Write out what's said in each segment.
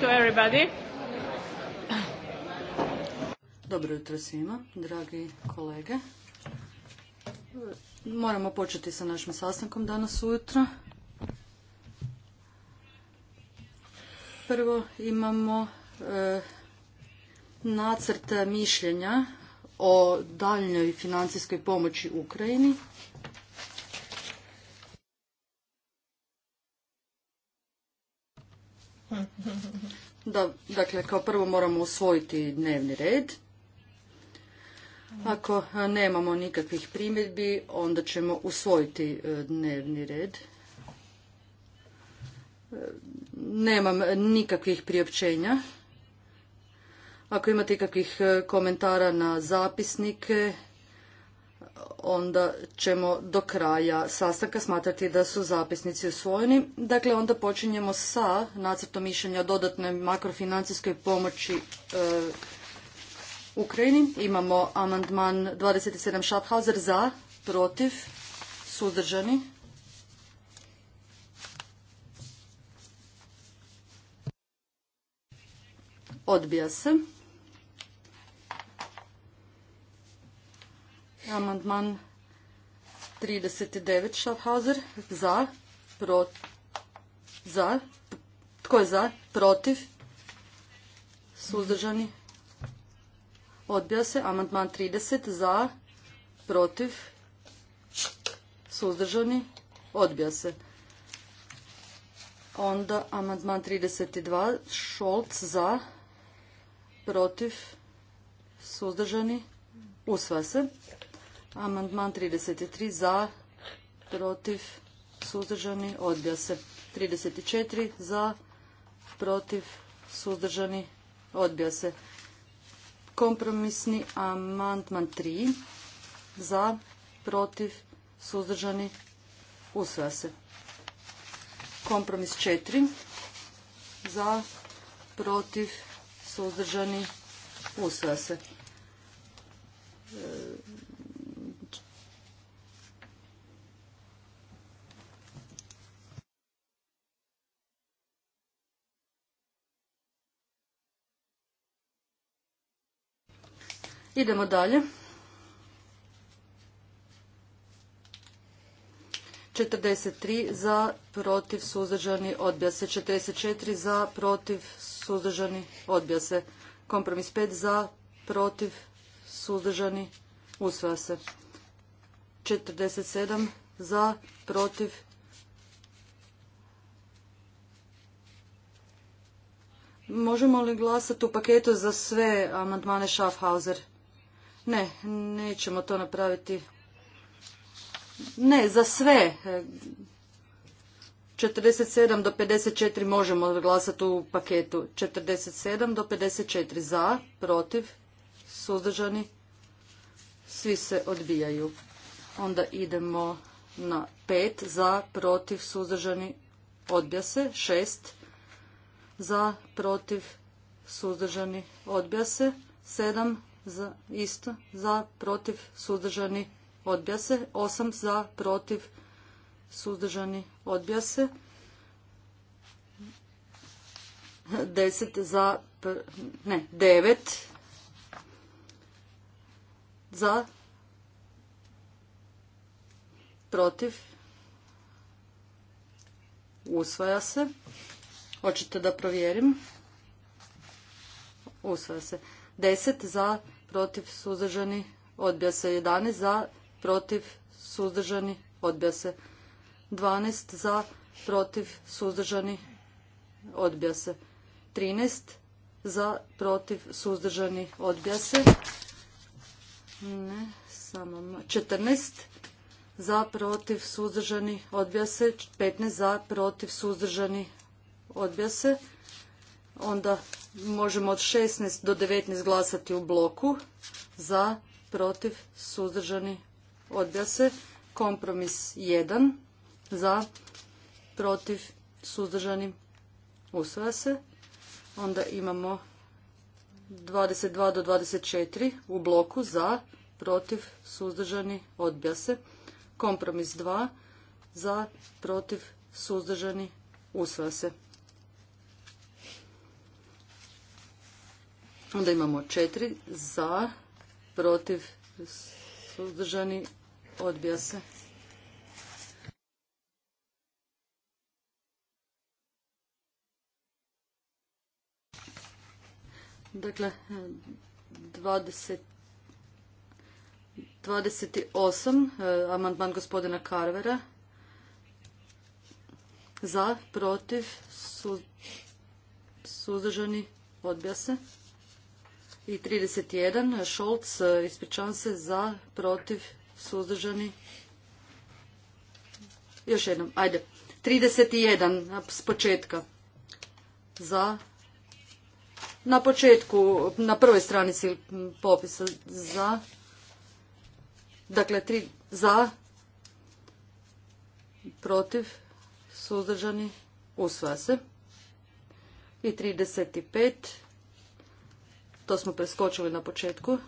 to everybody. Dobro jutro svima, dragi kolege. Moramo početi sa našim sastankom danas ujutro. Prvo imamo nacrta e, nacrt mišljenja o daljnjoj financijskoj pomoći Ukrajini. Da, dakle, kao prvo moramo usvojiti dnevni red. Ako nemamo nikakvih primjedbi, onda ćemo usvojiti e, dnevni red. E, nemam nikakvih priopćenja. Ako imate ikakvih e, komentara na zapisnike, onda ćemo do kraja sastanka smatrati da su zapisnici usvojeni. Dakle, onda počinjemo sa nacrtom mišljenja o dodatnoj makrofinancijskoj pomoći e, Ukrajini. Imamo amandman 27 Schaffhauser za, protiv, suzdržani. Odbija se. Amandman 39 Schaffhauser za, za, tko je za, protiv, suzdržani, odbija se. Amandman 30 za, protiv, suzdržani, odbija se. Onda amandman 32 Šolc za, protiv, suzdržani, usvaja se. Amandman 33 za, protiv, suzdržani, odbija se. 34 za, protiv, suzdržani, odbija se. Kompromisni amandman 3 za, protiv, suzdržani, usvaja se. Kompromis 4 za, protiv, suzdržani, usvaja se. Idemo dalje. 43 za, protiv, suzdržani, odbija se. 44 za, protiv, suzdržani, odbija se. Kompromis 5 za, protiv, suzdržani, usvaja se. 47 za, protiv, Možemo li glasati u paketu za sve amandmane Schaffhauser? Ne, nećemo to napraviti. Ne, za sve. 47 do 54 možemo glasati u paketu. 47 do 54 za, protiv, suzdržani, svi se odbijaju. Onda idemo na 5 za, protiv, suzdržani, odbija se. 6 za, protiv, suzdržani, odbija se. 7 za isto, za protiv suzdržani odbija se, Osam za protiv suzdržani odbija se, Deset za, ne, devet za protiv usvaja se. Hoćete da provjerim? Usvaja se. Deset za protiv, suzdržani, odbija se 11 za, protiv, suzdržani, odbija se 12 za, protiv, suzdržani, odbija se 13 za, protiv, suzdržani, odbija se ne, samo 14 za, protiv, suzdržani, odbija se 15 za, protiv, suzdržani, odbija se onda možemo od 16 do 19 glasati u bloku za, protiv, suzdržani, odbija se. Kompromis 1 za, protiv, suzdržani, usvaja se. Onda imamo 22 do 24 u bloku za, protiv, suzdržani, odbija se. Kompromis 2 za, protiv, suzdržani, usvaja se. Onda imamo četiri za, protiv, suzdržani, odbija se. Dakle, 28, eh, amandman gospodina Karvera. Za, protiv, suzdržani, odbija se i 31. Šolc, ispričavam se, za, protiv, suzdržani. Još jednom, ajde. 31. s početka. Za. Na početku, na prvoj stranici popisa za. Dakle, tri, za, protiv, suzdržani, usvaja se. I 35 to smo preskočili na početku.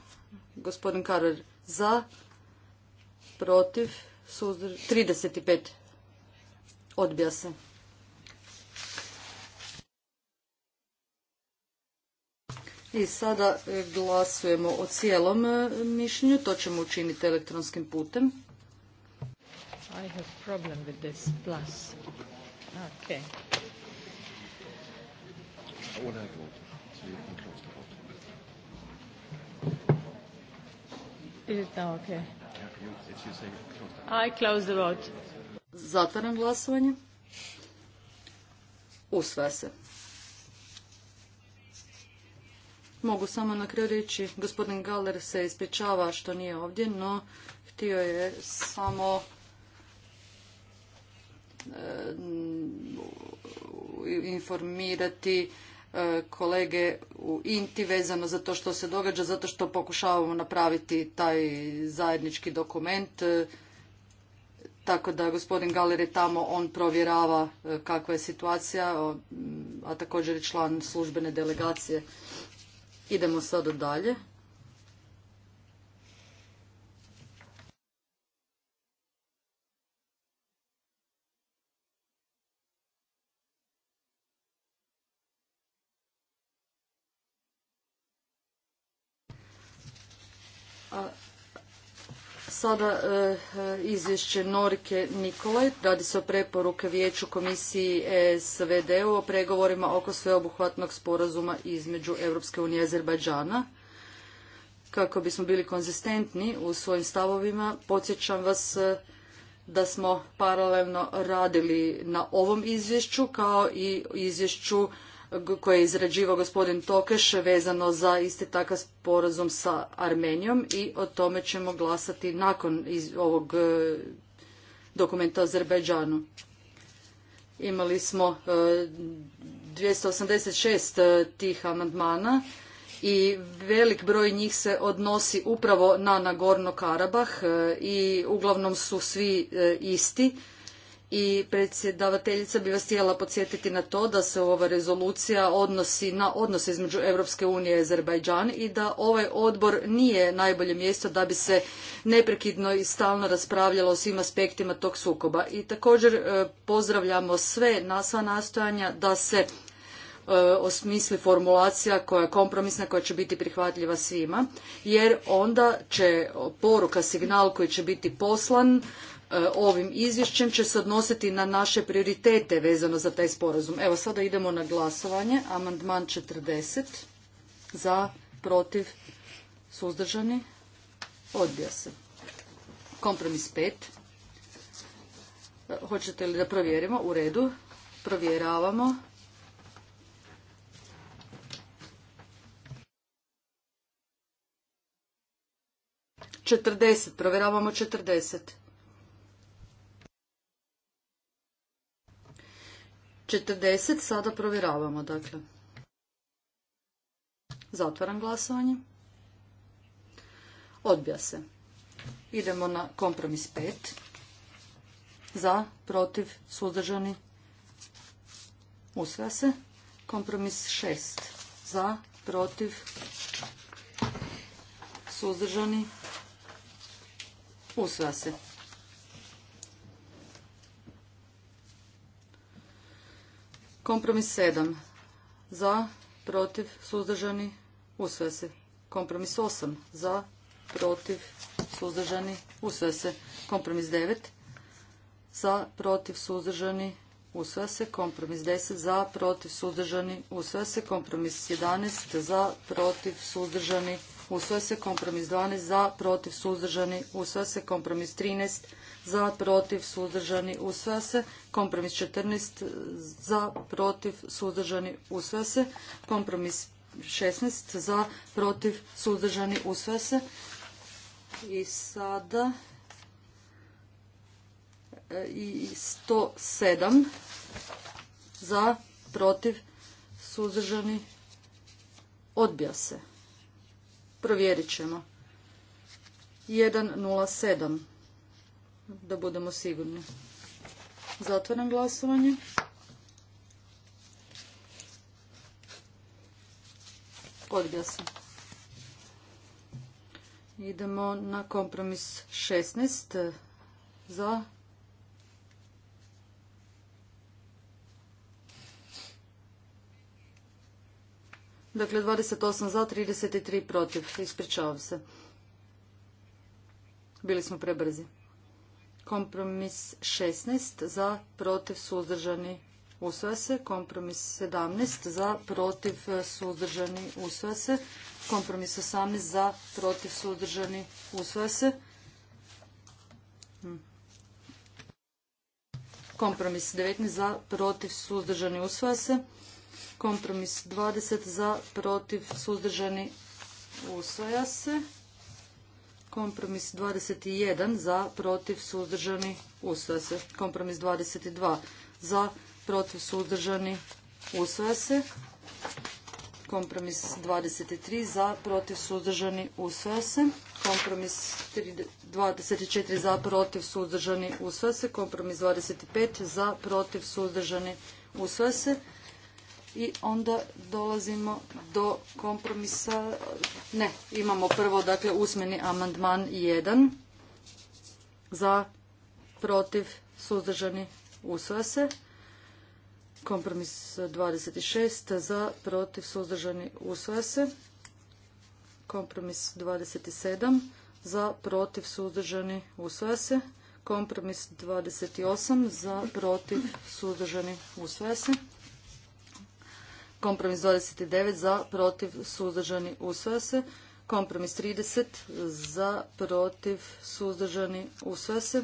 Gospodin Karar za, protiv, suzdr, 35. Odbija se. I sada e, glasujemo o cijelom e, mišljenju. To ćemo učiniti elektronskim putem. I have problem with this plus. Okay. Is it oh, Zatvaram glasovanje. Usvaja se. Mogu samo na kraju reći, gospodin Galer se ispričava što nije ovdje, no htio je samo e, informirati E, kolege u Inti vezano za to što se događa, zato što pokušavamo napraviti taj zajednički dokument. E, tako da gospodin Galer je tamo, on provjerava e, kakva je situacija, a također je član službene delegacije. Idemo sada dalje. sada e, e, izvješće Norike Nikolaj. Radi se o preporuke Vijeću komisiji e, SVD-u o pregovorima oko sveobuhvatnog sporazuma između Europske unije i Azerbajdžana. Kako bismo bili konzistentni u svojim stavovima, podsjećam vas da smo paralelno radili na ovom izvješću kao i izvješću koje je izrađivao gospodin Tokeš vezano za isti takav sporazum sa Armenijom i o tome ćemo glasati nakon ovog e, dokumenta o Azerbajdžanu. Imali smo 286 e, e, tih amandmana i velik broj njih se odnosi upravo na Nagorno Karabah i uglavnom su svi isti i predsjedavateljica bi vas htjela podsjetiti na to da se ova rezolucija odnosi na odnose između Europske unije i Azerbajdžan i da ovaj odbor nije najbolje mjesto da bi se neprekidno i stalno raspravljalo o svim aspektima tog sukoba. I također e, pozdravljamo sve na sva nastojanja da se e, osmisli formulacija koja je kompromisna, koja će biti prihvatljiva svima, jer onda će poruka, signal koji će biti poslan E, ovim izvješćem će se odnositi na naše prioritete vezano za taj sporazum. Evo sada idemo na glasovanje. Amandman 40 za, protiv, suzdržani, odbija se. Kompromis 5. E, hoćete li da provjerimo? U redu. Provjeravamo. Četrdeset. Provjeravamo četrdeset. 40 sada provjeravamo, dakle. Zatvaram glasovanje. Odbija se. Idemo na kompromis 5. Za, protiv, suzdržani. Usvaja se. Kompromis 6. Za, protiv, suzdržani. Usvaja se. Kompromis 7. Za, protiv, suzdržani, usve se. Kompromis 8. Za, protiv, suzdržani, usve se. Kompromis 9. Za, protiv, suzdržani, usve se. Kompromis 10. Za, protiv, suzdržani, usve se. Kompromis 11. Za, protiv, suzdržani, se usvaja se kompromis 12 za, protiv, suzdržani, usvaja se kompromis 13 za, protiv, suzdržani, usvaja se kompromis 14 za, protiv, suzdržani, usvaja se kompromis 16 za, protiv, suzdržani, usvaja se i sada e, i 107 za, protiv, suzdržani, odbija se. Provjerit ćemo. 1.07. Da budemo sigurni. Zatvoram glasovanje. Odbija se. Idemo na kompromis 16. Za, Dakle, 28 za, 33 protiv. Ispričavam se. Bili smo prebrzi. Kompromis 16 za, protiv, suzdržani, usvoja se. Kompromis 17 za, protiv, suzdržani, usvaja se. Kompromis 18 za, protiv, suzdržani, usvaja se. Kompromis 19 za, protiv, suzdržani, usvaja se. Hmm. Kompromis 20 za, protiv, suzdržani, usvaja se. Kompromis 21 za, protiv, suzdržani, usvaja se. Kompromis 22 za, protiv, suzdržani, usvaja se. Kompromis 23 za, protiv, suzdržani, usvaja se. Kompromis 24 za, protiv, suzdržani, usvaja se. Kompromis 25 za, protiv, suzdržani, usvaja se i onda dolazimo do kompromisa. Ne, imamo prvo dakle usmeni amandman 1 za protiv suzdržani usvoja se. Kompromis 26 za protiv suzdržani usvoja se. Kompromis 27 za protiv suzdržani usvoja se. Kompromis 28 za protiv suzdržani usvoja se. Kompromis 29 za, protiv, suzdržani, usvaja se. Kompromis 30 za, protiv, suzdržani, usvaja se.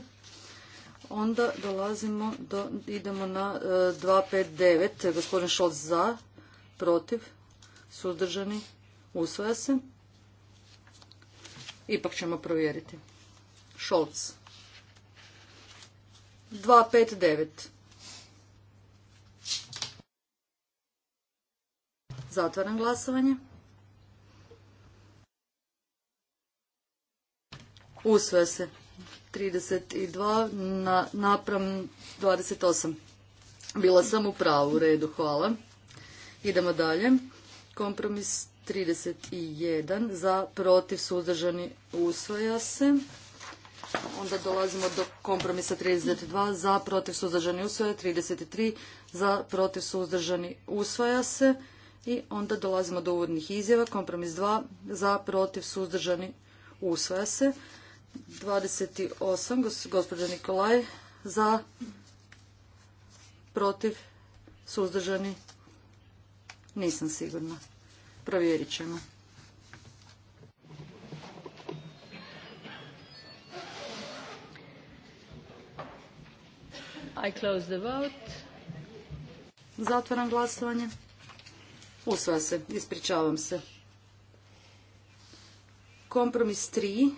Onda dolazimo do, idemo na 259. E, Gospodin Šolc za, protiv, suzdržani, usvaja se. Ipak ćemo provjeriti. Šolc. 259. Zatvaram glasovanje. Usvaja se 32 na, napram 28. Bila sam u pravu redu, hvala. Idemo dalje. Kompromis 31 za protiv suzdržani usvaja se. Onda dolazimo do kompromisa 32 za protiv suzdržani se. 33 za protiv suzdržani usvaja se. I onda dolazimo do uvodnih izjava. Kompromis 2 za, protiv, suzdržani, usvaja se. 28, gospođa Nikolaj, za, protiv, suzdržani, nisam sigurna. Provjerit ćemo. I Zatvaram glasovanje. Usvaja se, ispričavam se. Kompromis 3.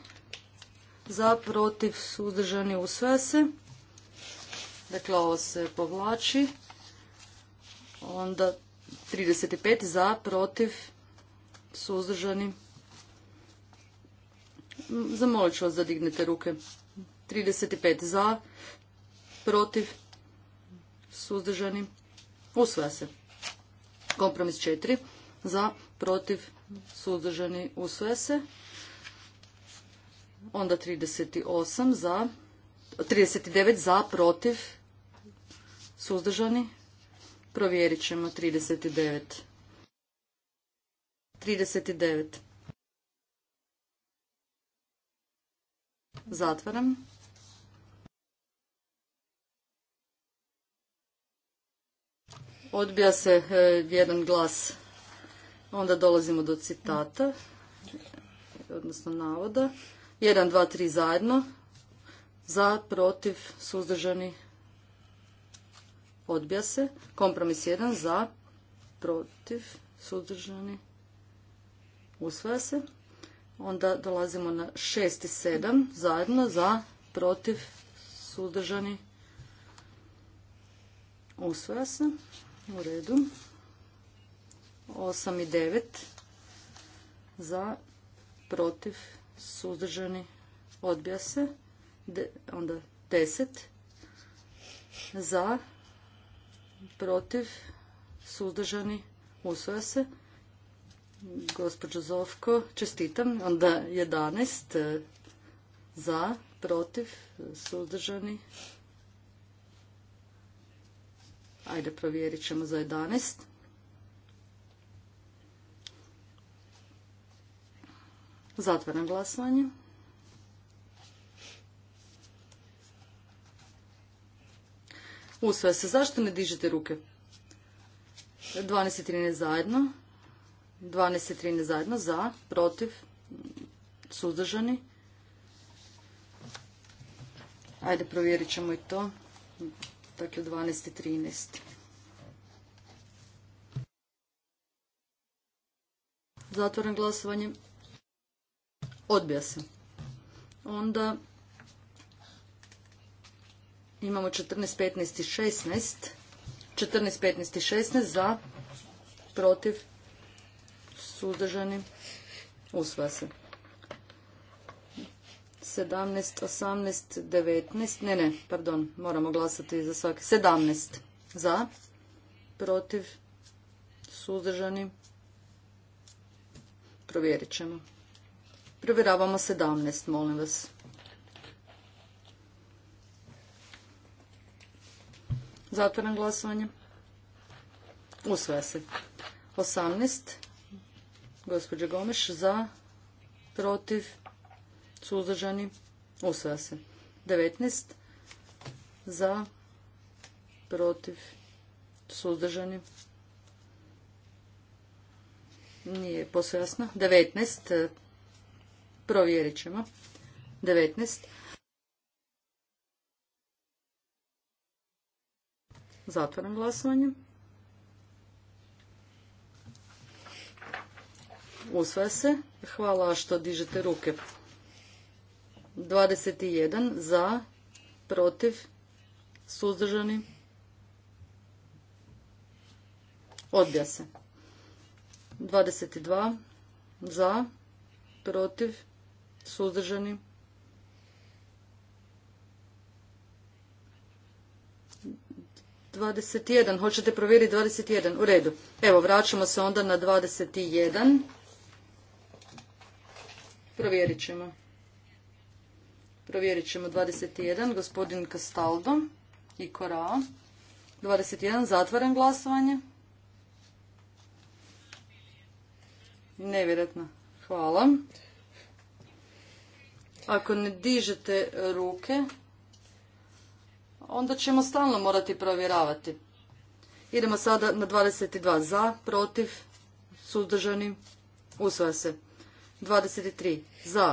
Za, protiv, suzdržani, usvaja se. Dakle, ovo se povlači. Onda 35 za, protiv, suzdržani. Zamolit ću vas da dignete ruke. 35 za, protiv, suzdržani. Usvaja se. Kompromis 4 za, protiv, suzdržani, usve se. Onda 38 za, 39 za, protiv, suzdržani. Provjerit ćemo 39. 39. Zatvaram. Odbija se e, jedan glas. Onda dolazimo do citata, odnosno navoda. Jedan dva tri zajedno. Za, protiv, suzdržani. Odbija se. Kompromis jedan za, protiv, suzdržani. Usvaja se. Onda dolazimo na 6 i 7 zajedno. Za, protiv, suzdržani. Usvaja se. U redu. 8 i 9 za, protiv, suzdržani, odbija se. onda 10 za, protiv, suzdržani, usvoja se. Gospođo Zovko, čestitam. Onda 11 za, protiv, suzdržani, Ajde, provjerit ćemo za 11. Zatvaram glasovanje. Usvaja se. Zašto ne dižete ruke? 12 i 13 zajedno. 12 i 13 zajedno. Za, protiv, suzdržani. Ajde, provjerit ćemo i to četvrtak 12 12.13. 13. Zatvoren glasovanje. Odbija se. Onda imamo 14, 15 i 16. 14, 15 i 16 za, protiv, suzdržani, usvaja se. 17, 18, 19, ne, ne, pardon, moramo glasati za svaki. 17 za, protiv, suzdržani, provjerit ćemo. Provjeravamo 17, molim vas. Zatvoram glasovanje. Usvoja se. 18, gospođa Gomeš, za, protiv, suzdržani, usvaja se. 19 za, protiv, suzdržani, nije posve jasno. 19, e, provjerit ćemo. 19. Zatvaram glasovanje. Usvaja se. Hvala što dižete ruke. 21 za, protiv, suzdržani, odbija se. 22 za, protiv, suzdržani, dvadeset jedan hoćete provjeriti dvadeset jedan u redu evo vraćamo se onda na dvadeset jedan provjerit ćemo Provjerit ćemo 21, gospodin Castaldo i Korao. 21, zatvaram glasovanje. Nevjerojatno. Hvala. Ako ne dižete ruke, onda ćemo stalno morati provjeravati. Idemo sada na 22 za, protiv, suzdržani, usvoja se. 23 za,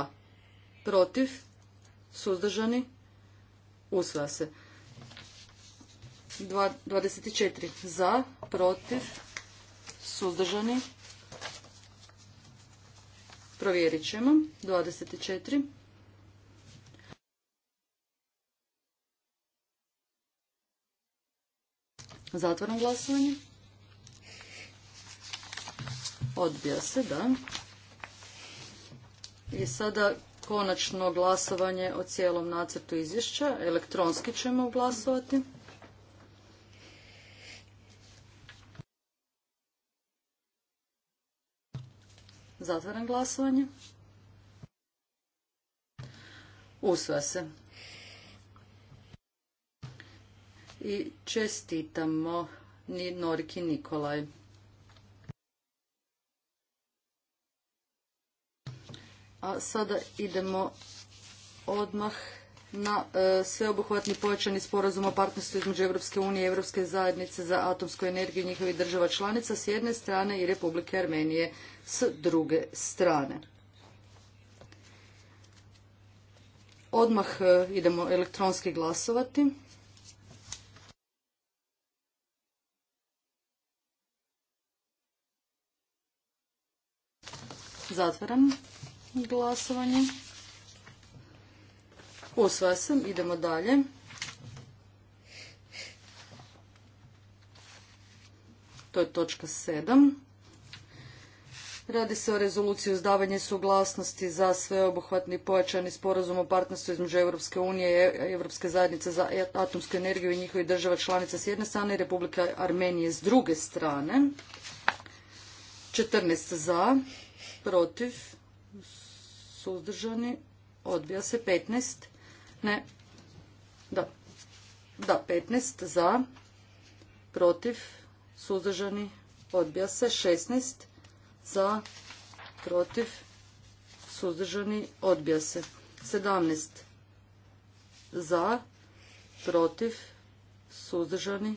protiv, suzdržani, usvaja se. 24 za, protiv, suzdržani, provjerit ćemo. 24. Zatvorno glasovanje. Odbija se, da. I sada konačno glasovanje o cijelom nacrtu izvješća. Elektronski ćemo glasovati. Zatvaram glasovanje. Usva se. I čestitamo Noriki Nikolaj. A sada idemo odmah na e, sveobuhvatni pojačani sporazum o partnerstvu između Europske unije i Europske zajednice za atomsku energiju njihovih država članica s jedne strane i Republike Armenije s druge strane. Odmah e, idemo elektronski glasovati. Zatvaram. Glasovanje. Usvaja sam. Idemo dalje. To je točka 7. Radi se o rezoluciji uzdavanje suglasnosti za sveobuhvatni pojačani sporazum o partnerstvu između Europske unije i Europske zajednice za atomsku energiju i njihovih država članica s jedne strane i Republika Armenije s druge strane. 14 za, protiv, suzdržani, odbija se 15, ne, da, da, 15 za, protiv, suzdržani, odbija se 16 za, protiv, suzdržani, odbija se 17 za, protiv, suzdržani,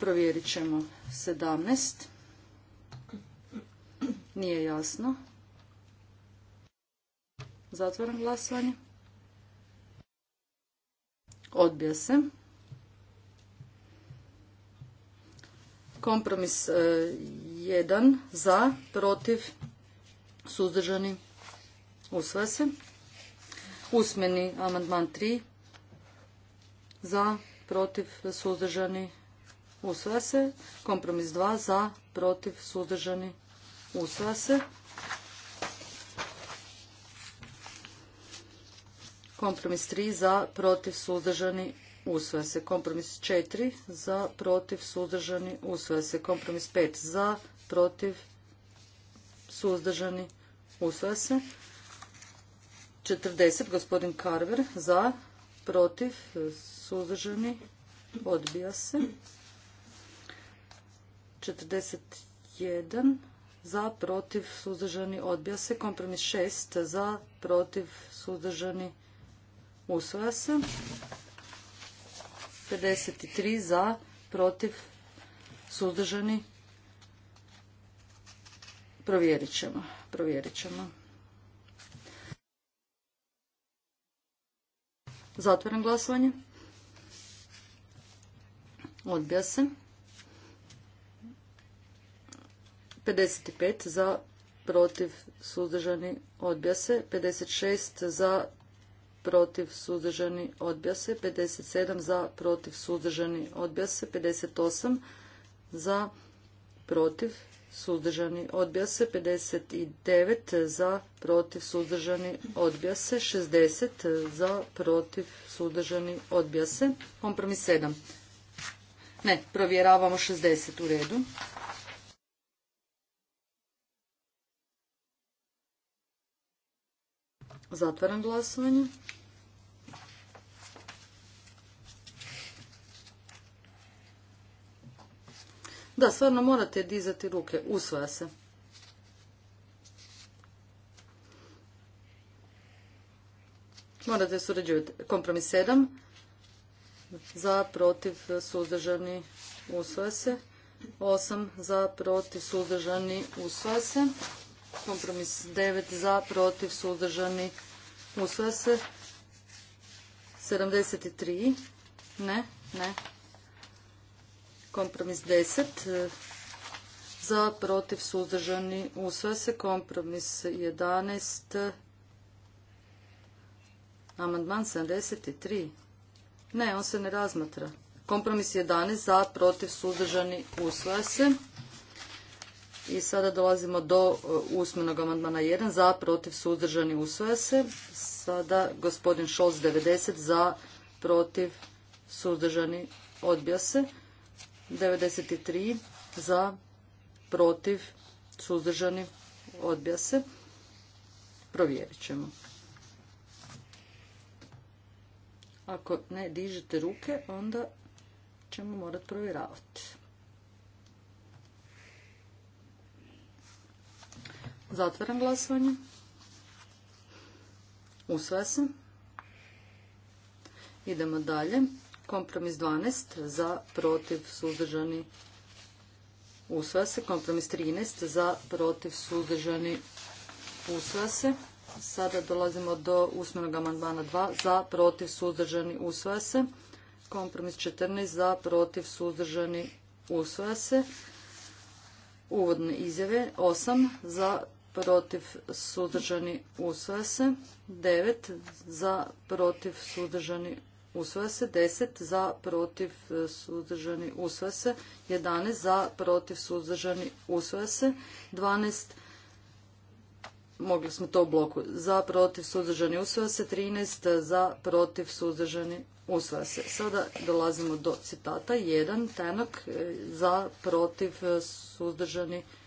provjerit ćemo 17 nije jasno. Zatvaram glasovanje. Odbija se. Kompromis 1 e, za, protiv, suzdržani, usvaja se. Usmeni amandman 3 za, protiv, suzdržani, usvaja se. Kompromis 2 za, protiv, suzdržani, usvaja se. Kompromis 3 za, protiv, suzdržani, usvaja se. Kompromis 4 za, protiv, suzdržani, usvaja se. Kompromis 5 za, protiv, suzdržani, usvaja se. 40, gospodin Carver, za, protiv, suzdržani, odbija se. 41, za, protiv, suzdržani, odbija se. Kompromis 6, za, protiv, suzdržani, usvoja se. 53 za, protiv, suzdržani. Provjerit ćemo. Provjerit ćemo. Zatvoren glasovanje. Odbija se. 55 za, protiv, suzdržani, odbija se. 56 za, protiv suzdržani odbija se, 57 za protiv suzdržani odbija se, 58 za protiv suzdržani odbija se, 59 za protiv suzdržani odbija se, 60 za protiv suzdržani odbija se, kompromis 7. Ne, provjeravamo 60 u redu. Zatvaram glasovanje. Da, stvarno morate dizati ruke. Usvoja se. Morate surađivati. Kompromis 7. Za, protiv, suzdržani, Usvoja se. 8. Za, protiv, suzdržani, Usvoja se. Kompromis 9 za, protiv, suzdržani, usvaja se. 73, ne, ne. Kompromis 10 e, za, protiv, suzdržani, usvaja se. Kompromis 11, amandman 73. Ne, on se ne razmatra. Kompromis 11 za, protiv, suzdržani, usvaja se. I sada dolazimo do e, usmenog amandmana 1 za, protiv, suzdržani, usvoja se. Sada gospodin Šolz 90 za, protiv, suzdržani, odbija se. 93 za, protiv, suzdržani, odbija se. Provjerit ćemo. Ako ne dižete ruke, onda ćemo morati provjeravati. Zatvaram glasovanje. Usvaja se. Idemo dalje. Kompromis 12 za, protiv, suzdržani. Usvaja se. Kompromis 13 za, protiv, suzdržani. Usvaja se. Sada dolazimo do usmenog amandmana 2 za, protiv, suzdržani. Usvaja se. Kompromis 14 za, protiv, suzdržani. Usvaja se. Uvodne izjave 8 za, protiv suzdržani usvaja se, 9 za protiv suzdržani usvaja se, 10 za protiv suzdržani usvaja se, 11 za protiv suzdržani usvaja se, 12 mogli smo to u bloku za protiv suzdržani usvaja se, 13 za protiv suzdržani usvaja se. Sada dolazimo do citata 1 tenak za protiv suzdržani se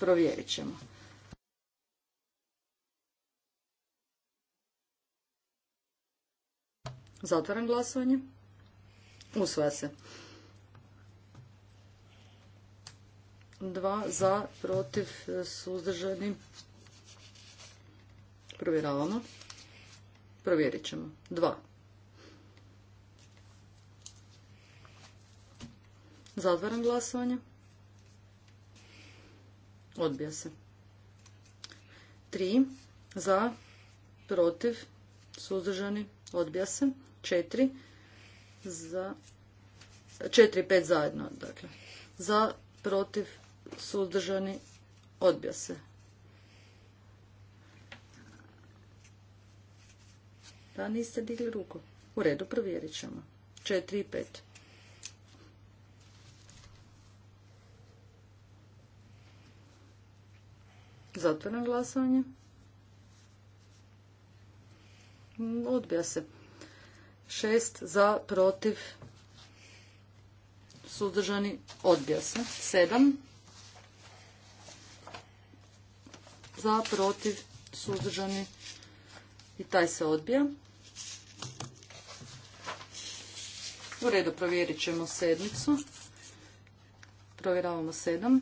Provjerit ćemo. Zatvaram glasovanje. Usvaja se. Dva za, protiv, suzdržani. Provjeravamo. Provjerit ćemo. Dva. Zatvaram glasovanje. Odbija se. 3 za, protiv, suzdržani, odbija se. 4 za, 4 i 5 zajedno, dakle. Za, protiv, suzdržani, odbija se. Da, niste digli ruku. U redu, provjerit ćemo. 4 i 5. Zatvoram glasovanje. Odbija se. Šest za, protiv, suzdržani, odbija se. Sedam za, protiv, suzdržani i taj se odbija. U redu provjerit ćemo sedmicu. Provjeravamo sedam.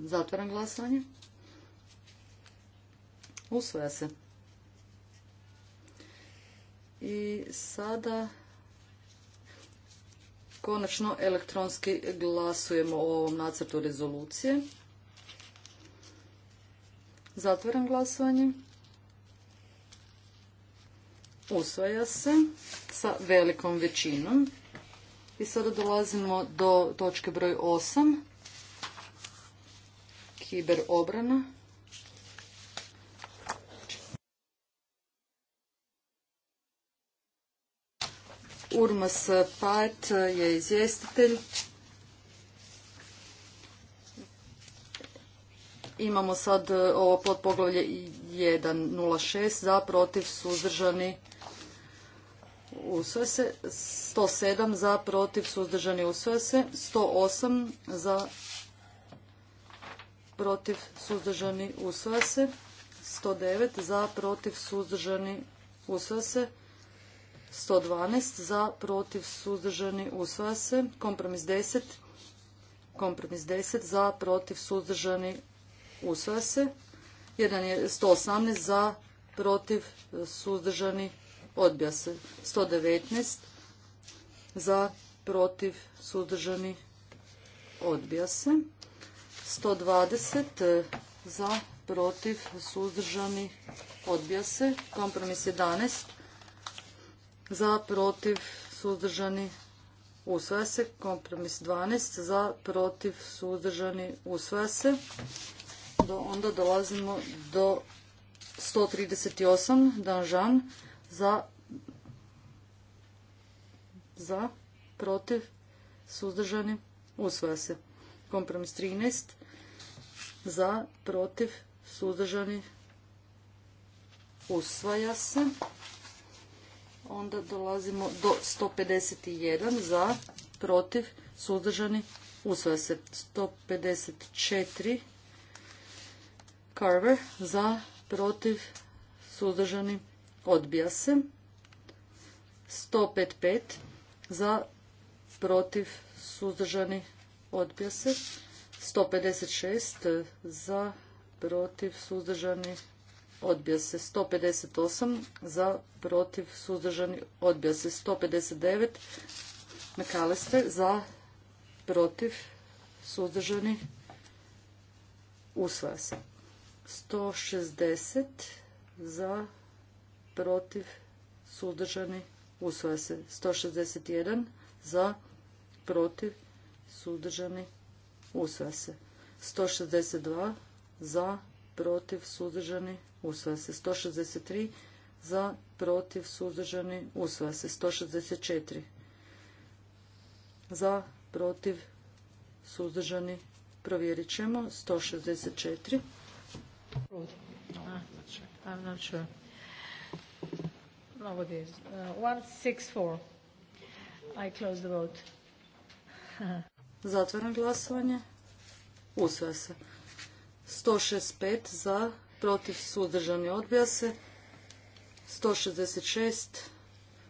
Zatvaram glasovanje. Usvaja se. I sada konačno elektronski glasujemo o ovom nacrtu rezolucije. Zatvaram glasovanje. Usvaja se sa velikom većinom. I sada dolazimo do točke broj 8 obrana. Urmas Pat je izvjestitelj. Imamo sad e, ovo podpoglavlje 1.06 za protiv suzdržani usvoje se, 107 za protiv suzdržani usvoje se, 108 za protiv, suzdržani, usvaja se. 109 za, protiv, suzdržani, usvaja se. 112 za, protiv, suzdržani, usvaja se. Kompromis 10, kompromis 10 za, protiv, suzdržani, usvaja se. jedan je 118 za, protiv, suzdržani, odbija se. 119 za, protiv, suzdržani, odbija se. 120 za, protiv, suzdržani, odbija se. Kompromis 11 za, protiv, suzdržani, usvaja se. Kompromis 12 za, protiv, suzdržani, usvaja se. onda dolazimo do 138 Danžan za, za, protiv, suzdržani, usvaja se. Kompromis 13 za, protiv, suzdržani, usvaja se. Onda dolazimo do 151 za, protiv, suzdržani, usvaja se. 154 Carver za, protiv, suzdržani, odbija se. 155 za, protiv, suzdržani, odbija se. 156 za, protiv, suzdržani, odbija se. 158 za, protiv, suzdržani, odbija se. 159 Mekaleste za, protiv, suzdržani, usvaja se. 160 za, protiv, suzdržani, usvaja se. 161 za, protiv, suzdržani, usvaja se. 162 za, protiv, suzdržani, usvaja se. 163 za, protiv, suzdržani, usvaja se. 164 za, protiv, suzdržani, provjerit ćemo. 164. I'm not sure. Nobody is. Uh, 164. I close the vote. Zatvoreno glasovanje. Usvaja se. 165 za, protiv suzdržani odbija se. 166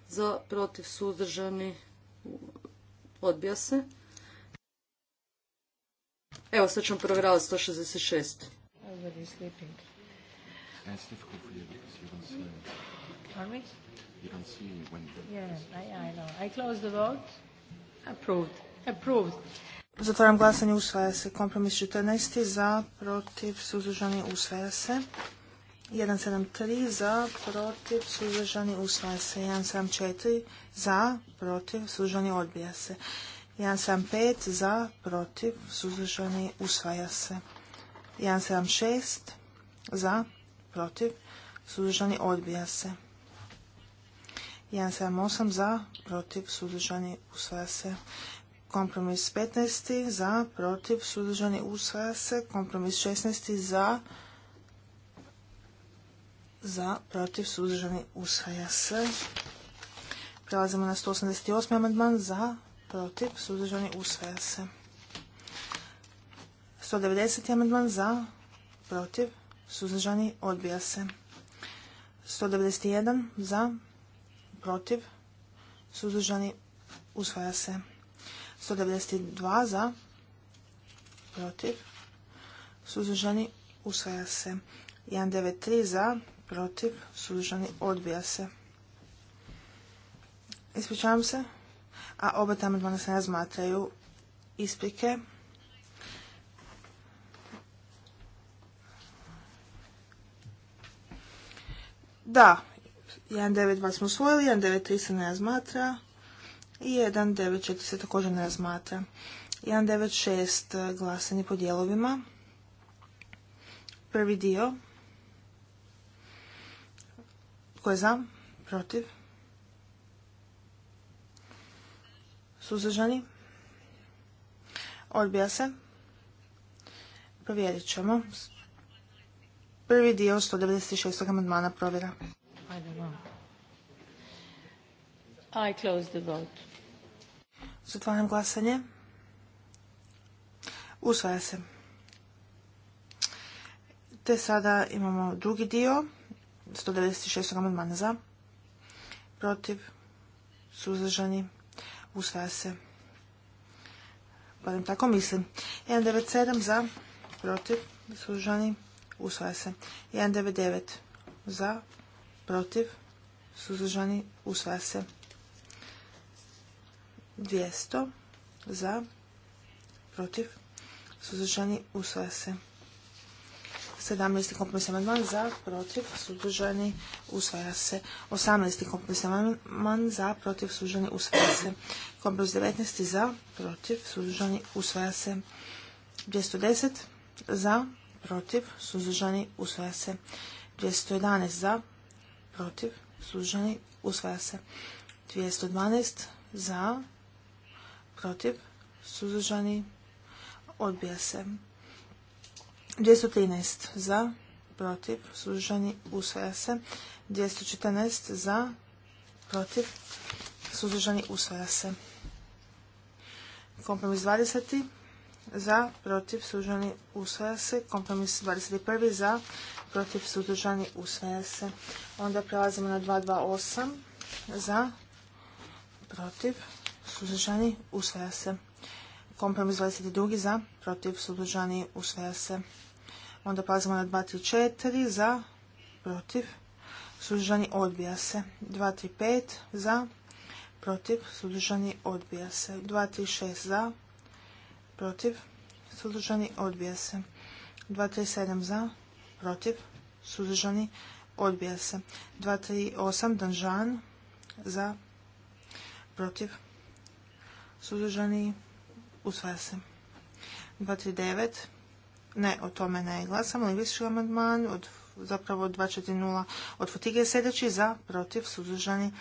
za, protiv suzdržani odbija se. Evo sad ćemo provjeravati 166. It's difficult for you because you don't see. Are we? You don't see when. Yeah, I, I know. I close the vote. Approved. Approved. Zatvaram glasanje, usvaja se. Kompromis 14. za, protiv, suzdržani, usvaja se. 173 za, protiv, suzdržani, usvaja se. 174 za, protiv, suzdržani, odbija se. 175 za, protiv, suzdržani, usvaja se. 176 za, protiv, suzdržani, odbija se. 178 za, protiv, suzdržani, usvaja se. Kompromis 15. za, protiv, suzdržani, usvaja se. Kompromis 16. za, za, protiv, suzdržani, usvaja se. Prelazimo na 188. amandman za, protiv, suzdržani, usvaja se. 190. amandman za, protiv, suzdržani, odbija se. 191. za, protiv, suzdržani, usvaja se. 192 za, protiv, suzdržani, usvaja se. 193 za, protiv, suzdržani, odbija se. Ispričavam se. A oba tamo amandmana se razmatraju isprike. Da, 192 smo usvojili, 193 se ne razmatra i 1.9.4 se također ne razmatra. 1.9.6 e, glasanje po dijelovima. Prvi dio. Tko je za? Protiv? Suzdržani? Odbija se. Provjerit ćemo. Prvi dio 196. amandmana provjera. I close the vote. Zatvaram glasanje. Usvaja se. Te sada imamo drugi dio, 196. amandmana za, protiv, suzdržani, usvaja se. Barem tako mislim. 197 za, protiv, suzdržani, usvaja se. 199 za, protiv, suzdržani, usvaja se. 200 za, protiv, suzdržani, usvaja se. 17. kompromisni amandman za, protiv, suzdržani, usvaja se. 18. kompromisni amandman za, protiv, suzdržani, usvaja se. Kompromis 19. za, protiv, suzdržani, usvaja se. 210 za, protiv, suzdržani, usvaja se. 211 za, protiv, suzdržani, usvaja se. 212 za, protiv, suzdržani, odbija se. 213 za, protiv, suzdržani, usvaja se. 214 za, protiv, suzdržani, usvaja se. Kompromis 20 za, protiv, suzdržani, usvaja se. Kompromis 21 za, protiv, suzdržani, usvaja se. Onda prelazimo na 228 za, protiv, suzdržani, usvaja se. Kompromis 22 za, protiv, suzdržani, usvaja se. Onda pazimo na 234 za, protiv, suzdržani, odbija se. 235 za, protiv, suzdržani, odbija se. 236 za, protiv, suzdržani, odbija se. 237 za, protiv, suzdržani, odbija se. 238 danžan za, protiv, suzdržani, usvaja se. 239, ne, o tome ne glasamo, lingvistički više amandman od zapravo 240 od je sljedeći za, protiv, suzdržani,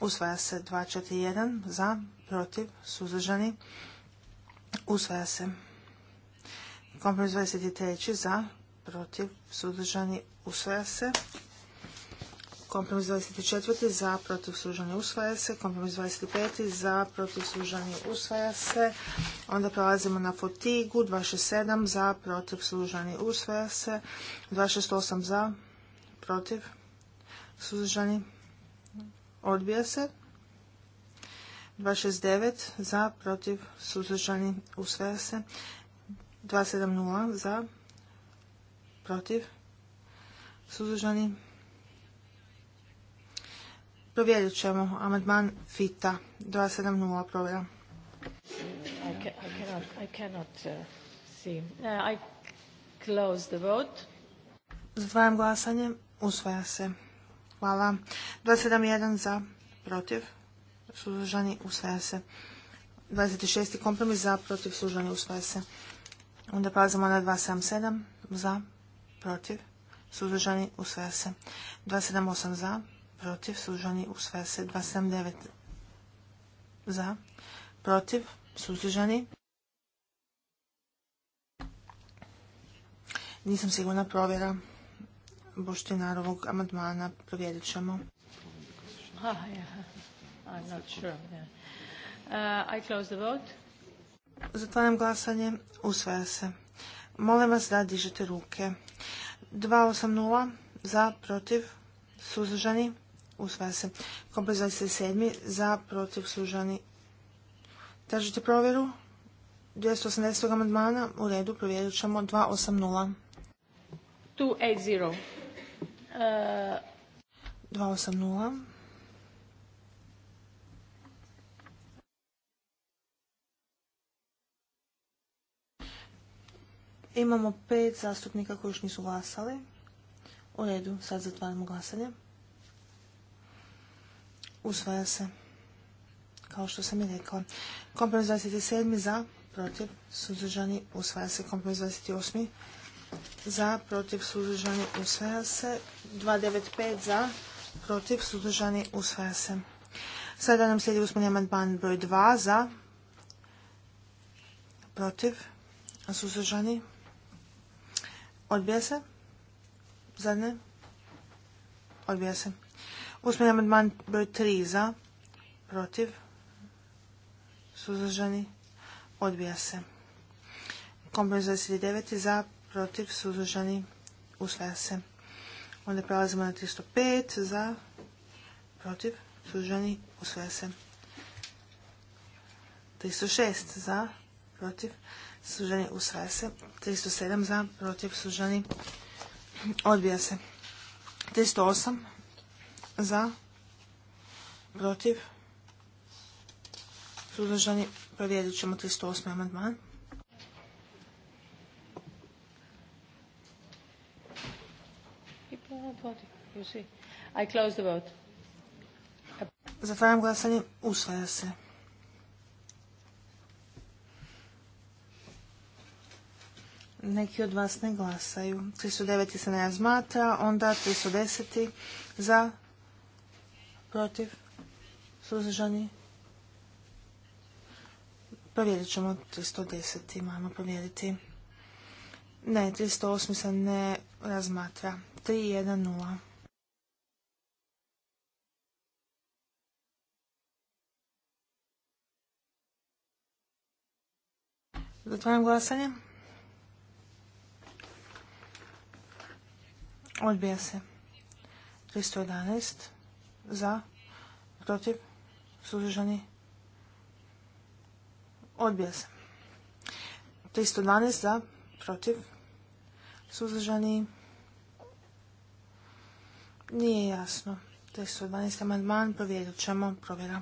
usvaja se 241 za, protiv, suzdržani, usvaja se. Kompromis 23 za, protiv, suzdržani, usvaja se. Kompromis 24. za protiv sužanje usvaja se. Kompromis 25. za protiv sužanje usvaja se. Onda prelazimo na fotigu. 267 za protiv sužanje usvaja se. 268 za protiv sužanje odbija se. 269 za protiv suzdržani usvaja se. 270 za protiv suzdržani usvaja se Provjerit ćemo amandman FITA 270 provjera. I, cannot, I uh, uh, glasanje. Usvaja se. Hvala. 271 za, protiv, suzdržani, usvaja se. 26. kompromis za, protiv, suzdržani, usvaja se. Onda pazimo na 277 za, protiv, suzdržani, usvaja se. 278 za, protiv, suzdržani, usvaja se 279 za, protiv, suzdržani. Nisam sigurna provjera Boštinarovog amandmana. Provjerit ćemo. Ah, uh, Zatvaram glasanje. Usvaja se. Molim vas da dižete ruke. 280 za, protiv, suzdržani usvaja se. Kompromis 27. za, protiv, služani Tražite provjeru? 280. amandmana u redu provjerit ćemo 280. 280. 280. Imamo pet zastupnika koji još nisu glasali. U redu, sad zatvaramo glasanje. Usvaja se. Kao što sam i rekao. Kompromis 27. za, protiv, suzdržani, usvaja se. Kompromis 28. za, protiv, suzdržani, usvaja se. 295 za, protiv, suzdržani, usvaja se. Sada nam slijedi usmeni amandman broj 2 za, protiv, suzdržani, odbija se. Zadnje, odbija se. Usmeni amandman broj 3 za, protiv, suzdržani, odbija se. Kompromis 29 za, protiv, suzdržani, usvaja se. Onda prelazimo na 305 za, protiv, suzdržani, usvaja se. 306 za, protiv, suzdržani, usvaja se. 307 za, protiv, suzdržani, odbija se. 308 za, protiv, sudržani, provjerit ćemo 308. amandman. Zatvaram glasanje. Usvaja se. Neki od vas ne glasaju. 309. se ne razmatra. Onda 310. za protiv, suzdržani. Provjerit ćemo 310. Imamo provjeriti. Ne, 308 se ne razmatra. 310. Zatvaram glasanje. Odbija se. 311 za, protiv, suzdržani, odbija se. 312 za, protiv, suzdržani, nije jasno. 312 amandman, provjerit ćemo, provjera.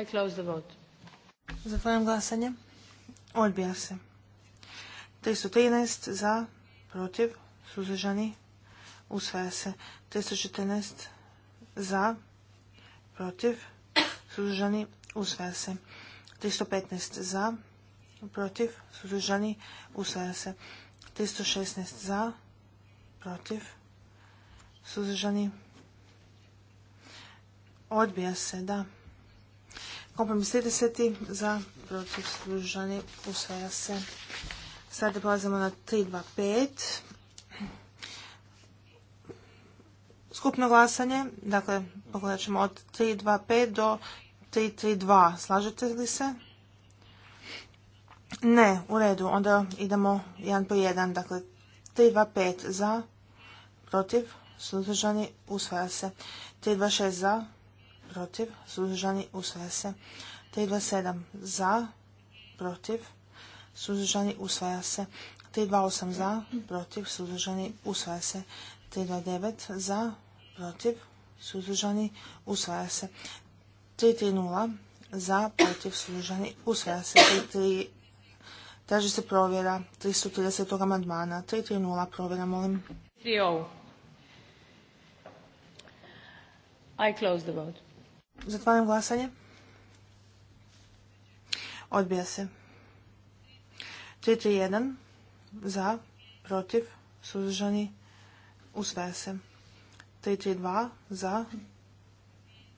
I Zatvaram glasanje. Odbija se. 313 za, protiv, suzdržani, usvaja se. 314 za, protiv, suzežani, usvaja se. 315 za, protiv, suzežani, usvaja se. 316 za, protiv, suzdržani, odbija se, da. Kompromis 30 za, protiv, suzežani, usvaja se. Sada polazimo na 3, 2, 5. Skupno glasanje, dakle, pogledat ćemo od 3, 2, 5 do 3, 3, 2. Slažete li se? Ne, u redu. Onda idemo jedan po jedan. Dakle, 3, 2, 5 za, protiv, služenji, usvaja se. 3, 2, 6 za, protiv, služenji, usvaja se. 3, 2, 7 za, protiv, usvaja se suzdržani, usvaja se. 328 za, protiv, suzdržani, usvaja se. 329 za, protiv, suzdržani, usvaja se. 330 za, protiv, suzdržani, usvaja se. 33 Traži se provjera 330. amandmana. 330 provjera, molim. 3.0. I close the vote. Zatvaram glasanje. Odbija se. 331 za, protiv, suzdržani, usvaja se. 332 za,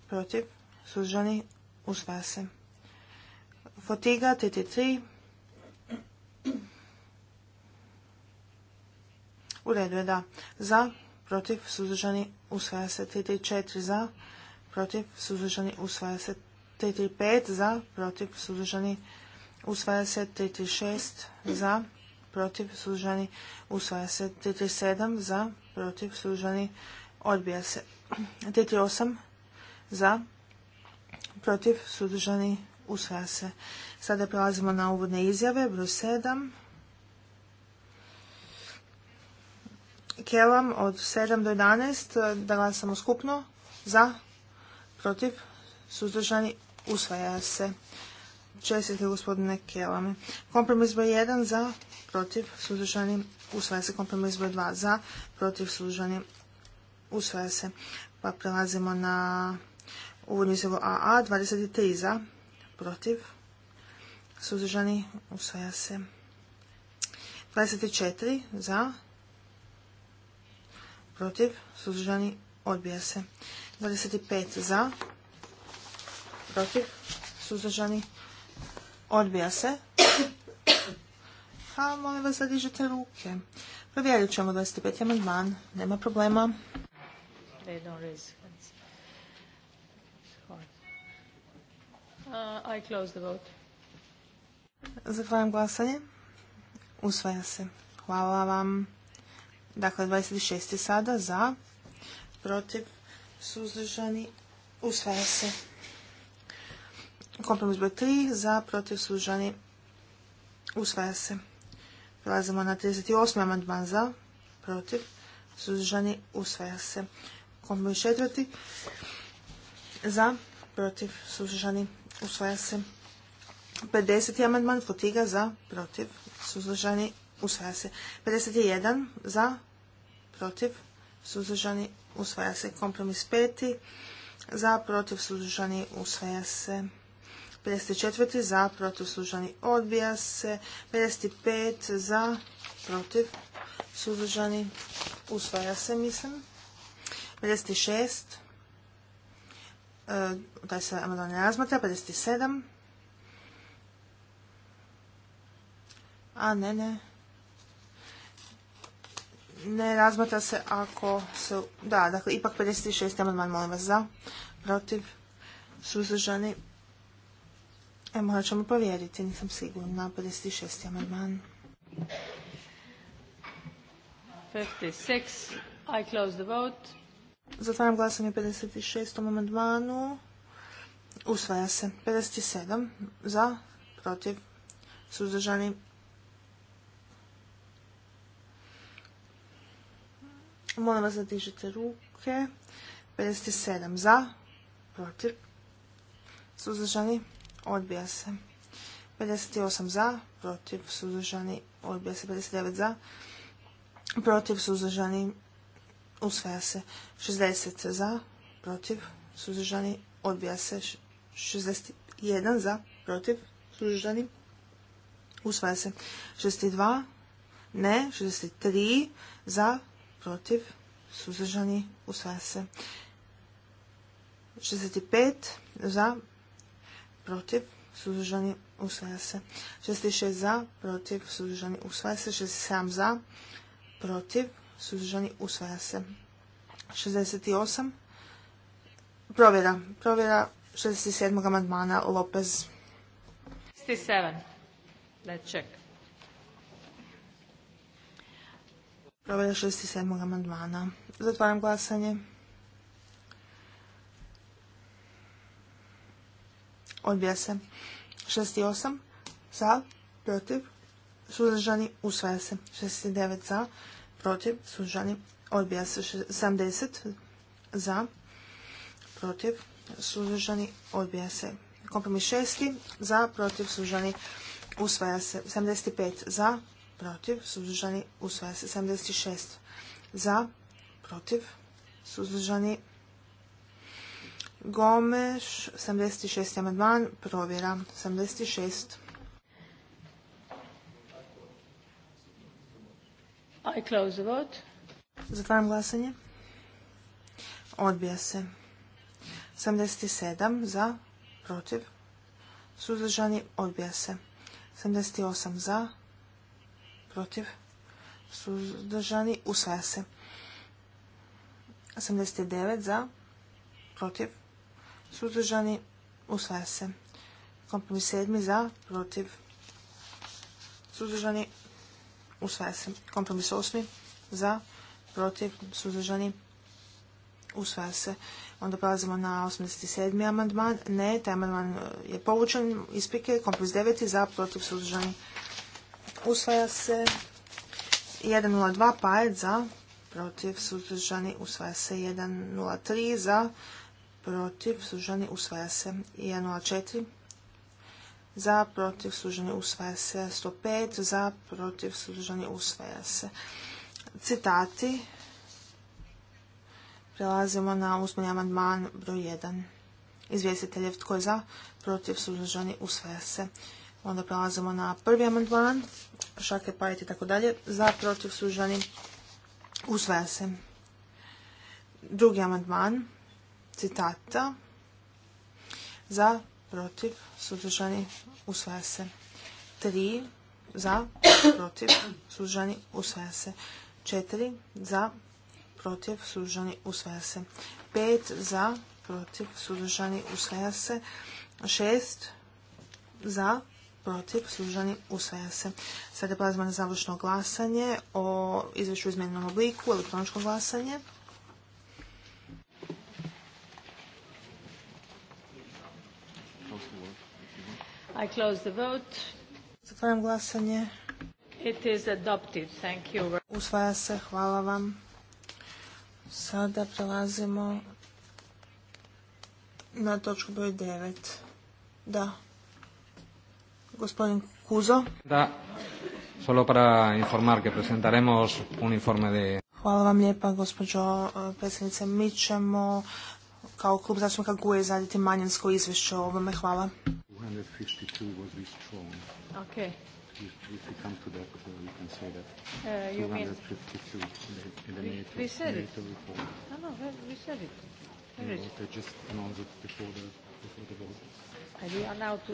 protiv, suzdržani, usvaja se. Fotiga 33 U redu je da. Za, protiv, suzdržani, usvaja se. 334 za, protiv, suzdržani, usvaja se. 335 za, protiv, suzdržani, usvaja se usvaja se 36 za, protiv, suzdržani, usvaja se 37 za, protiv, suzdržani, odbija se 38 za, protiv, suzdržani, usvaja se. Sada prelazimo na uvodne izjave, broj 7. Kelam od 7 do 11, da glasamo skupno, za, protiv, suzdržani, usvaja se. Čestite gospodine Kelame. Kompromis broj 1 za, protiv, suzdržani, usvaja se. Kompromis broj 2 za, protiv, suzdržani, usvaja se. Pa prelazimo na uvodnju izjavu AA, 23 za, protiv, suzdržani, usvaja se. 24 za, protiv, suzdržani, odbija se. 25 za, protiv, suzdržani, Odbija se. Ha, molim vas da dižete ruke. Provjerit ćemo 25. amandman. Nema problema. They uh, Zahvaljam glasanje. Usvaja se. Hvala vam. Dakle, 26. sada za, protiv, suzdržani, usvaja se. Kompromis broj 3 za protiv suzdržani usvaja se. Prelazimo na 38. amandman za protiv suzdržani usvaja se. Kompromis četvrti za protiv suzdržani usvaja se. 50. amandman Fotiga za protiv suzdržani usvaja se. 51 za protiv suzdržani usvaja se. Kompromis peti za protiv suzdržani usvaja se. 54 za, protiv suzdržani odbija se. 55 za, protiv suzdržani usvaja se, mislim. 56 e, taj se amandman ne razmatra. 57 a ne, ne ne razmatra se ako se... Da, dakle, ipak 56. amandman, molim vas, za, protiv, suzdržani, E, morat ćemo provjeriti, nisam sigurna. 56. amandman. 56. I close the vote. Zatvaram glasanje 56. amandmanu. Usvaja se. 57. Za, protiv, suzdržani. Molim vas da dižete ruke. 57. Za, protiv, suzdržani odbija se. 58 za, protiv suzdržani, odbija se 59 za, protiv suzdržani, usvaja se 60 za, protiv suzdržani, odbija se 61 za, protiv suzdržani, usvaja se 62, ne, 63 za, protiv suzdržani, usvaja se 65 za, protiv, suzdržani, usvaja se. 66 za, protiv, suzdržani, usvaja se. 67 za, protiv, suzdržani, usvaja se. 68. Provjera. Provjera 67. amandmana Lopez. 67. Let's check. Provjera 67. amandmana. Zatvaram glasanje. Odbija se. 68 za, protiv, suzdržani, usvaja se. 69 za, protiv, suzdržani, odbija se. 70 za, protiv, suzdržani, odbija se. Kompromis šesti za, protiv, suzdržani, usvaja se. 75 za, protiv, suzdržani, usvaja se. 76 za, protiv, suzdržani, se Gomeš, 76. amandman, provjera, 76. I close the vote. Zatvaram glasanje. Odbija se. 77 za, protiv. Suzdržani odbija se. 78 za, protiv. Suzdržani usvaja se. 89 za, protiv suzdržani, usvaja se. Kompromis sedmi za, protiv, suzdržani, usvaja se. Kompromis osmi za, protiv, suzdržani, usvaja se. Onda prelazimo na 87. amandman. Ne, taj amandman e, je povučen ispike. Kompromis deveti za, protiv, suzdržani, usvaja se. 1.02 pajet za, protiv, suzdržani, usvaja se. 1.03 za, protiv, suženi, usvaja se. 104 za, protiv, suženi, usvaja se. 105 za, protiv, suženi, usvaja se. Citati. Prelazimo na uzmeni amandman broj 1. Izvjestiteljev tko je za, protiv, suzdržani, usvaja se. Onda prelazimo na prvi amandman, šake, pajet i tako dalje. Za, protiv, suzdržani, usvaja se. Drugi amandman, citata za, protiv, suzdržani, usvaja se. tri za, protiv, suzdržani, usvaja se. Četiri za, protiv, suzdržani, usvaja se. Pet za, protiv, suzdržani, usvaja se. Šest za, protiv, suzdržani, usvaja se. Sada prelazimo na završno glasanje o izvješću izmijenjenom obliku, elektroničko glasanje. I close the vote. Zatvaram glasanje. It is adopted. Thank you. Usvaja se. Hvala vam. Sada prelazimo na točku broj 9. Da. Gospodin Kuzo. Da. Solo para informar que presentaremos un informe de... Hvala vam lijepa, gospođo eh, predsjednice. Mi ćemo kao klub zastupnika GUE zaditi manjansko izvješće o ovome. Hvala. 52 was withdrawn. Okay. If, we come to that, uh, we can say that. Uh, you 252 mean, in the, in the we, NATO, we said NATO it. report. No, no, we said it. Where you is it? They just announced it before the, before the vote. And we are now to,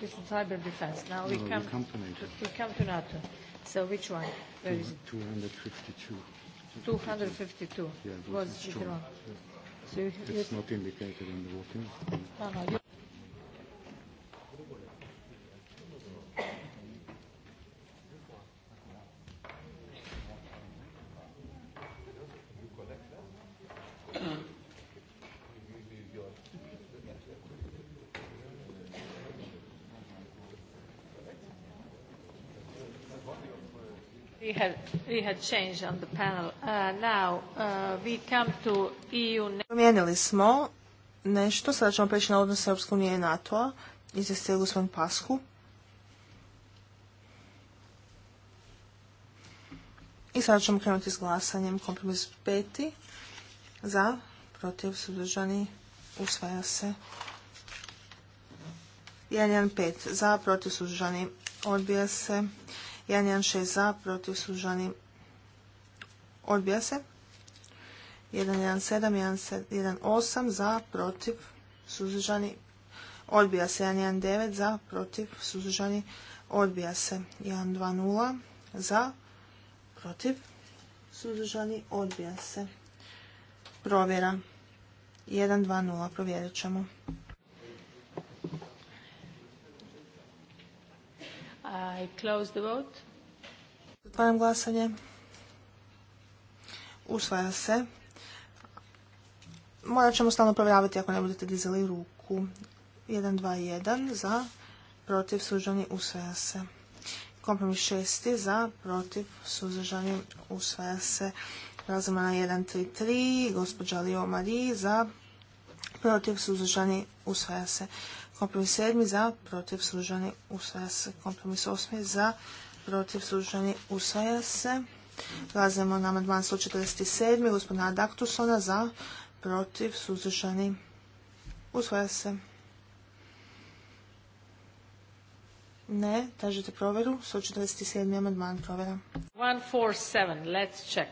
this is cyber defense. Now we, no, come, we come to NATO. We come to NATO. So which one? Where Two, is it? 252. 252 yeah, was withdrawn. Yeah. So you, it's you, not indicated in the voting. No, no, you we had change on the panel. Uh, now uh, we come to EU... Promijenili smo nešto, sada ćemo preći na odnos Europske unije i NATO-a. Izvestili gospodin Pasku. I sada ćemo krenuti s glasanjem. Kompromis peti. Za, protiv, sudržani, usvaja se. 1.1.5. Za, protiv, sudržani, odbija se. 1.1.6 za, protiv suzdržani odbija se. 1.1.7, 1.1.8 za, protiv suzdržani odbija se. 1.1.9 za, protiv suzdržani odbija se. 1.2.0 za, protiv suzdržani odbija se. Provjera. 1.2.0 provjerit ćemo. I close the vote. Zatvaram glasanje. Usvaja se. Morat ćemo stalno provjeravati ako ne budete dizali ruku. 1, 2, 1 za, protiv, suzdržani, usvaja se. Kompromis šesti za, protiv, suzdržani, usvaja se. Razuma na 3, gospođa Lio Mariji za, protiv, suzdržani, usvaja se. Kompromis 7 za, protiv služani usvaja se. Kompromis 8 za, protiv služani usvaja se. Prelazimo na amandman 147. gospodina Daktusona za, protiv suzdržani usvaja se. Ne, tražite provjeru. 147. amandman provjera. 147, let's check.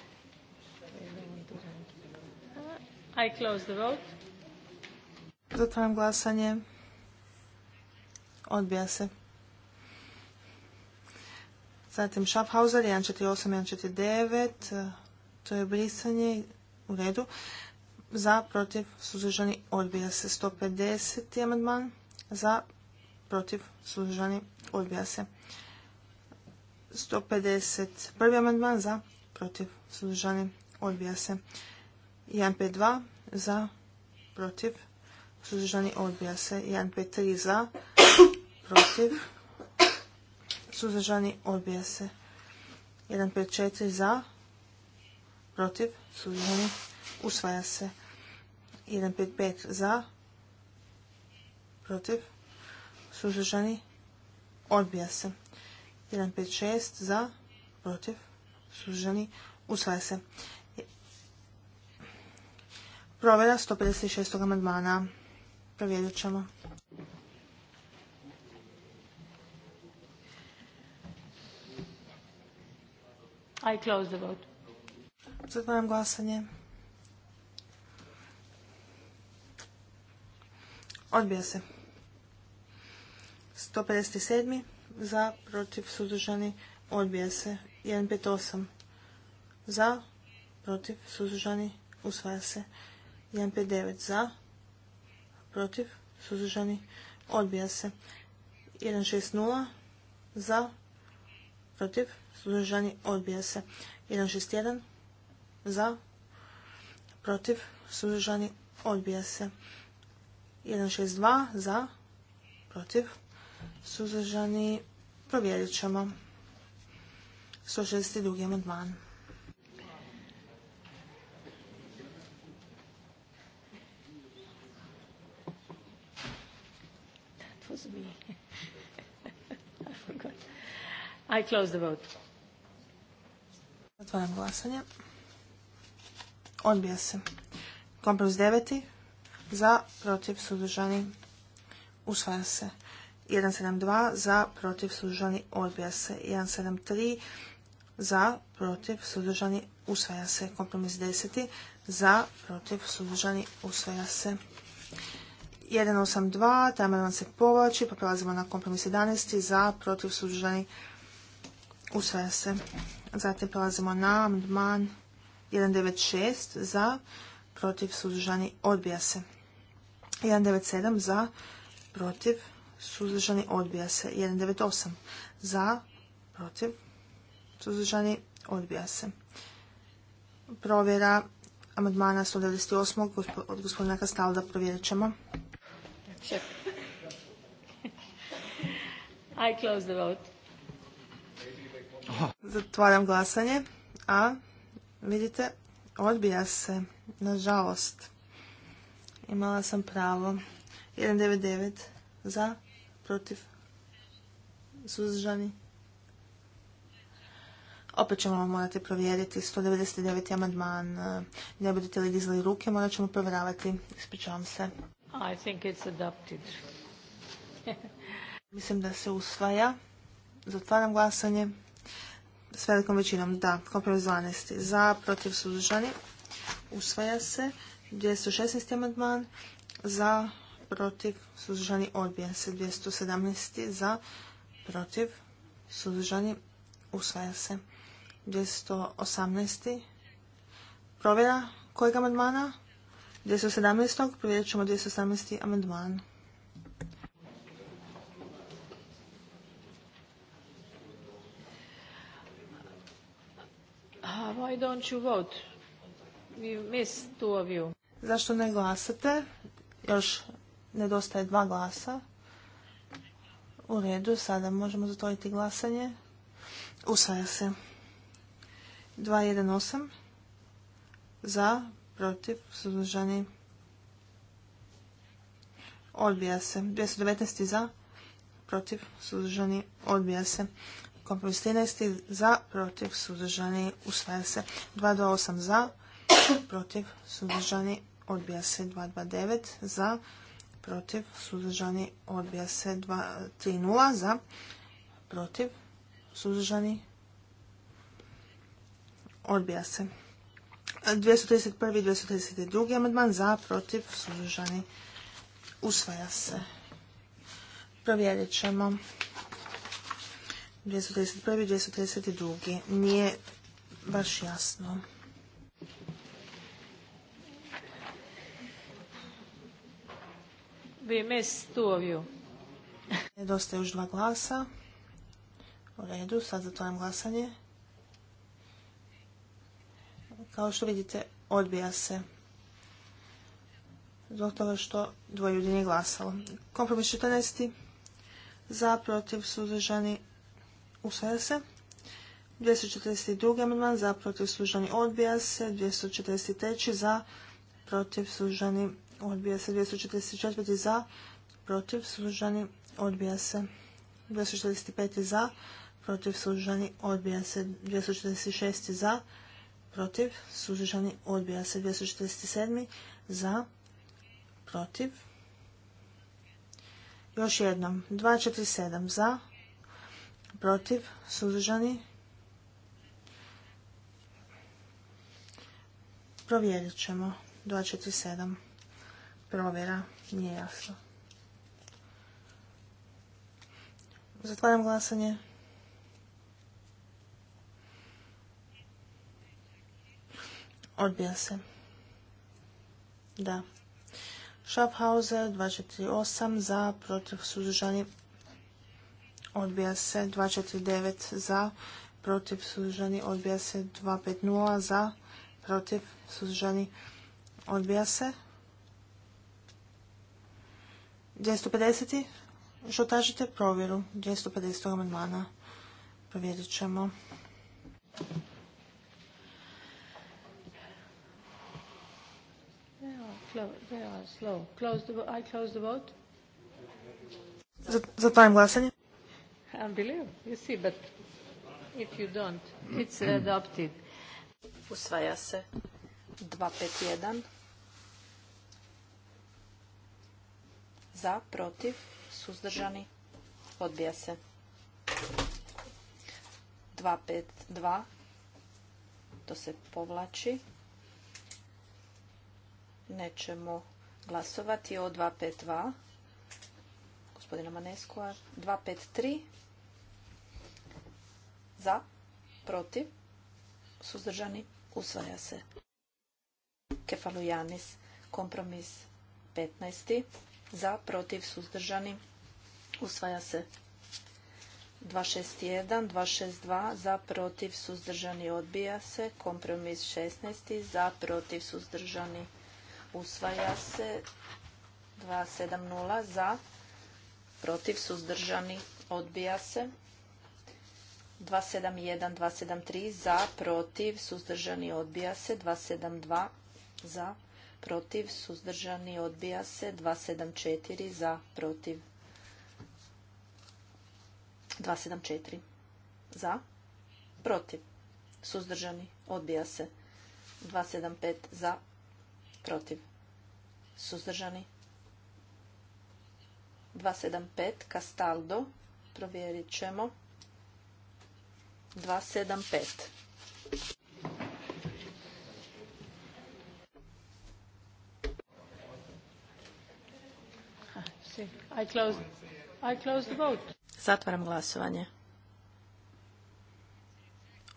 I close the vote. Zatvaram glasanje. Odbija se. Zatim Schaffhauser 148, 149. To je brisanje u redu. Za, protiv, suzdržani, odbija se. 150. amandman. Za, protiv, suzdržani, odbija se. 150, Prvi amandman. Za, protiv, suzdržani, odbija se. 152. Za, protiv, suzdržani odbija se. 153 za, protiv, suzdržani odbija se. 154 za, protiv, suzdržani usvaja se. 155 za, protiv, suzdržani odbija se. 156 za, protiv, suzdržani usvaja se. Provjera 156. amandmana. Provjerit ćemo. I close the vote. Zatvaram glasanje. Odbija se. 157. Za, protiv, suzdržani. Odbija se. 158. Za, protiv, suzdržani. Usvaja se. 159. Za, protiv, suzdržani, odbija se. 160 za, protiv, suzdržani, odbija se. 161 za, protiv, suzdržani, odbija se. 162 za, protiv, suzdržani, provjerit ćemo. 162. amandman. was I forgot. I close the vote. Otvaram glasanje. Odbija se. Kompromis deveti. Za, protiv, suzdržani. Usvaja se. 172 za, protiv, suzdržani. Odbija se. 173 za, protiv, suzdržani. Usvaja se. Kompromis deseti. Za, protiv, suzdržani. Usvaja se. 182, taj amandman se povlači, pa prelazimo na kompromis 11, za, protiv, suzdržani, usvaja se. Zatim prelazimo na amandman 196, za, protiv, suzdržani, odbija se. 197, za, protiv, suzdržani, odbija se. 198, za, protiv, suzdržani, odbija se. Provjera amadmana 198. od gospodina Kastalda provjerit ćemo. I Zatvaram glasanje. A, vidite, odbija se. Nažalost. Imala sam pravo. 1.99 za, protiv, suzdržani. Opet ćemo vam morati provjeriti 199. amandman. Ne budete li dizali ruke, morat ćemo provjeravati. Ispričavam se. I think it's adopted. Mislim da se usvaja. Zatvaram glasanje. S velikom većinom da. Kompromis 12. Za, protiv, suzdržani. Usvaja se. 216. amandman. Za, protiv, suzdržani. Odbija se. 217. Za, protiv, suzdržani. Usvaja se. 218. Provjera kojeg amandmana? 217. provjerit ćemo 217. amandman. Ah, why don't you vote? We miss two of you. Zašto ne glasate? Još nedostaje dva glasa. U redu, sada možemo zatvoriti glasanje. Usvaja se. 218 za, protiv, suzdržani, odbija se. 219. za, protiv, suzdržani, odbija se. Kompromis 13. za, protiv, suzdržani, usvaja se. 228 za, protiv, suzdržani, odbija se. 229 za, protiv, suzdržani, odbija se. 230 za, protiv, suzdržani, odbija se. 231. i 232. amandman za, protiv, suzdržani, usvaja se. Provjerit ćemo. 231. i 232. Nije baš jasno. We missed two of Nedostaje još dva glasa. U redu, sad zatvaram glasanje. Kao što vidite, odbija se. Zbog toga što dvoje ljudi nije glasalo. Kompromis 14. Za, protiv, suzdržani, usvaja se. 242. amandman za, protiv, suzdržani, odbija se. 243. za, protiv, suzdržani, odbija se. 244. za, protiv, suzdržani, odbija se. 245. za, protiv, suzdržani, odbija se. 246. za, protiv, protiv, suzdržani, odbija se 247. za, protiv. Još jednom, 247 za, protiv, suzdržani. Provjerit ćemo, 247. Provjera, nije jasno. Zatvaram glasanje. Odbija se. Da. Schaffhauser 248 za protiv suzdržani. Odbija se 249 za protiv suzdržani. Odbija se 250 za protiv suzdržani. Odbija se. 250. Što tažite? provjeru 250. amandmana. Provjerit ćemo. Close, they are slow. Close the, I close the vote. Za Zatvaram glasanje. Unbelievable. You see, but if you don't, it's adopted. Usvaja se 251. Za, protiv, suzdržani, odbija se. 252. To se povlači nećemo glasovati o 252 gospodina Maneskova. 253 za, protiv, suzdržani, usvaja se. Kefalujanis, kompromis 15. Za, protiv, suzdržani, usvaja se. 261, 262, za, protiv, suzdržani, odbija se. Kompromis 16. Za, protiv, suzdržani, se usvaja se 270 za, protiv, suzdržani, odbija se. 271, 273 za, protiv, suzdržani, odbija se. 272 za, protiv, suzdržani, odbija se. 274 za, protiv, 274 za, protiv, suzdržani, odbija se. 275 za, protiv, suzdržani. 275 Castaldo, provjerit ćemo. 275. I I the vote. Zatvaram glasovanje.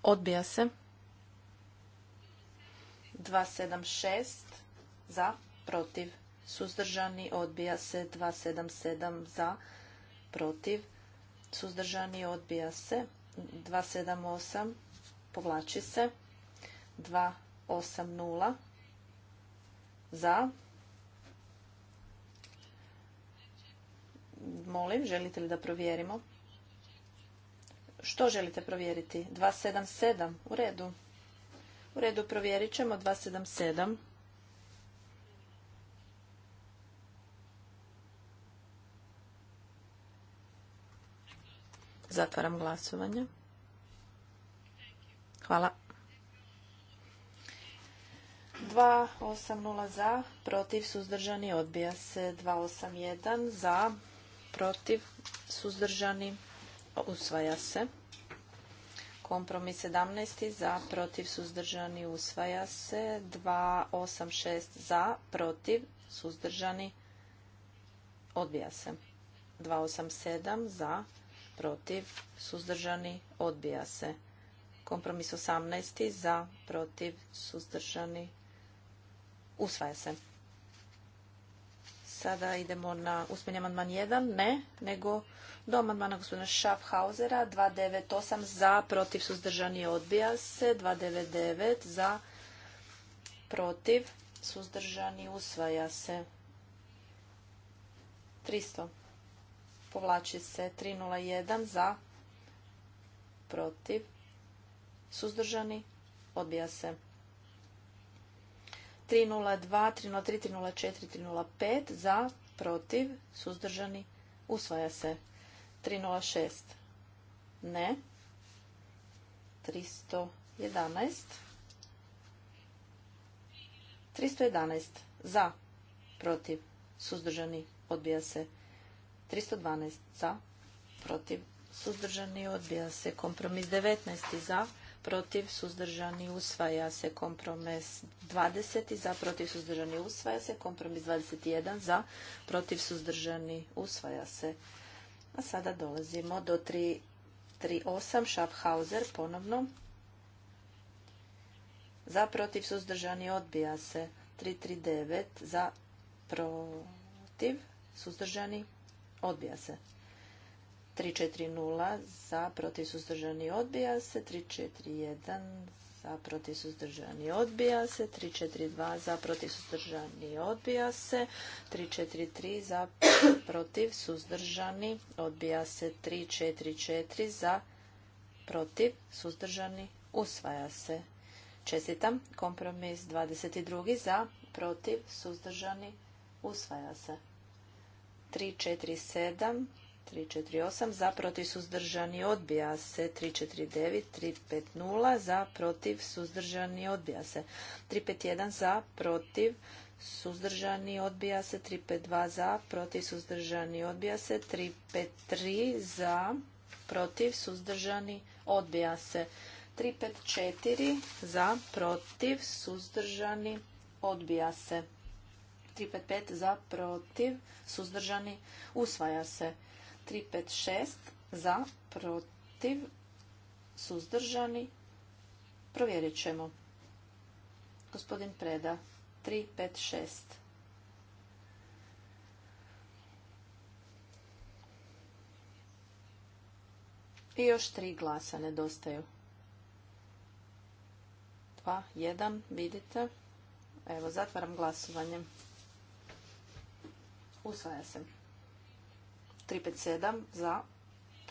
Odbija se. 276 za, protiv, suzdržani, odbija se 277 za, protiv, suzdržani, odbija se 278, povlači se 280 za, molim, želite li da provjerimo? Što želite provjeriti? 277, u redu. U redu provjerit ćemo 277. Zatvaram glasovanje. Hvala. 280 za, protiv, suzdržani, odbija se. 281 za, protiv, suzdržani, usvaja se. Kompromis 17 za, protiv, suzdržani, usvaja se. 286 za, protiv, suzdržani, odbija se. 287 za, protiv, suzdržani, odbija se. Kompromis 18. za, protiv, suzdržani, usvaja se. Sada idemo na usmeni amandman 1, ne, nego do amandmana gospodina Schaffhausera, 298 za, protiv, suzdržani, odbija se, 299 za, protiv, suzdržani, usvaja se. 300 povlači se 301 za, protiv, suzdržani, odbija se. 302, 303, 304, 305 za, protiv, suzdržani, usvaja se. 306 ne. 311 311 za, protiv, suzdržani, odbija se. 312 za, protiv, suzdržani odbija se. Kompromis 19 za, protiv, suzdržani usvaja se. Kompromis 20 za, protiv, suzdržani usvaja se. Kompromis 21 za, protiv, suzdržani usvaja se. A sada dolazimo do 338 Schaffhauser ponovno. Za, protiv, suzdržani odbija se. 339 za, protiv, suzdržani Odbija se. 3-4-0 za protiv suzdržani odbija se. 3-4-1 za protiv suzdržani odbija se. 3-4-2 za protiv suzdržani odbija se. 3-4-3 za protiv suzdržani odbija se. 3-4-4 za protiv suzdržani usvaja se. Čestitam kompromis 22 za protiv suzdržani usvaja se. 347, 348 za protiv suzdržani odbija se 349, 350 za protiv suzdržani odbija se 351 za protiv suzdržani odbija se 352 za protiv suzdržani odbija se 353 za protiv suzdržani odbija se 354 za protiv suzdržani odbija se 355 za, protiv, suzdržani, usvaja se. 356 za, protiv, suzdržani, provjerit ćemo. Gospodin Preda, 356. I još tri glasa nedostaju. Dva, jedan, vidite. Evo, zatvaram glasovanje. Usvaja se. 357 za,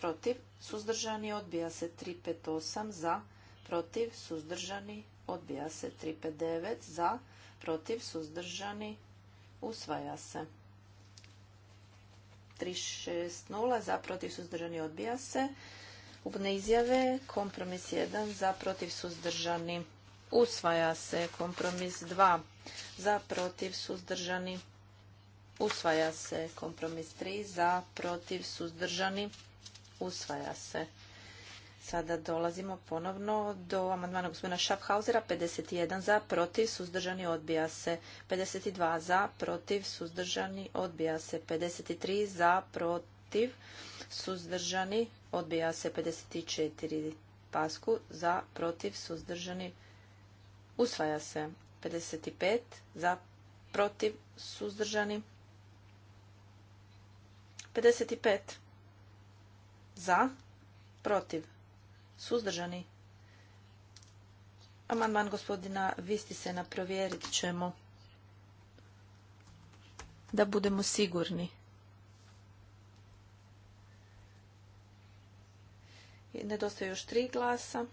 protiv, suzdržani, odbija se. 358 za, protiv, suzdržani, odbija se. 359 za, protiv, suzdržani, usvaja se. 360 za, protiv, suzdržani, odbija se. Upne izjave, kompromis 1 za, protiv, suzdržani, usvaja se. Kompromis 2 za, protiv, suzdržani, Usvaja se kompromis 3 za, protiv, suzdržani. Usvaja se. Sada dolazimo ponovno do amandmana gospodina Schaffhausera. 51 za, protiv, suzdržani, odbija se. 52 za, protiv, suzdržani, odbija se. 53 za, protiv, suzdržani, odbija se. 54 pasku za, protiv, suzdržani, usvaja se. 55 za, protiv, suzdržani, odbija se. 55. Za. Protiv. Suzdržani. Amandman gospodina Vistisena provjerit ćemo. Da budemo sigurni. Nedostaje još tri glasa.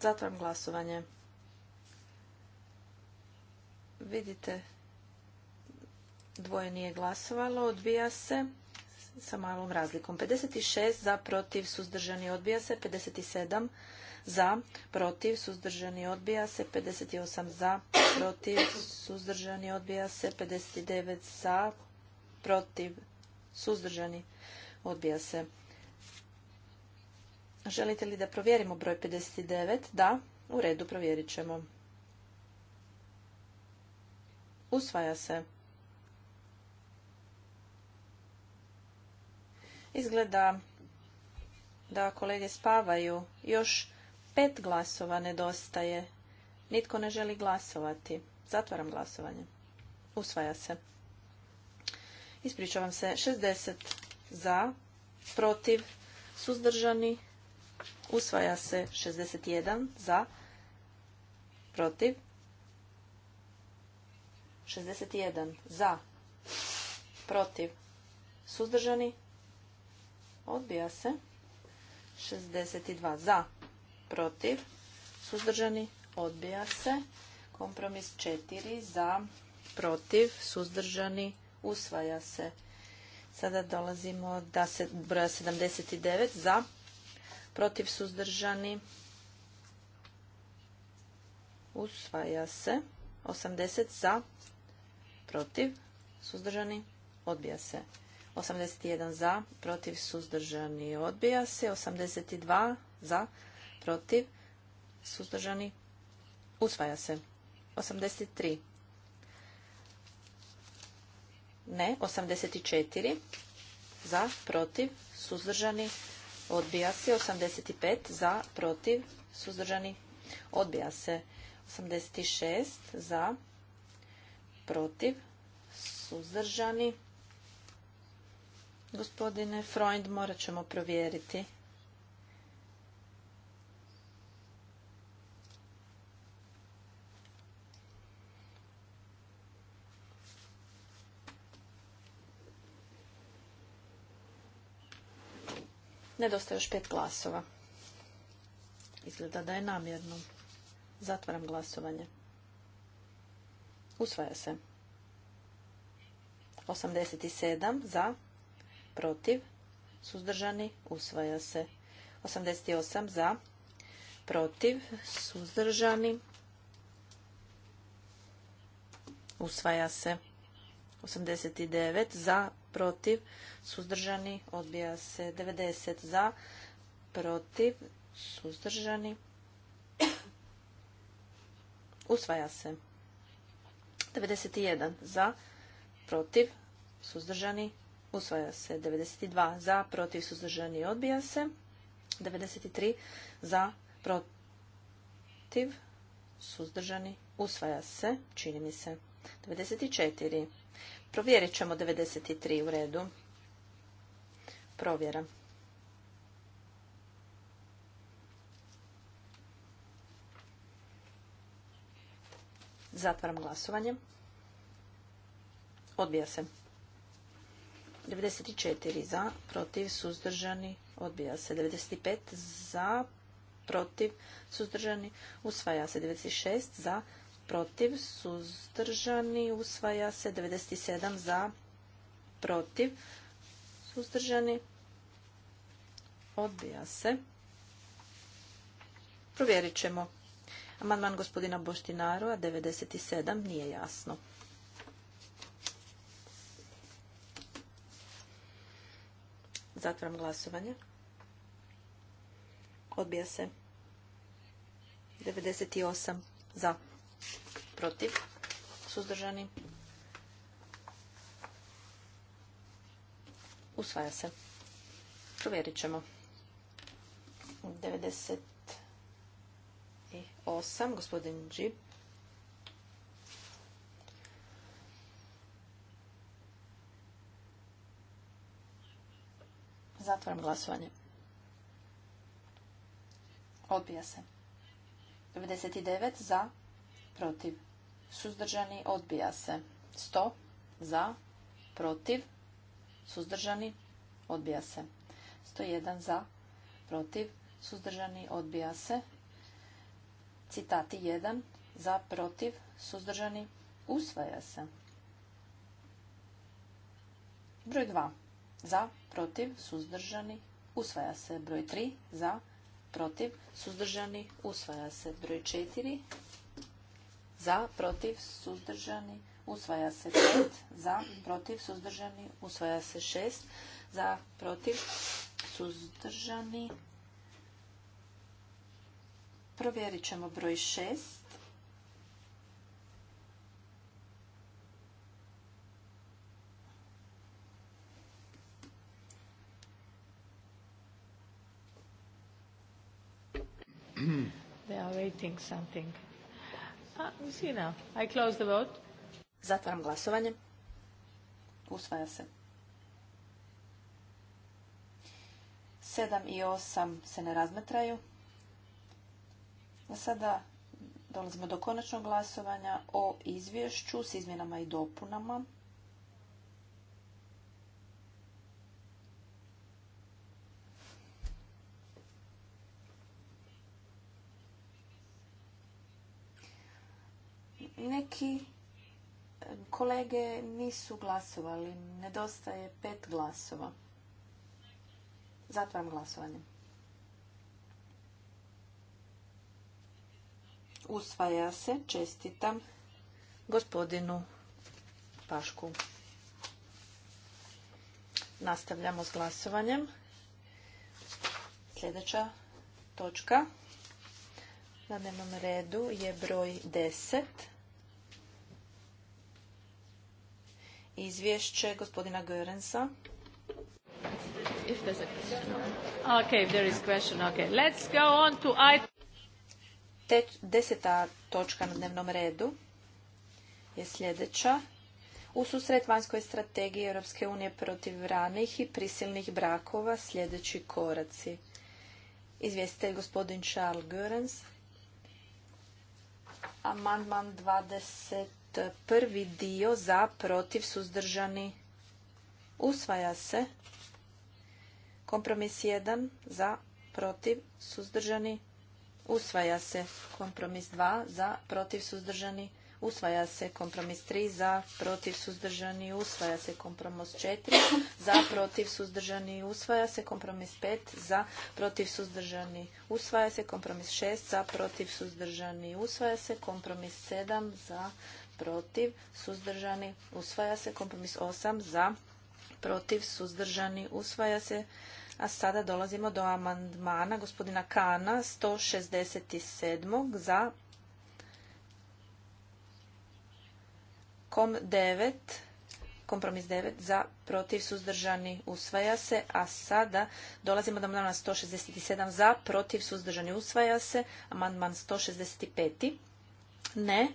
Zatvaram glasovanje. Vidite Dvoje nije glasovalo. Odbija se sa malom razlikom. 56 za, protiv, suzdržani, odbija se. 57 za, protiv, suzdržani, odbija se. 58 za, protiv, suzdržani, odbija se. 59 za, protiv, suzdržani, odbija se. Želite li da provjerimo broj 59? Da, u redu provjerit ćemo. Usvaja se. Izgleda da kolege spavaju. Još pet glasova nedostaje. Nitko ne želi glasovati. Zatvaram glasovanje. Usvaja se. Ispričavam se. 60 za, protiv, suzdržani. Usvaja se 61 za, protiv. 61 za, protiv, suzdržani. Odbija se. 62 za, protiv, suzdržani, odbija se. Kompromis 4 za, protiv, suzdržani, usvaja se. Sada dolazimo da se broja 79 za, protiv, suzdržani, usvaja se. 80 za, protiv, suzdržani, odbija se. 81 za, protiv suzdržani odbija se. 82 za, protiv suzdržani usvaja se. 83 ne, 84 za, protiv suzdržani odbija se. 85 za, protiv suzdržani odbija se. 86 za, protiv suzdržani odbija se. Gospodine Freund, morat ćemo provjeriti. Nedostaje još pet glasova. Izgleda da je namjerno. Zatvaram glasovanje. Usvaja se. 87 za, protiv, suzdržani, usvaja se. 88 za, protiv, suzdržani, usvaja se. 89 za, protiv, suzdržani, odbija se. 90 za, protiv, suzdržani, usvaja se. 91 za, protiv, suzdržani, Usvaja se 92 za, protiv suzdržani odbija se. 93 za, protiv suzdržani usvaja se, čini mi se. 94. Provjerit ćemo 93 u redu. Provjera. Zatvaram glasovanje. Odbija se. 94 za, protiv, suzdržani, odbija se. 95 za, protiv, suzdržani, usvaja se. 96 za, protiv, suzdržani, usvaja se. 97 za, protiv, suzdržani, odbija se. Provjerit ćemo. Amandman gospodina Boštinarova, 97, nije jasno. Zatvaram glasovanje. Odbija se. 98 za. Protiv. Suzdržani. Usvaja se. Provjerit ćemo. 98. Gospodin Džip. Zatvaram glasovanje. Odbija se. 99 za, protiv. Suzdržani odbija se. 100 za, protiv. Suzdržani odbija se. 101 za, protiv. Suzdržani odbija se. Citati 1 za, protiv. Suzdržani usvaja se. Broj 2 za, protiv, suzdržani, usvaja se. Broj 3 za, protiv, suzdržani, usvaja se. Broj 4 za, protiv, suzdržani, usvaja se. 5 za, protiv, suzdržani, usvaja se. 6 za, protiv, suzdržani. Provjerit ćemo broj 6. They Zatvaram glasovanje. Usvaja se. Sedam i osam se ne razmetraju. A sada dolazimo do konačnog glasovanja o izvješću s izmjenama i dopunama. Neki e, kolege nisu glasovali. Nedostaje pet glasova. Zatvaram glasovanje. Usvaja se. Čestitam gospodinu Pašku. Nastavljamo s glasovanjem. Sljedeća točka na dnevnom redu je broj deset. izvješće gospodina Goerensa. on Te deseta točka na dnevnom redu je sljedeća. U susret vanjskoj strategiji Europske unije protiv ranih i prisilnih brakova sljedeći koraci. Izvjestitelj gospodin Charles Goerens. Amandman 20 E, prvi dio za, protiv, suzdržani, usvaja se. Kompromis 1 za, protiv, suzdržani, usvaja se. Kompromis 2 za, protiv, suzdržani, usvaja se. Kompromis 3 za, protiv, suzdržani, usvaja se. Kompromis 4 za, protiv, suzdržani, usvaja se. Kompromis 5 za, protiv, suzdržani, usvaja se. Kompromis 6 za, protiv, suzdržani, usvaja se. Kompromis 7 za, protiv, suzdržani, usvaja se. Kompromis 8 za, protiv, suzdržani, usvaja se. A sada dolazimo do amandmana gospodina Kana 167. za kom 9 kompromis 9 za protiv suzdržani usvaja se, a sada dolazimo do amandmana 167 za protiv suzdržani usvaja se, amandman 165. Ne,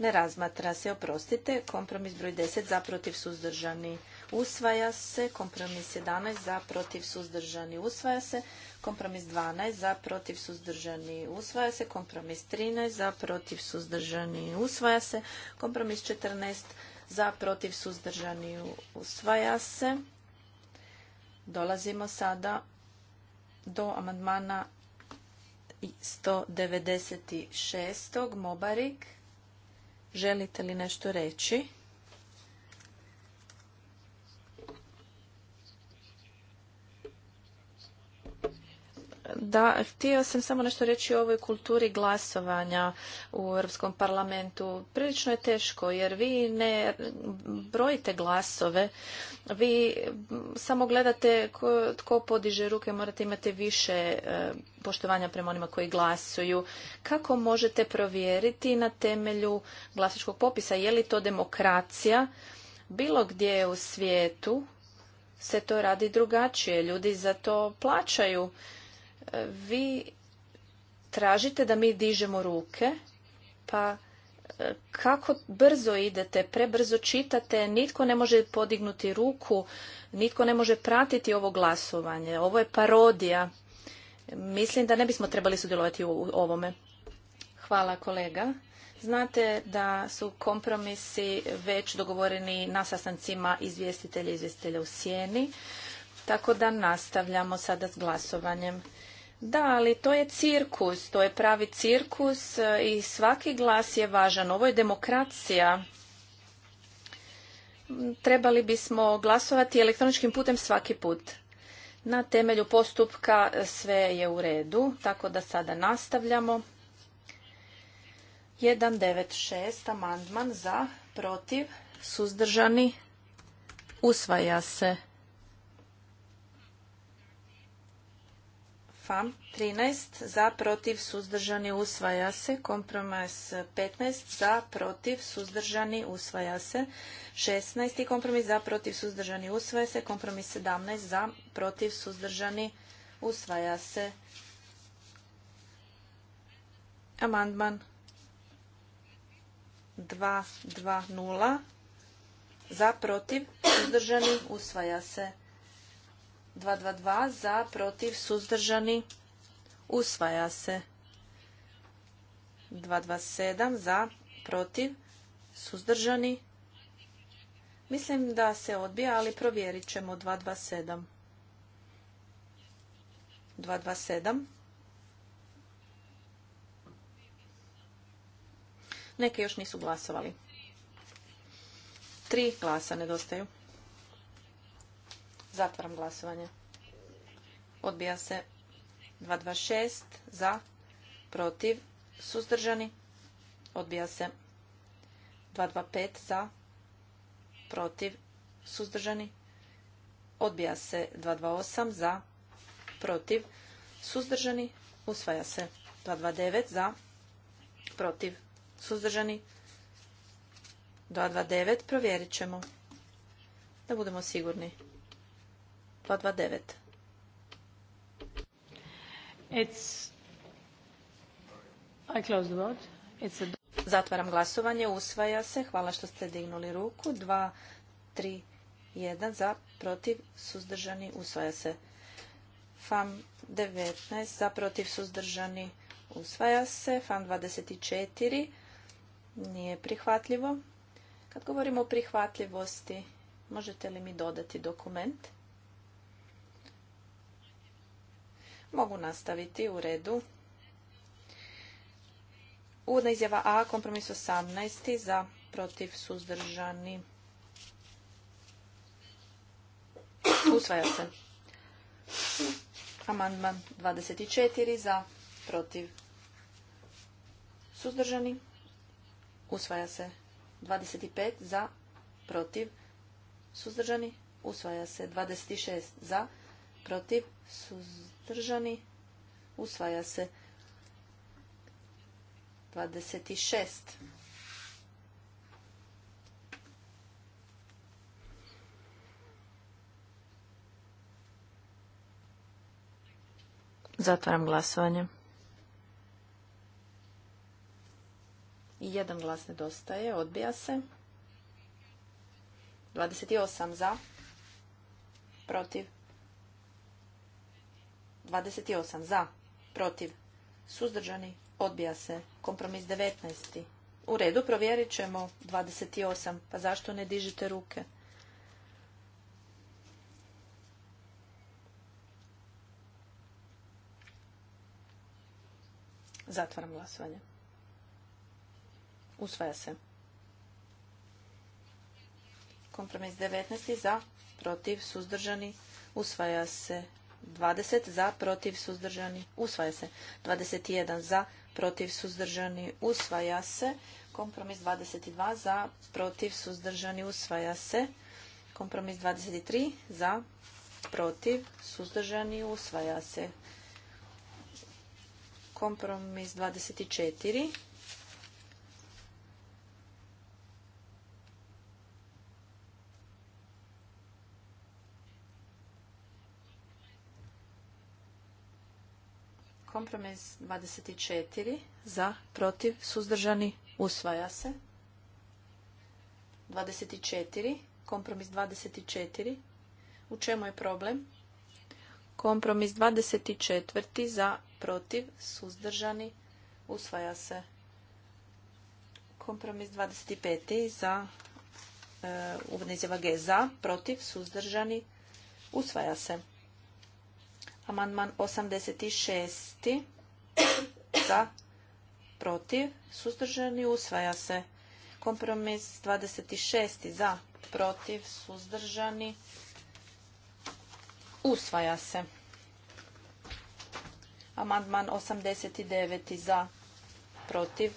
ne razmatra se, oprostite. Kompromis broj 10 za protiv suzdržani usvaja se. Kompromis 11 za protiv suzdržani usvaja se. Kompromis 12 za protiv suzdržani usvaja se. Kompromis 13 za protiv suzdržani usvaja se. Kompromis 14 za protiv suzdržani usvaja se. Dolazimo sada do amandmana 196. Mobarik. Želite li nešto reći? Da, htio sam samo nešto reći o ovoj kulturi glasovanja u Europskom parlamentu. Prilično je teško jer vi ne brojite glasove, vi samo gledate ko, tko podiže ruke, morate imati više e, poštovanja prema onima koji glasuju. Kako možete provjeriti na temelju glasačkog popisa je li to demokracija bilo gdje u svijetu se to radi drugačije. Ljudi za to plaćaju vi tražite da mi dižemo ruke, pa e, kako brzo idete, prebrzo čitate, nitko ne može podignuti ruku, nitko ne može pratiti ovo glasovanje. Ovo je parodija. Mislim da ne bismo trebali sudjelovati u ovome. Hvala kolega. Znate da su kompromisi već dogovoreni na sastancima izvjestitelja i izvjestitelja u sjeni, tako da nastavljamo sada s glasovanjem. Da, ali to je cirkus, to je pravi cirkus e, i svaki glas je važan. Ovo je demokracija. Trebali bismo glasovati elektroničkim putem svaki put. Na temelju postupka sve je u redu, tako da sada nastavljamo. 196 amandman za, protiv, suzdržani, usvaja se. FAM 13 za protiv suzdržani usvaja se. Kompromis 15 za protiv suzdržani usvaja se. 16. kompromis za protiv suzdržani usvaja se. Kompromis 17 za protiv suzdržani usvaja se. Amandman 220 za protiv suzdržani usvaja se. 222 za, protiv, suzdržani, usvaja se. 227 za, protiv, suzdržani. Mislim da se odbija, ali provjerit ćemo 227. 227. Neke još nisu glasovali. Tri glasa nedostaju. Zatvaram glasovanje. Odbija se 226 za, protiv, suzdržani. Odbija se 225 za, protiv, suzdržani. Odbija se 228 za, protiv, suzdržani. Usvaja se 229 za, protiv, suzdržani. 229 provjerit ćemo da budemo sigurni. 229. Zatvaram glasovanje. Usvaja se. Hvala što ste dignuli ruku. 2, 3, 1 za, protiv, suzdržani. Usvaja se. FAM 19 za, protiv, suzdržani. Usvaja se. FAM 24 nije prihvatljivo. Kad govorimo o prihvatljivosti, možete li mi dodati dokument? Mogu nastaviti u redu. Uvodna izjava A, kompromis 18. Za, protiv, suzdržani. Usvaja se. Amandman 24. Za, protiv, suzdržani. Usvaja se. 25. Za, protiv, suzdržani. Usvaja se. 26. Za, protiv, suzdržani suzdržani, usvaja se 26. Zatvaram glasovanje. I jedan glas nedostaje, odbija se. 28 za, protiv, 28 za, protiv, suzdržani, odbija se. Kompromis 19. U redu, provjerit ćemo 28. Pa zašto ne dižite ruke? Zatvaram glasovanje. Usvaja se. Kompromis 19. za, protiv, suzdržani, usvaja se. 20 za, protiv, suzdržani, usvaja se. 21 za, protiv, suzdržani, usvaja se. Kompromis 22 za, protiv, suzdržani, usvaja se. Kompromis 23 za, protiv, suzdržani, usvaja se. Kompromis 24 Kompromis 24 za, protiv, suzdržani, usvaja se. 24, kompromis 24. U čemu je problem? Kompromis 24 za, protiv, suzdržani, usvaja se. Kompromis 25 za, e, uvodne izjava G za, protiv, suzdržani, usvaja se. Amandman 86. Za. Protiv. Suzdržani. Usvaja se. Kompromis 26. Za. Protiv. Suzdržani. Usvaja se. Amandman 89. Za. Protiv.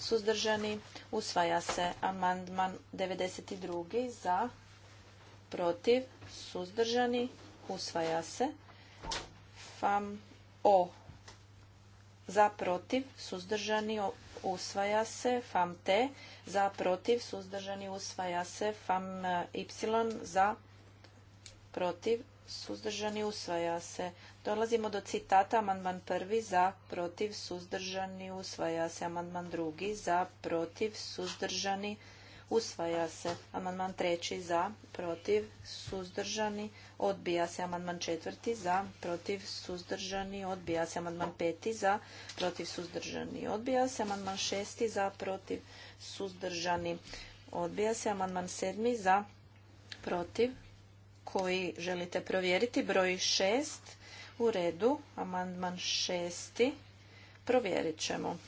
Suzdržani. Usvaja se. Amandman 92. Za. Protiv. Suzdržani. Usvaja se. FAM O za protiv suzdržani usvaja se FAM T za protiv suzdržani usvaja se FAM e, Y za protiv suzdržani usvaja se. Dolazimo do citata amandman prvi za protiv suzdržani usvaja se. Amandman drugi za protiv suzdržani Usvaja se amandman treći za, protiv, suzdržani, odbija se amandman četvrti za, protiv, suzdržani, odbija se amandman peti za, protiv, suzdržani, odbija se amandman šesti za, protiv, suzdržani, odbija se amandman sedmi za, protiv, koji želite provjeriti, broj šest, u redu, amandman šesti, provjerit ćemo.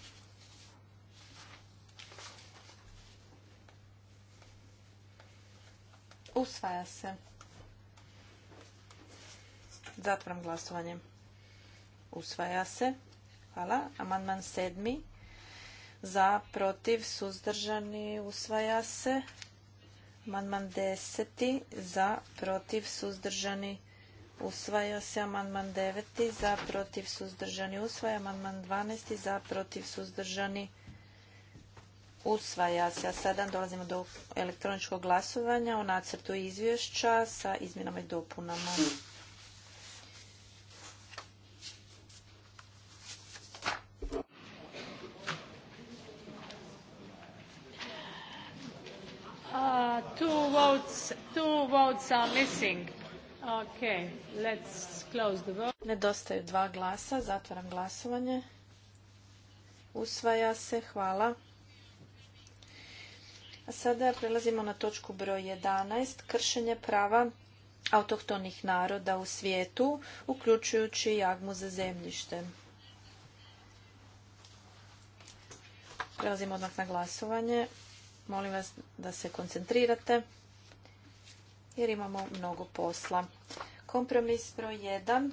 Usvaja se. Zatvoram glasovanje. Usvaja se. Hvala. Amandman sedmi. Za, protiv, suzdržani, usvaja se. Amandman deseti. Za, protiv, suzdržani, usvaja se. Amandman deveti. Za, protiv, suzdržani, usvaja. Amandman dvanesti. Za, protiv, suzdržani, usvaja Usvaja se. A sada dolazimo do elektroničkog glasovanja o nacrtu izvješća sa izmjenama i dopunama. Nedostaju dva glasa, zatvaram glasovanje. Usvaja se, hvala. A Sada prelazimo na točku broj 11. Kršenje prava autohtonih naroda u svijetu, uključujući jagmu za zemljište. Prelazimo odmah na glasovanje. Molim vas da se koncentrirate jer imamo mnogo posla. Kompromis broj 1.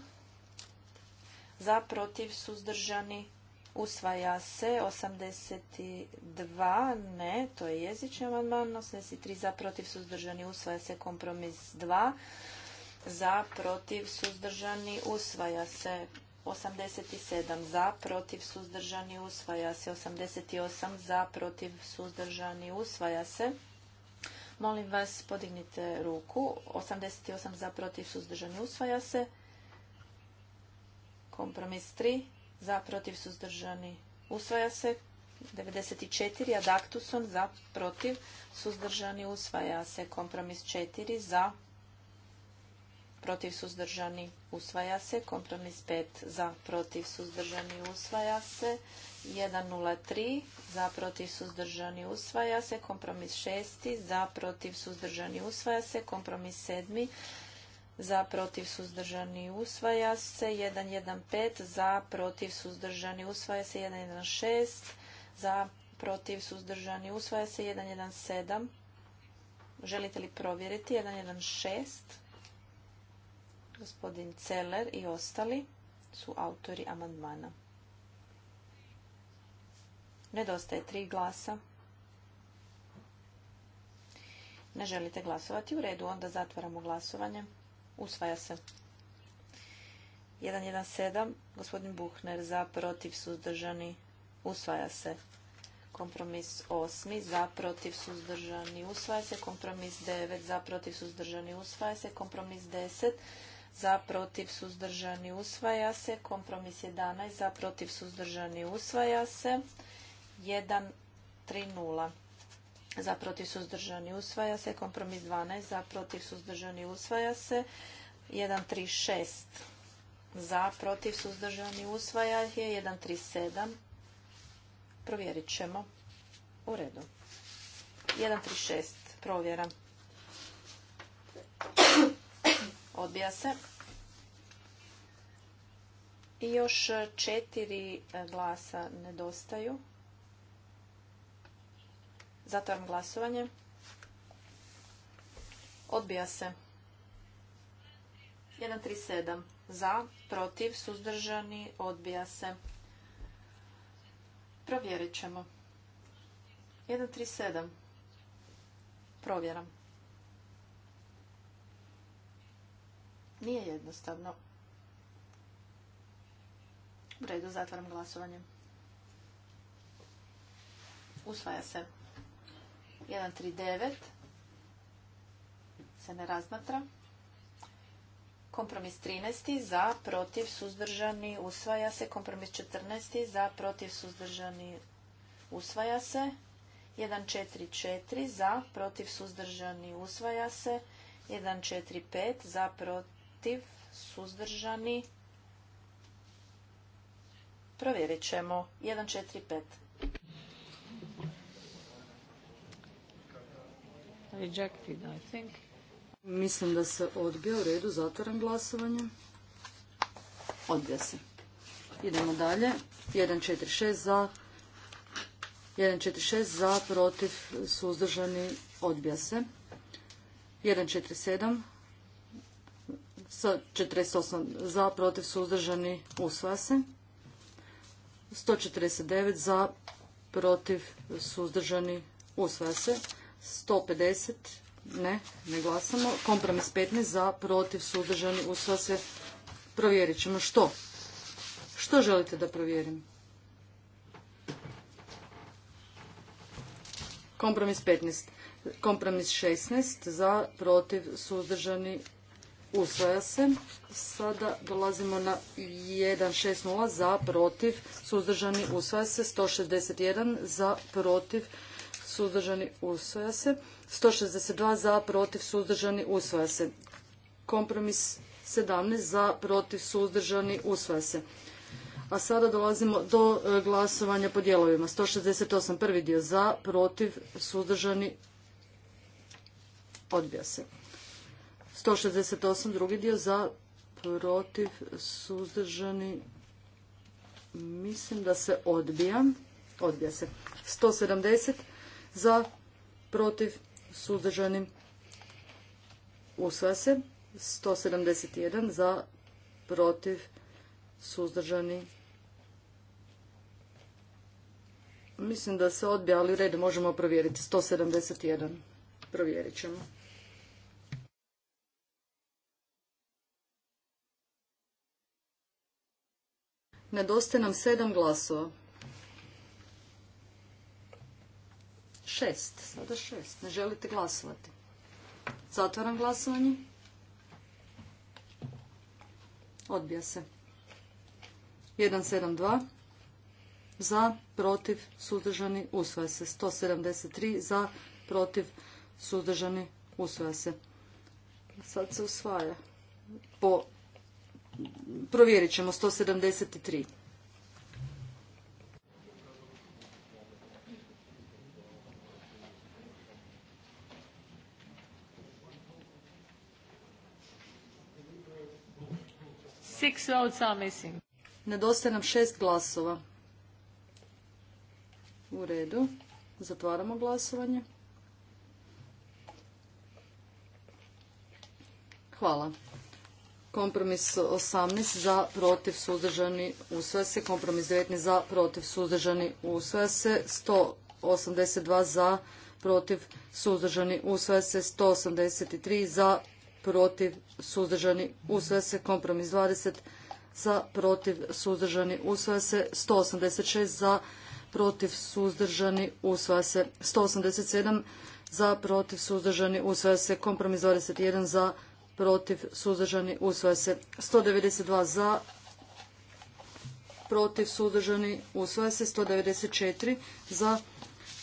Za, protiv, suzdržani, Usvaja se 82, ne, to je jezični amandman, 83 za, protiv, suzdržani, usvaja se kompromis 2, za, protiv, suzdržani, usvaja se 87 za, protiv, suzdržani, usvaja se 88 za, protiv, suzdržani, usvaja se. Molim vas, podignite ruku. 88 za, protiv, suzdržani, usvaja se. Kompromis 3 za protiv suzdržani usvaja se. 94 ad za protiv suzdržani usvaja se. Kompromis 4 za protiv suzdržani usvaja se. Kompromis 5 za protiv suzdržani usvaja se. 103 za protiv suzdržani usvaja se. Kompromis 6 za protiv suzdržani usvaja se. Kompromis 7 za protiv suzdržani usvaja se 115 za protiv suzdržani usvaja se 116 za protiv suzdržani usvaja se 117 želite li provjeriti 116 gospodin Celer i ostali su autori amandmana nedostaje tri glasa ne želite glasovati u redu onda zatvaramo glasovanje Usvaja se. 117. Gospodin Buhner za protiv suzdržani. Usvaja se. Kompromis 8. Za protiv suzdržani. Usvaja se. Kompromis 9. Za protiv suzdržani. Usvaja se. Kompromis 10. Za protiv suzdržani. Usvaja se. Kompromis 11. Za protiv suzdržani. Usvaja se. 1 3 0 za protiv suzdržani usvaja se, kompromis 12 za protiv suzdržani usvaja se, 136 za protiv suzdržani usvaja je, 137 provjerit ćemo u redu. 136 provjera. Odbija se. I još četiri glasa nedostaju. Zatvaram glasovanje. Odbija se. 137. Za, protiv, suzdržani, odbija se. Provjerit ćemo. 137. Provjeram. Nije jednostavno. U redu, zatvaram glasovanje. Usvaja se. 139 se ne razmatra. Kompromis 13. za, protiv, suzdržani, usvaja se. Kompromis 14. za, protiv, suzdržani, usvaja se. 144 za, protiv, suzdržani, usvaja se. 145 za, protiv, suzdržani, provjerit ćemo. 145. Rejected, I think. Mislim da se odbija u redu, zatvaram glasovanje. Odbija se. Idemo dalje. 1.46 za, 1.46 za, protiv, suzdržani, odbija se. 1.47 sa 48 za, protiv, suzdržani, usvaja se. 149 za, protiv, suzdržani, usvaja se. 150, ne, ne glasamo. Kompromis 15 za, protiv, suzdržani, usvaja se. Provjerit ćemo što. Što želite da provjerim? Kompromis 15. Kompromis 16 za, protiv, suzdržani, usvaja se. Sada dolazimo na 160 za, protiv, suzdržani, usvaja se. 161 za, protiv, suzdržani, usvaja se. 162 za, protiv, suzdržani, usvaja se. Kompromis 17 za, protiv, suzdržani, usvaja se. A sada dolazimo do e, glasovanja po dijelovima. 168. prvi dio za, protiv, suzdržani, odbija se. 168. drugi dio za, protiv, suzdržani, mislim da se odbija. Odbija se. 170 za, protiv, suzdržani, usvaja se. 171 za, protiv, suzdržani. Mislim da se odbija, ali u redu možemo provjeriti. 171. Provjerit ćemo. Nedostaje nam sedam glasova. Šest, sada šest. Ne želite glasovati. Zatvaram glasovanje. Odbija se. 172 za, protiv, suzdržani, usvaja se. 173 za, protiv, suzdržani, usvaja se. Sad se usvaja. Po... Provjerit ćemo 173. Nedostaje nam šest glasova. U redu. Zatvaramo glasovanje. Hvala. Kompromis 18 za, protiv, suzdržani, usvaja se. Kompromis 19 za, protiv, suzdržani, usvaja se. 182 za, protiv, suzdržani, usvaja se. 183 za, protiv, suzdržani, usvaja se. Kompromis 20 za, protiv, suzdržani, usvaja se. 186 za, protiv, suzdržani, usvaja se. 187 za, protiv, suzdržani, usvaja se. Kompromis 21 za, protiv, suzdržani, usvaja se. 192 za, protiv, suzdržani, usvaja se. 194 za,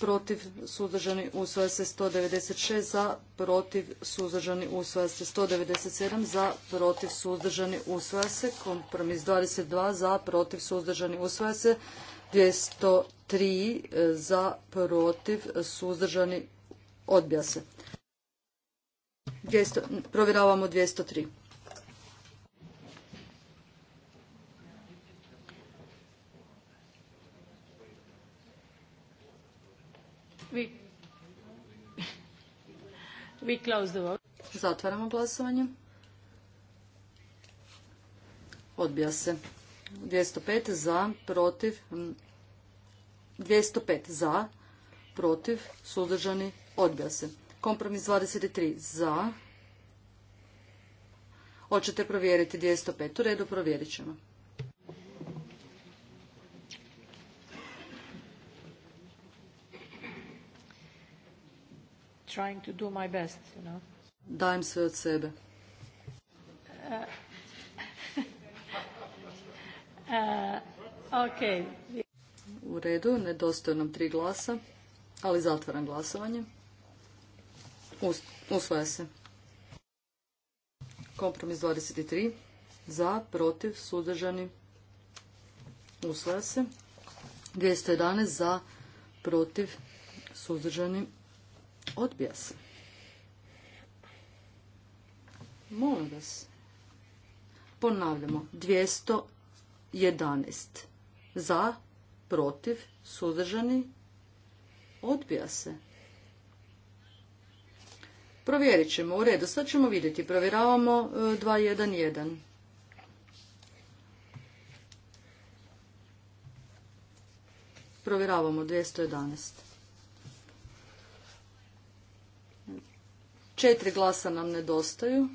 protiv, suzdržani, usvaja se 196 za, protiv, suzdržani, usvaja se 197 za, protiv, suzdržani, usvaja se, kompromis 22 za, protiv, suzdržani, usvaja se 203 e, za, protiv, suzdržani, odbija se. 200, provjeravamo 203. We, Zatvaramo glasovanje. Odbija se. 205 za, protiv, 205 za, protiv, suzdržani, odbija se. Kompromis 23 za. Hoćete provjeriti 205. U redu provjerit ćemo. trying to do my best, you know. Dajem sve od sebe. Uh, U redu, nedostaju nam tri glasa, ali zatvaram glasovanje. usvaja se. Kompromis 23. Za, protiv, suzdržani. Usvaja se. 211 za, protiv, suzdržani. Odbija se. Molim vas. Ponavljamo. 211. Za, protiv, suzdržani. Odbija se. Provjerit ćemo. U redu. Sad ćemo vidjeti. Provjeravamo 211. E, Provjeravamo 211. Četiri glasa nam nedostaju.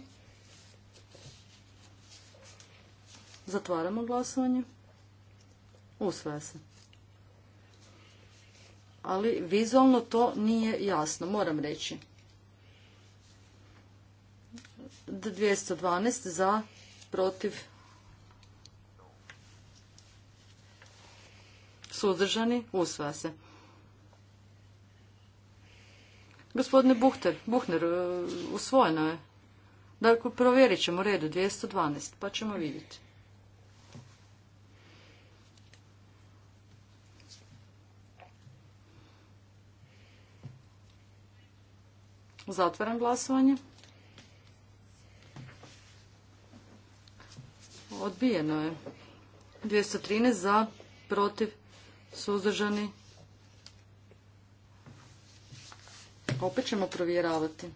Zatvaramo glasovanje. Usvaja se. Ali vizualno to nije jasno, moram reći. 212 za, protiv, suzdržani, usvaja se. Gospodine Buhter, Buhner, e, usvojeno je. Dakle, provjerit ćemo redu 212, pa ćemo vidjeti. Zatvaram glasovanje. Odbijeno je. 213 za, protiv, suzdržani, Opet ćemo provjeravati.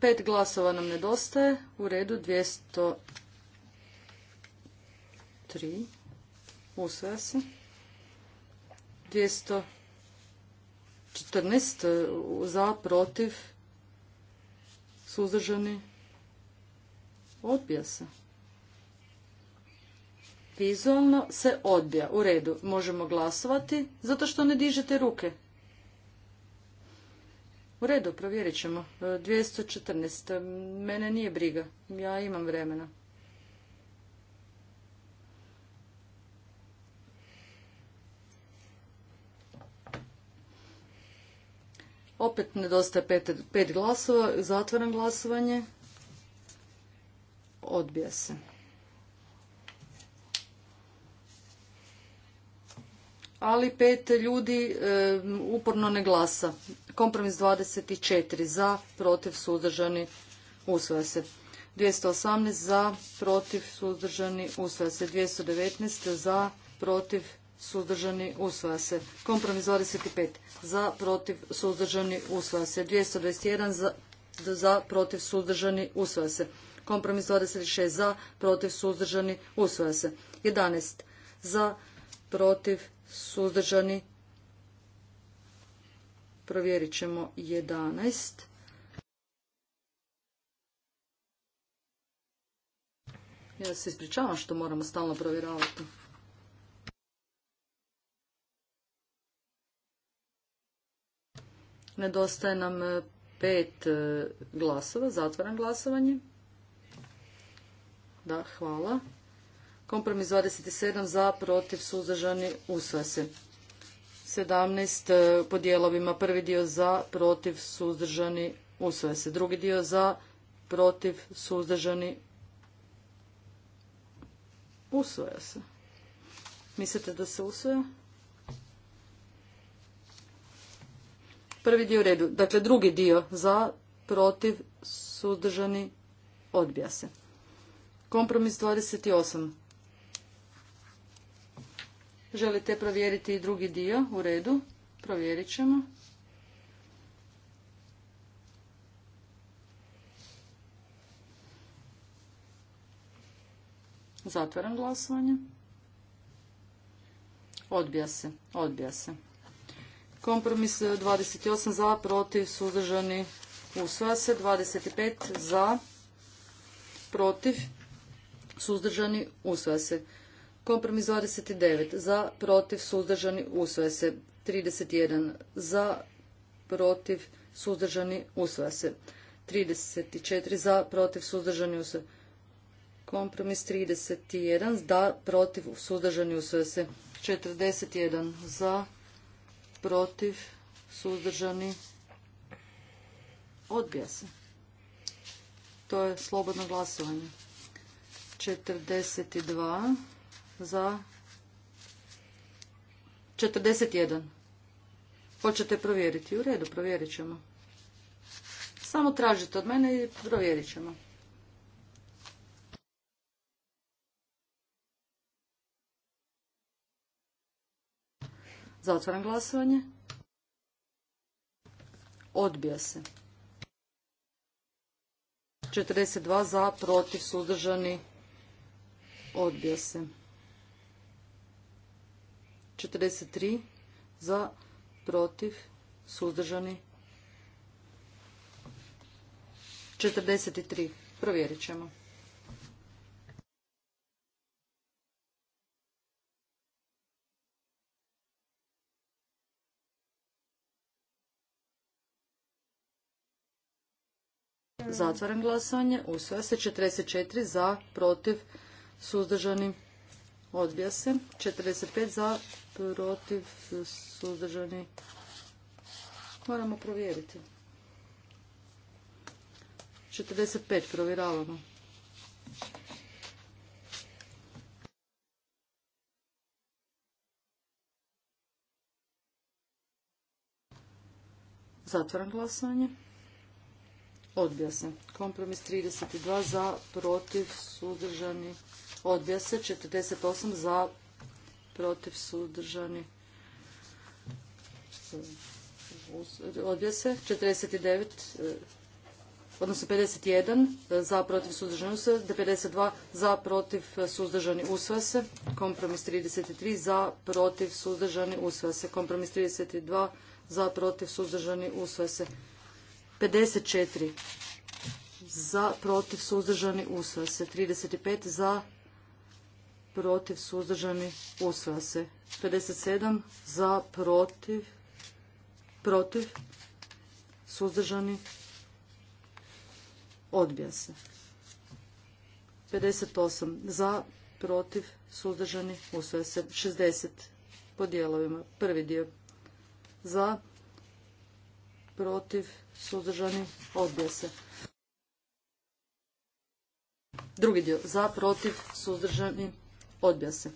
Pet glasova nam nedostaje. U redu 203. Usvaja se. 214 za, protiv, suzdržani. Odbija se. Vizualno se odbija. U redu. Možemo glasovati zato što ne dižete ruke. U redu, provjerit ćemo. 214. E, Mene nije briga. Ja imam vremena. Opet nedostaje pet, glasova. Zatvoram glasovanje. Odbija se. Ali pet ljudi e, uporno ne glasa. Kompromis 24 za, protiv, suzdržani, usvaja se. 218 za, protiv, suzdržani, usvaja se. 219 za, protiv, suzdržani, usvaja se. Kompromis 25 za, protiv, suzdržani, usvaja se. 221 za, za protiv, suzdržani, usvaja se. Kompromis 26 za, protiv, suzdržani, usvaja se. 11 za, protiv, suzdržani, provjerit ćemo 11. Ja se ispričavam što moramo stalno provjeravati. Nedostaje nam e, pet e, glasova, zatvaram glasovanje. Da, hvala. Kompromis 27 za, protiv, suzdržani, usvaja se. 17 e, po dijelovima, prvi dio za, protiv, suzdržani, usvaja se. Drugi dio za, protiv, suzdržani, usvaja se. Mislite da se usvaja? Prvi dio u redu. Dakle, drugi dio za, protiv, suzdržani, odbija se. Kompromis 28. Želite provjeriti i drugi dio? U redu. Provjerit ćemo. Zatvaram glasovanje. Odbija se. Odbija se. Kompromis 28 za, protiv, suzdržani, usvaja se. 25 za, protiv, suzdržani, usvaja se. Kompromis 29 za, protiv, suzdržani, usvaja se. 31 za, protiv, suzdržani, usvaja se. 34 za, protiv, suzdržani, usvaja se. Kompromis 31 da, protiv, suzdržani, usvaja se. 41 za, protiv, suzdržani, odbija se. To je slobodno glasovanje. 42 za 41. Hoćete provjeriti? U redu, provjerit ćemo. Samo tražite od mene i provjerit ćemo. Zatvaram glasovanje. Odbija se. 42 za, protiv, suzdržani, Odbija se. 43 za, protiv, suzdržani. 43. Provjerit ćemo. Zatvaram glasovanje. Usvaja se 44 za, protiv, suzdržani suzdržani, odbija se. 45 za, protiv, suzdržani, moramo provjeriti. 45 provjeravamo. Zatvaram glasovanje. Odbija se. Kompromis 32 za, protiv, suzdržani, odbija se 48 za protiv držani odbija se 49 odnosno 51 za protiv suzdržani usvaja se 52 za protiv suzdržani usvaja se kompromis 33 za protiv suzdržani usvaja se kompromis 32 za protiv suzdržani usvaja se 54 za protiv suzdržani usvaja se 35 za protiv, suzdržani, usvaja se. 57 za, protiv, protiv, suzdržani, odbija se. 58 za, protiv, suzdržani, usvaja se. 60 po dijelovima, prvi dio za, protiv, suzdržani, odbija se. Drugi dio za, protiv, suzdržani, Odbija se.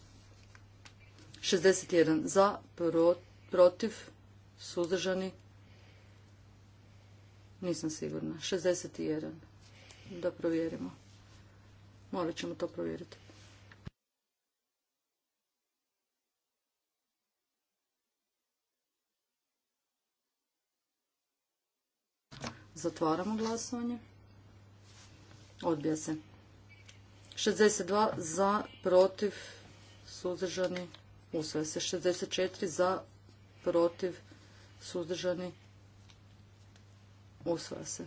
61 za, protiv, suzdržani. Nisam sigurna. 61. Da provjerimo. Morat ćemo to provjeriti. Zatvaramo glasovanje. Odbija se. 62 za, protiv, suzdržani, usvaja se. 64 za, protiv, suzdržani, usvaja se.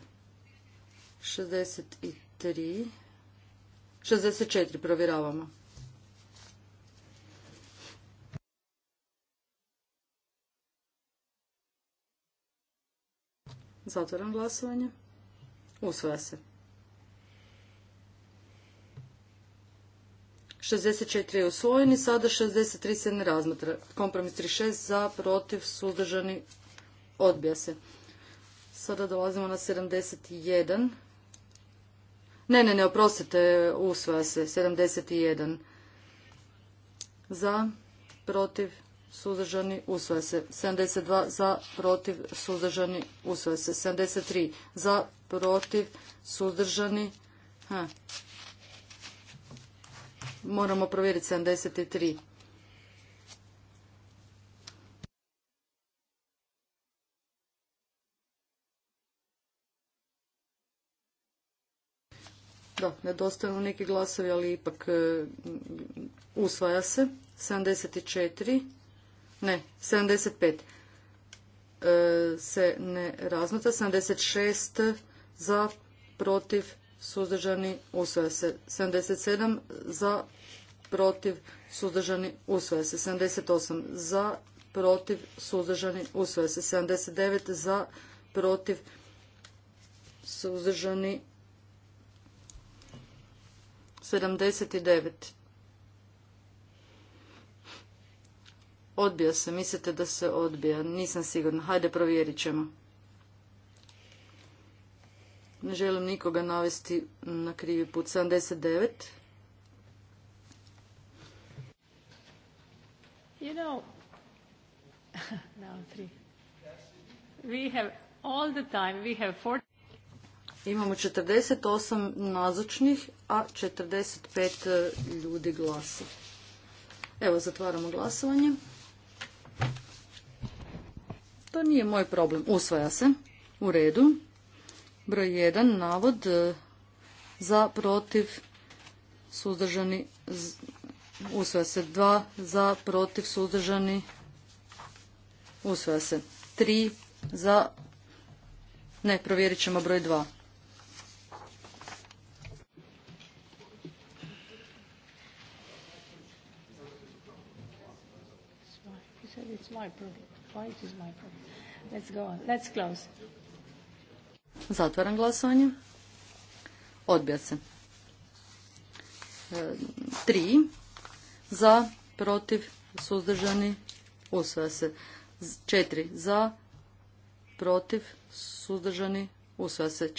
63, 64 provjeravamo. Zatvaram glasovanje. Usvaja se. 64 je usvojeni, sada 63 se ne razmatra. Kompromis 36 za, protiv, suzdržani, odbija se. Sada dolazimo na 71. Ne, ne, ne, oprostite, usvaja se, 71. Za, protiv, suzdržani, usvaja se. 72 za, protiv, suzdržani, usvaja se. 73 za, protiv, suzdržani, ha, Moramo provjeriti 73. Da, nedostaju neki glasovi, ali ipak e, usvaja se. 74, ne, 75 e, se ne razmata. 76 za, protiv, suzdržani, usvaja se. 77 za, protiv, suzdržani, usvaja se. 78 za, protiv, suzdržani, usvaja se. 79 za, protiv, suzdržani, 79. Odbija se, mislite da se odbija. Nisam sigurna. Hajde, provjerit ćemo. Ne želim nikoga navesti na krivi put. 79. You know, now three. We have all the time, we have 40... Imamo 48 nazočnih, a 45 e, ljudi glasi. Evo, zatvaramo glasovanje. To nije moj problem. Usvaja se. U redu. Broj 1, navod e, za, protiv, suzdržani, usvoja se. 2, za, protiv, suzdržani, usvoja se. 3, za, ne, provjerit ćemo broj 2. It's my problem. Why it is my problem? Let's go on. Let's close. Zatvaram glasovanje. Odbija se. E, tri. Za, protiv, suzdržani, usvaja se. Četiri. Za, protiv, suzdržani, usvaja se.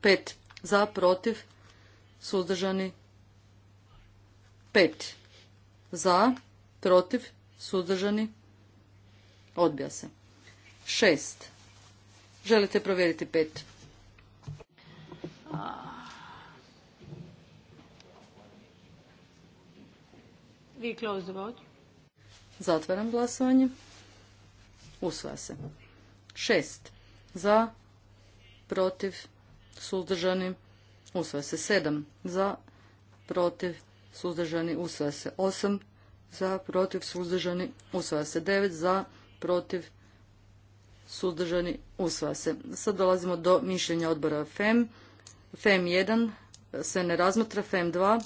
pet. Za, protiv, suzdržani, pet. Za, protiv, suzdržani, odbija se. Šest. Želite provjeriti pet. We close the vote. Zatvaram glasovanje. Usvaja se. Šest. Za, protiv, suzdržani. Usvaja se. Sedam. Za, protiv, suzdržani. Usvaja se. Osam. Za, protiv, suzdržani. Usvaja se. Devet. Za, protiv, suzdržani. Usvaja se. Sad dolazimo do mišljenja odbora FEM. FEM 1 se ne razmatra, FEM 2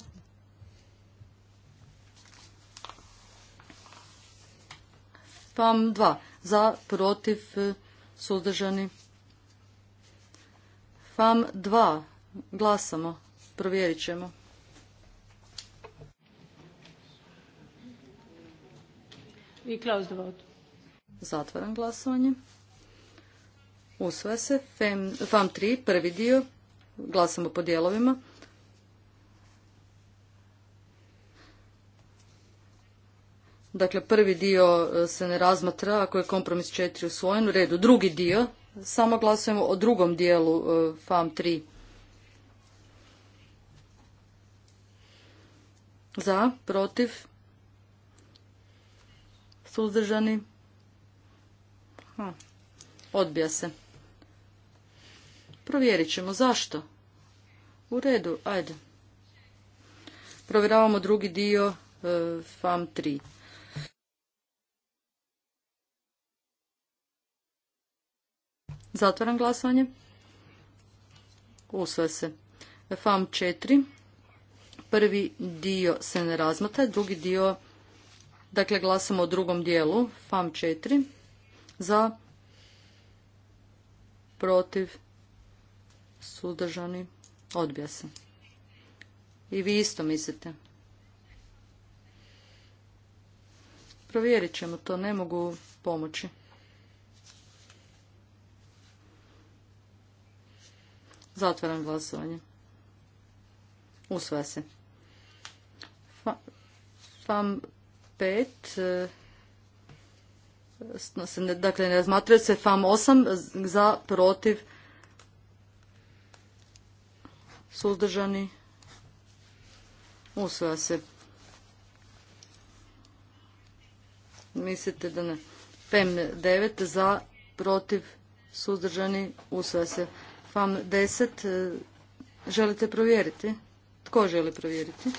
FAM 2 za, protiv, suzdržani. FAM 2 glasamo, provjerit ćemo. I close the vote. Zatvaram glasovanje. Usvaja se FAM 3, prvi dio Glasamo po dijelovima. Dakle, prvi dio e, se ne razmatra ako je kompromis 4 usvojen u redu. Drugi dio, samo glasujemo o drugom dijelu e, FAM 3. Za, protiv, suzdržani, odbija se. Provjerit ćemo zašto. U redu, ajde. Provjeravamo drugi dio e, FAM 3. Zatvaram glasovanje. Usvaja se. FAM 4. Prvi dio se ne razmata, drugi dio, dakle glasamo o drugom dijelu, FAM 4, za, protiv, suzdržani, odbija se. I vi isto mislite. Provjerit ćemo to, ne mogu pomoći. Zatvaram glasovanje. Usvaja se. FAM 5 e, dakle ne razmatraju se FAM 8 za protiv suzdržani, usvaja se. Mislite da ne. FEM 9 za, protiv, suzdržani, usvaja se. FAM 10 e, želite provjeriti? Tko želi provjeriti?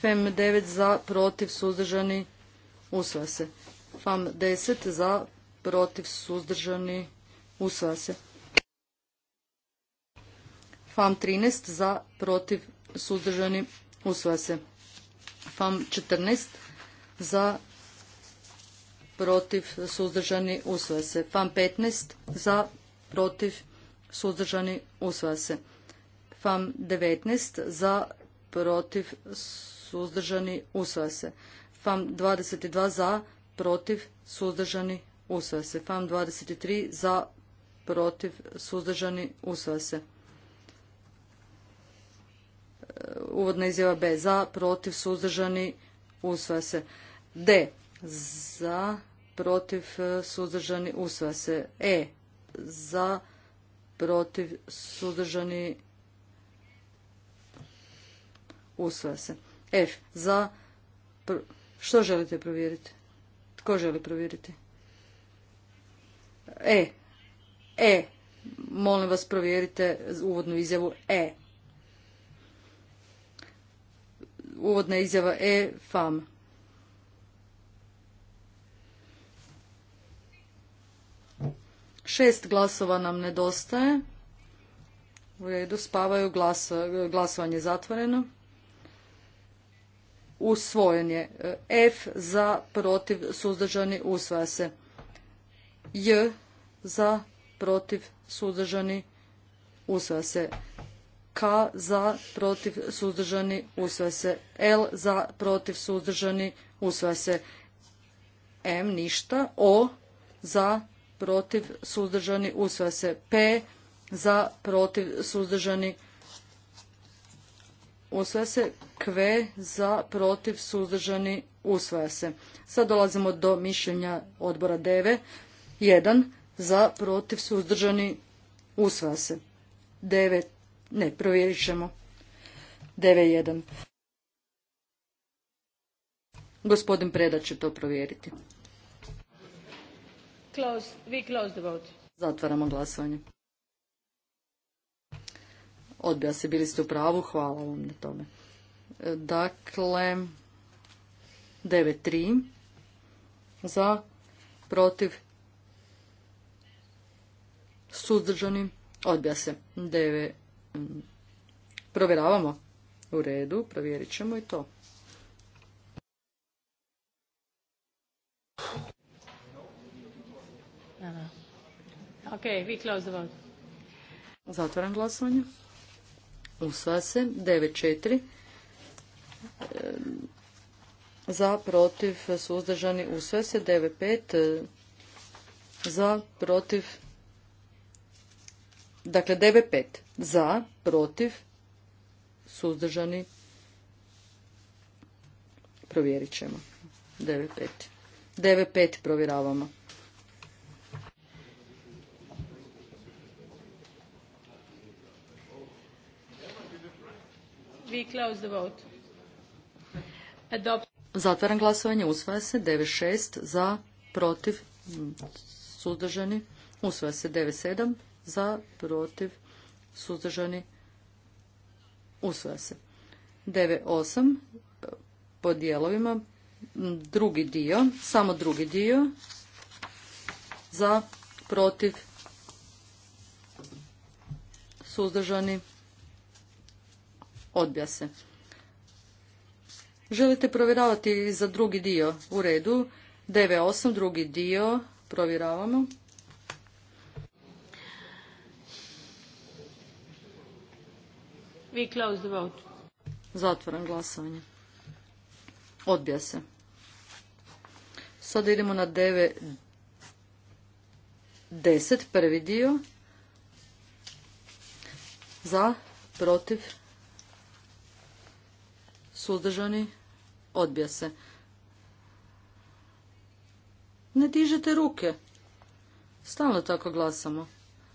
FEM 9 za, protiv, suzdržani, usvaja se. FAM 10 za, protiv, suzdržani, usvaja se. FAM 13 za, protiv, suzdržani, usvaja se. FAM 14 za, protiv, suzdržani, usvaja se. FAM 15 za, protiv, suzdržani, usvaja se. FAM 19 za, protiv, suzdržani, usvaja se. FAM 22 za, protiv, suzdržani, usvaja se. FAM 23 za, protiv, suzdržani, usvaja se uvodna izjava B za, protiv, suzdržani, usvaja se. D za, protiv, suzdržani, usvaja se. E za, protiv, suzdržani, usvaja se. F za, što želite provjeriti? Tko želi provjeriti? E, E, molim vas provjerite uvodnu izjavu E. uvodna izjava E FAM. Šest glasova nam nedostaje. U redu spavaju glasovanje zatvoreno. Usvojen je. F za protiv suzdržani usvaja se. J za protiv suzdržani usvaja se. K za protiv suzdržani usvaja se. L za protiv suzdržani usvaja se. M ništa. O za protiv suzdržani usvaja se. P za protiv suzdržani usvaja se. Q za protiv suzdržani usvaja se. Sad dolazimo do mišljenja odbora 9. 1 za protiv suzdržani usvaja se. 9 ne, provjerit ćemo. 9.1. Gospodin Preda će to provjeriti. Zatvaramo glasovanje. Odbija se, bili ste u pravu, hvala vam na tome. E, dakle, 9.3 za, protiv, suzdržani, odbija se. 9, Mm. Provjeravamo. U redu, provjerit ćemo i to. Ok, vi close the vote. Zatvoram glasovanje. Usva se. 9-4. E, za, protiv, suzdržani. Usva se. 9-5. E, za, protiv, Dakle, DB5 za, protiv, suzdržani, provjerit ćemo. 95 5 5 provjeravamo. We close the vote. Adopt. Zatvaram glasovanje, usvaja se 96 za, protiv, suzdržani, usvaja se 97 za, protiv, suzdržani, usvaja se. 9.8 po dijelovima, drugi dio, samo drugi dio, za, protiv, suzdržani, odbija se. Želite provjeravati za drugi dio u redu. 9.8, drugi dio, provjeravamo. We close glasovanje. Odbija se. Sada idemo na 9, deset prvi dio. Za, protiv, suzdržani, odbija se. Ne dižete ruke. Stalno tako glasamo.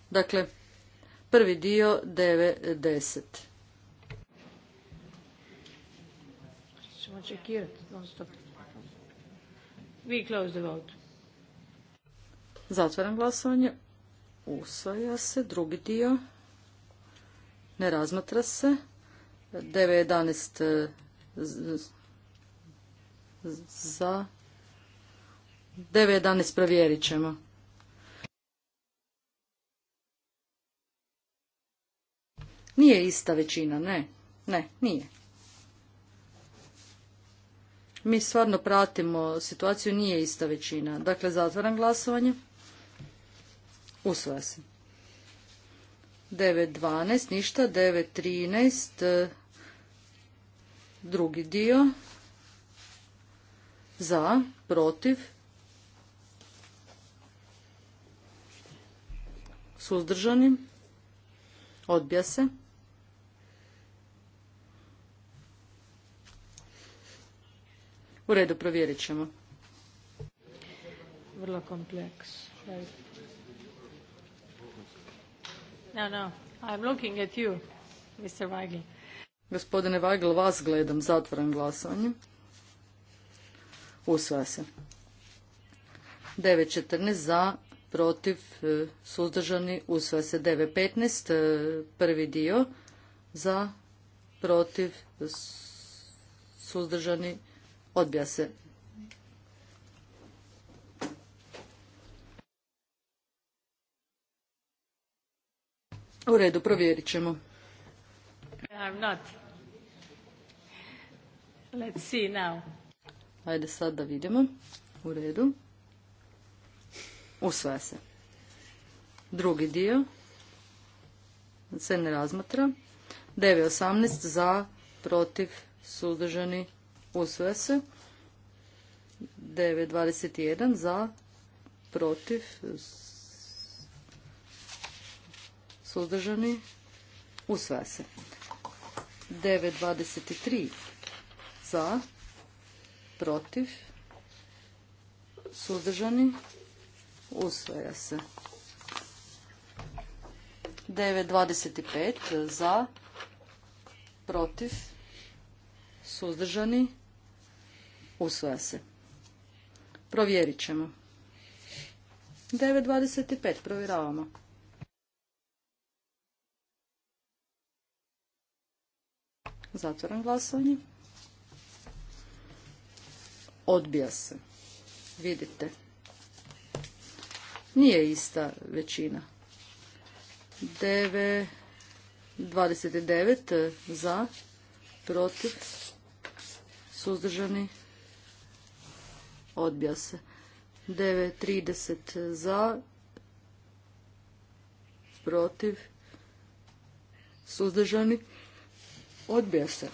Dakle, prvi dio 9.10. 10. Zatvaram glasovanje. Usvaja se. Drugi dio. Ne razmatra se. 9.11 eh, za 9.11 provjerit ćemo. Nije ista većina, ne. Ne, nije. Mi stvarno pratimo situaciju, nije ista većina. Dakle, zatvaram glasovanje. Usvoja se. 9.12, ništa, 9.13, drugi dio, za, protiv, suzdržani, odbija se. U redu, provjerit ćemo. Vrlo kompleks. No, no, I'm looking at you, Mr. Weigl. Gospodine Weigl, vas gledam, zatvoram glasovanje. Usvaja se. 9.14 za, protiv, e, suzdržani, usvaja se 9.15, e, prvi dio, za, protiv, suzdržani, Odbija se. U redu, provjerit ćemo. Ajde sad da vidimo. U redu. Usvaja se. Drugi dio se ne razmatra. 9.18 za, protiv, suzdržani, Usvaja se. 9.21 za, protiv, suzdržani, usvaja se. 9.23 za, protiv, suzdržani, usvaja se. 9.25 za, protiv, suzdržani, Usvoja se. Provjerit ćemo. 9.25. Provjeravamo. Zatvoram glasovanje. Odbija se. Vidite. Nije ista većina. 9, 29 za, protiv, suzdržani, Odbija se. 9.30 za. Protiv. Suzdržani. Odbija se.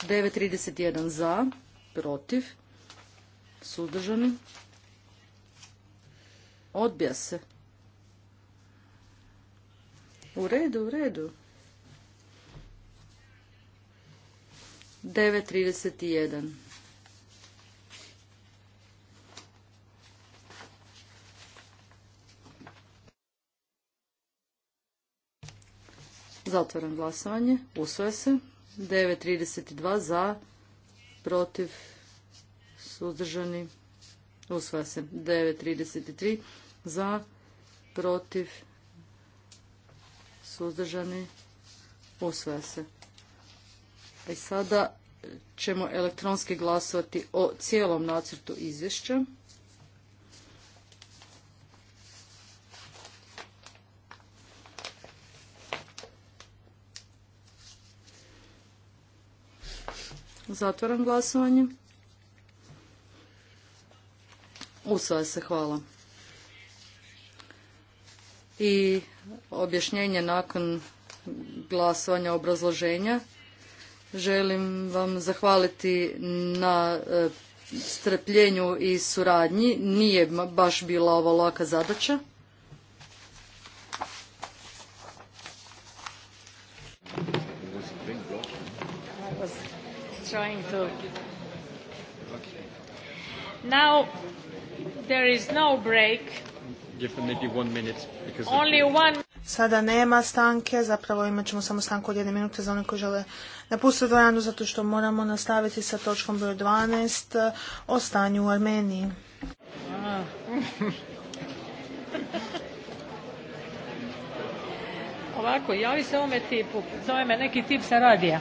9.31 za. Protiv. Suzdržani. Odbija se. U redu, u redu. 9.31 Zatvaram glasovanje. Usvaja se. 9.32 za, protiv, suzdržani. Usvaja se. 9.33 za, protiv, suzdržani. Usvaja se. I sada ćemo elektronski glasovati o cijelom nacrtu izvješća. Zatvaram glasovanje. Usvaja se, hvala. I objašnjenje nakon glasovanja obrazloženja. Želim vam zahvaliti na e, strpljenju i suradnji. Nije baš bila ova laka zadaća. trying to. Now, there is no break. Give them maybe one minute because Only one. Sada nema stanke, zapravo imat ćemo samo stanku od jedne minute za one koji žele napustiti dvojanu zato što moramo nastaviti sa točkom broj 12 o stanju u Armeniji. Ovako, javi se ovome tipu, zove me neki tip sa radija.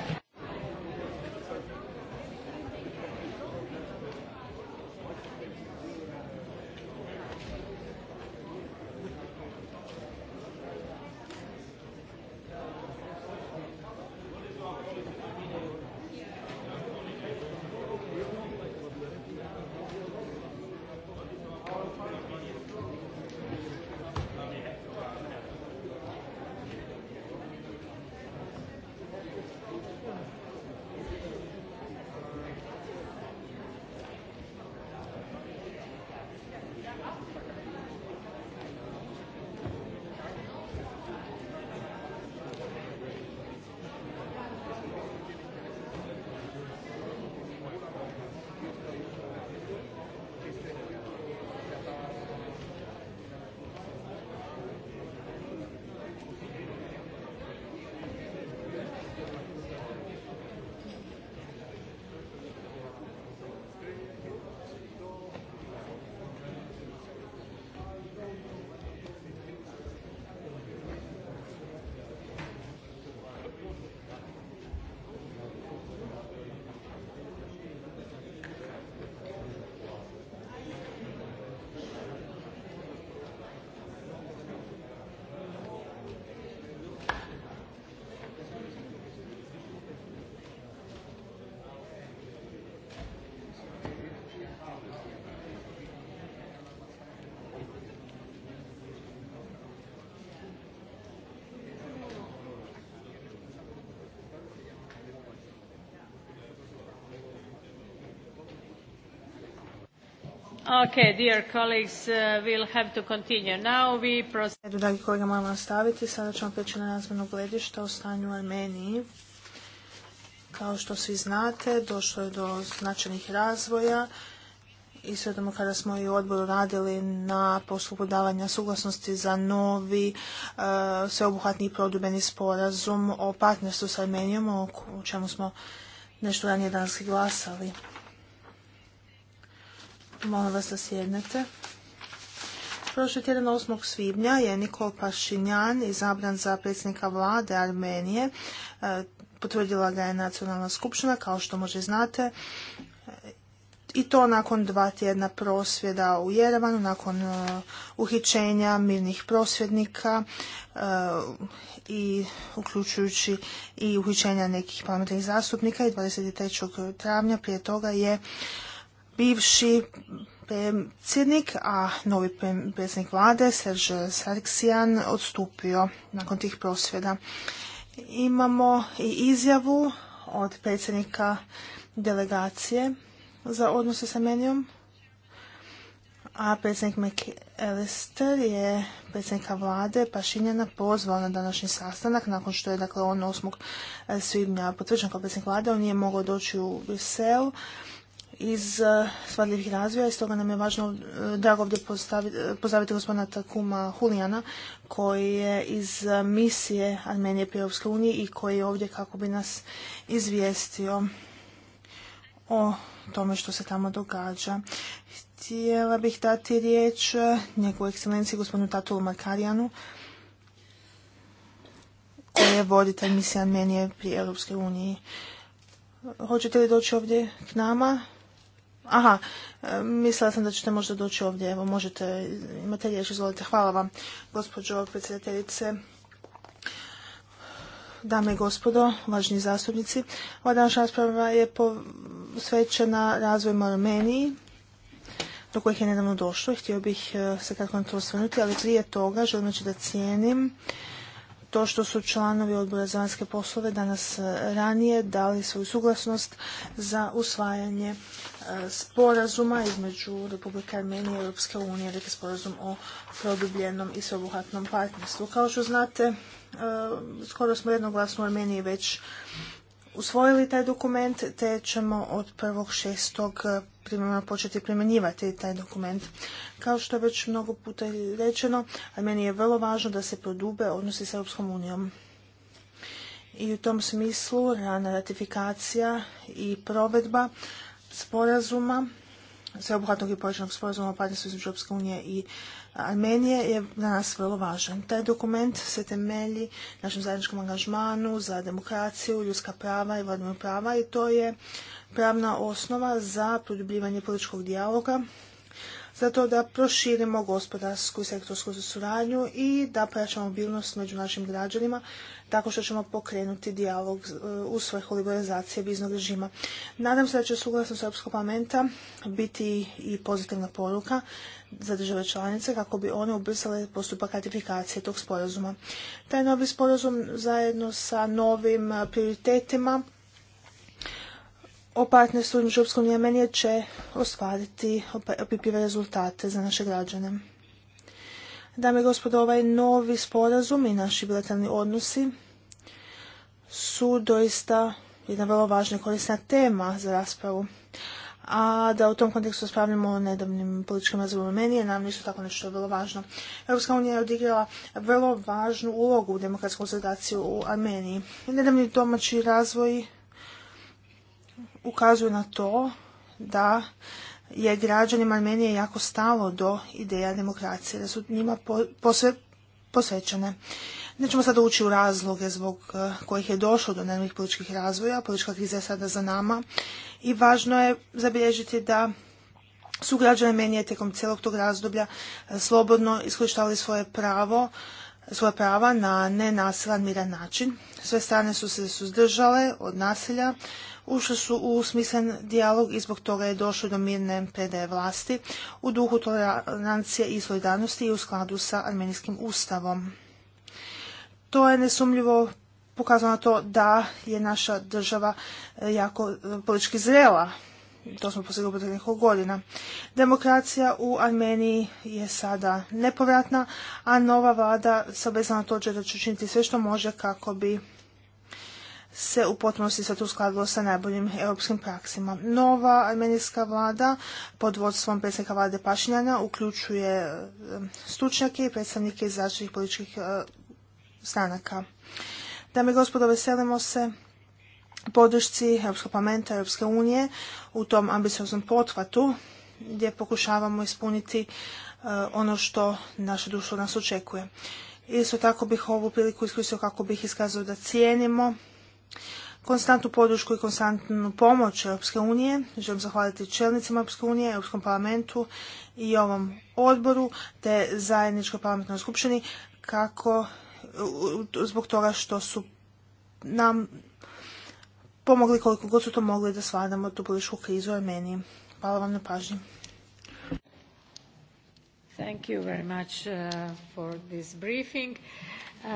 Okay, uh, to continue now. We proceed... Dragi kolega, moramo nastaviti. Sada ćemo preći na razmjenu gledišta o stanju u Armeniji. Kao što svi znate, došlo je do značajnih razvoja i kada smo i u odboru radili na poslu davanja suglasnosti za novi e, sveobuhvatni produbeni sporazum o partnerstvu s Armenijom, o čemu smo nešto ranije danas glasali. Molim vas da sjednete. Prošli tjedan 8. svibnja je Nikol Pašinjan izabran za predsjednika vlade Armenije. E, potvrdila ga je nacionalna skupština, kao što može znate. E, I to nakon dva tjedna prosvjeda u Jerevanu, nakon e, uhićenja mirnih prosvjednika i uključujući i uhićenja nekih pametnih zastupnika i 23. travnja prije toga je bivši predsjednik, a novi predsjednik vlade, Serge Sarksijan, odstupio nakon tih prosvjeda. Imamo i izjavu od predsjednika delegacije za odnose sa Menijom, a predsjednik McAllister je predsjednika vlade Pašinjana pozvao na današnji sastanak nakon što je dakle on 8. svibnja potvrđen kao predsjednik vlade, on nije mogao doći u Brisel iz e, svadljivih razvoja i stoga nam je važno, e, drago ovdje e, pozdraviti gospodina Takuma Hulijana koji je iz misije Armenije pri Europskoj i koji je ovdje kako bi nas izvijestio o tome što se tamo događa. Htjela bih dati riječ njegovu ekscelenciji gospodinu Tatulu Markarijanu koji je voditelj misije Armenije pri Europske uniji. Hoćete li doći ovdje k nama? Aha, e, mislila sam da ćete možda doći ovdje. Evo, možete, imate riječ, izvolite. Hvala vam, gospođo predsjedateljice. Dame i gospodo, važni zastupnici, ova današnja rasprava je posvećena razvojem Armeniji, do kojih je nedavno došlo. Htio bih e, se kako na to osvrnuti, ali prije toga želim reći da cijenim to što su članovi odbora za vanjske poslove danas e, ranije dali svoju suglasnost za usvajanje sporazuma između Republike Armenije i Europske unije, dakle sporazum o produbljenom i sveobuhvatnom partnerstvu. Kao što znate, e, skoro smo jednoglasno u Armeniji već usvojili taj dokument, te ćemo od 1.6. E, primjerno početi primjenjivati taj dokument. Kao što je već mnogo puta rečeno, Armeniji je vrlo važno da se prodube odnosi s Europskom unijom. I u tom smislu rana ratifikacija i provedba sporazuma, sveobuhvatnog i pojačanog sporazuma o partnerstvu između Europske unije i Armenije je na nas vrlo važan. Taj dokument se temelji našem zajedničkom angažmanu za demokraciju, ljudska prava i vladnog prava i to je pravna osnova za produbljivanje političkog dijaloga za to da proširimo gospodarsku i sektorsku suradnju i da pojačamo mobilnost među našim građanima tako što ćemo pokrenuti dijalog e, u svrhu liberalizacije viznog režima. Nadam se da će suglasnost Europskog parlamenta biti i pozitivna poruka za države članice kako bi one ubrzale postupak ratifikacije tog sporazuma. Taj novi sporazum zajedno sa novim prioritetima o partnerstvu između Europskom i Armenije će ostvariti opipljive rezultate za naše građane. Dame i gospodo, ovaj novi sporazum i naši bilateralni odnosi su doista jedna vrlo važna i korisna tema za raspravu. A da u tom kontekstu raspravljamo o nedavnim političkim razvojima meni je nam nisu tako nešto vrlo važno. Europska unija je odigrala vrlo važnu ulogu u demokratsku konsolidaciju u Armeniji. Nedavni domaći razvoj ukazuju na to da je građanima Armenije jako stalo do ideja demokracije, da su njima posve posvećene. Nećemo sada ući u razloge zbog eh, kojih je došlo do njenih političkih razvoja, politička kriza je sada za nama i važno je zabilježiti da su građane menije tijekom cijelog tog razdoblja eh, slobodno iskorištavali svoje pravo svoje prava na nenasilan miran način. Sve strane su se suzdržale od nasilja, ušli su u smislen dijalog i zbog toga je došlo do mirne predaje vlasti u duhu tolerancije i solidarnosti i u skladu sa armenijskim ustavom. To je nesumljivo pokazano na to da je naša država e, jako e, politički zrela. To smo postigli u nekoliko godina. Demokracija u Armeniji je sada nepovratna, a nova vlada se obezala tođe to da će učiniti sve što može kako bi se u potpunosti sad uskladilo sa najboljim europskim praksima. Nova armenijska vlada pod vodstvom predsjednika vlade Pašnjana uključuje stručnjake i predstavnike iz različitih političkih e, stranaka. Dame i gospodo, veselimo se podršci Europskog parlamenta, Europske unije u tom ambicioznom potvatu gdje pokušavamo ispuniti e, ono što naše društvo nas očekuje. Isto tako bih ovu priliku iskoristio kako bih iskazao da cijenimo konstantnu podršku i konstantnu pomoć Europske unije. Želim zahvaliti čelnicima Europske unije, Europskom parlamentu i ovom odboru te zajedničkoj parlamentarnoj skupštini kako zbog toga što su nam pomogli koliko god su to mogli da svadamo tu političku krizu u Armeniji. Hvala vam na pažnji. Thank you very much uh, for this briefing. Uh,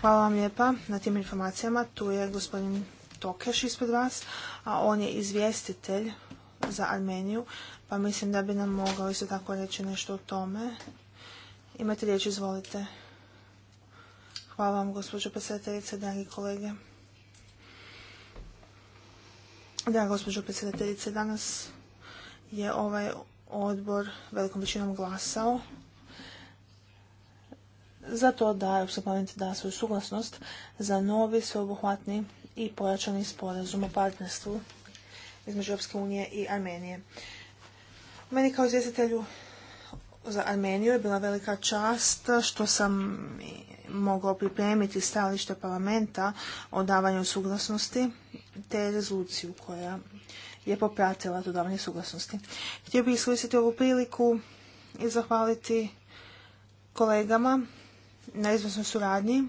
Hvala vam lijepa na tim informacijama. Tu je gospodin Tokeš ispred vas, a on je izvjestitelj za Armeniju, pa mislim da bi nam mogao isto tako reći nešto o tome. Imate riječ, izvolite. Hvala vam, gospođo predsjedateljice, dragi kolege. Da, gospođo predsjedateljice, danas je ovaj odbor velikom većinom glasao za to da je parlament da svoju suglasnost za novi, sveobuhvatni i pojačani sporazum o partnerstvu između Europske unije i Armenije. Meni kao izvjestitelju za Armeniju je bila velika čast što sam mogao pripremiti stajalište parlamenta o davanju suglasnosti te rezoluciju koja je popratila to davanje suglasnosti. Htio bih iskoristiti ovu priliku i zahvaliti kolegama na izvrsnoj suradnji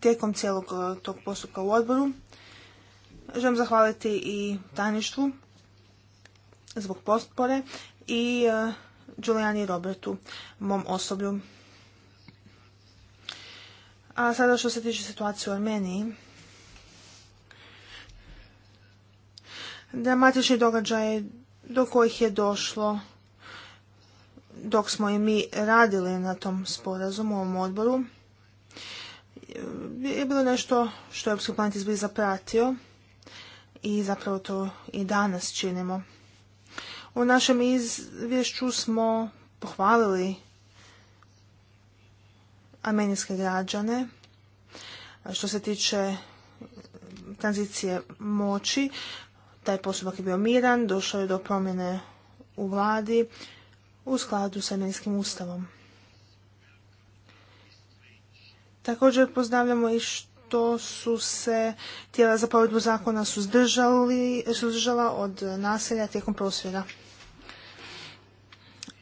tijekom cijelog e, tog postupka u odboru. Želim zahvaliti i tajništvu zbog postpore i e, Giuliani Robertu, mom osoblju. A sada što se tiče situacije u Armeniji. Dramatični događaj do kojih je došlo dok smo i mi radili na tom sporazumu ovom odboru, je bilo nešto što je Europski parlament izbliza pratio i zapravo to i danas činimo. U našem izvješću smo pohvalili armenijske građane što se tiče tranzicije moći. Taj postupak je bio miran, došlo je do promjene u vladi u skladu sa neskim ustavom. Također pozdravljamo i što su se tijela za provedbu zakona suzdržali, suzdržala od naselja tijekom prosvjeda.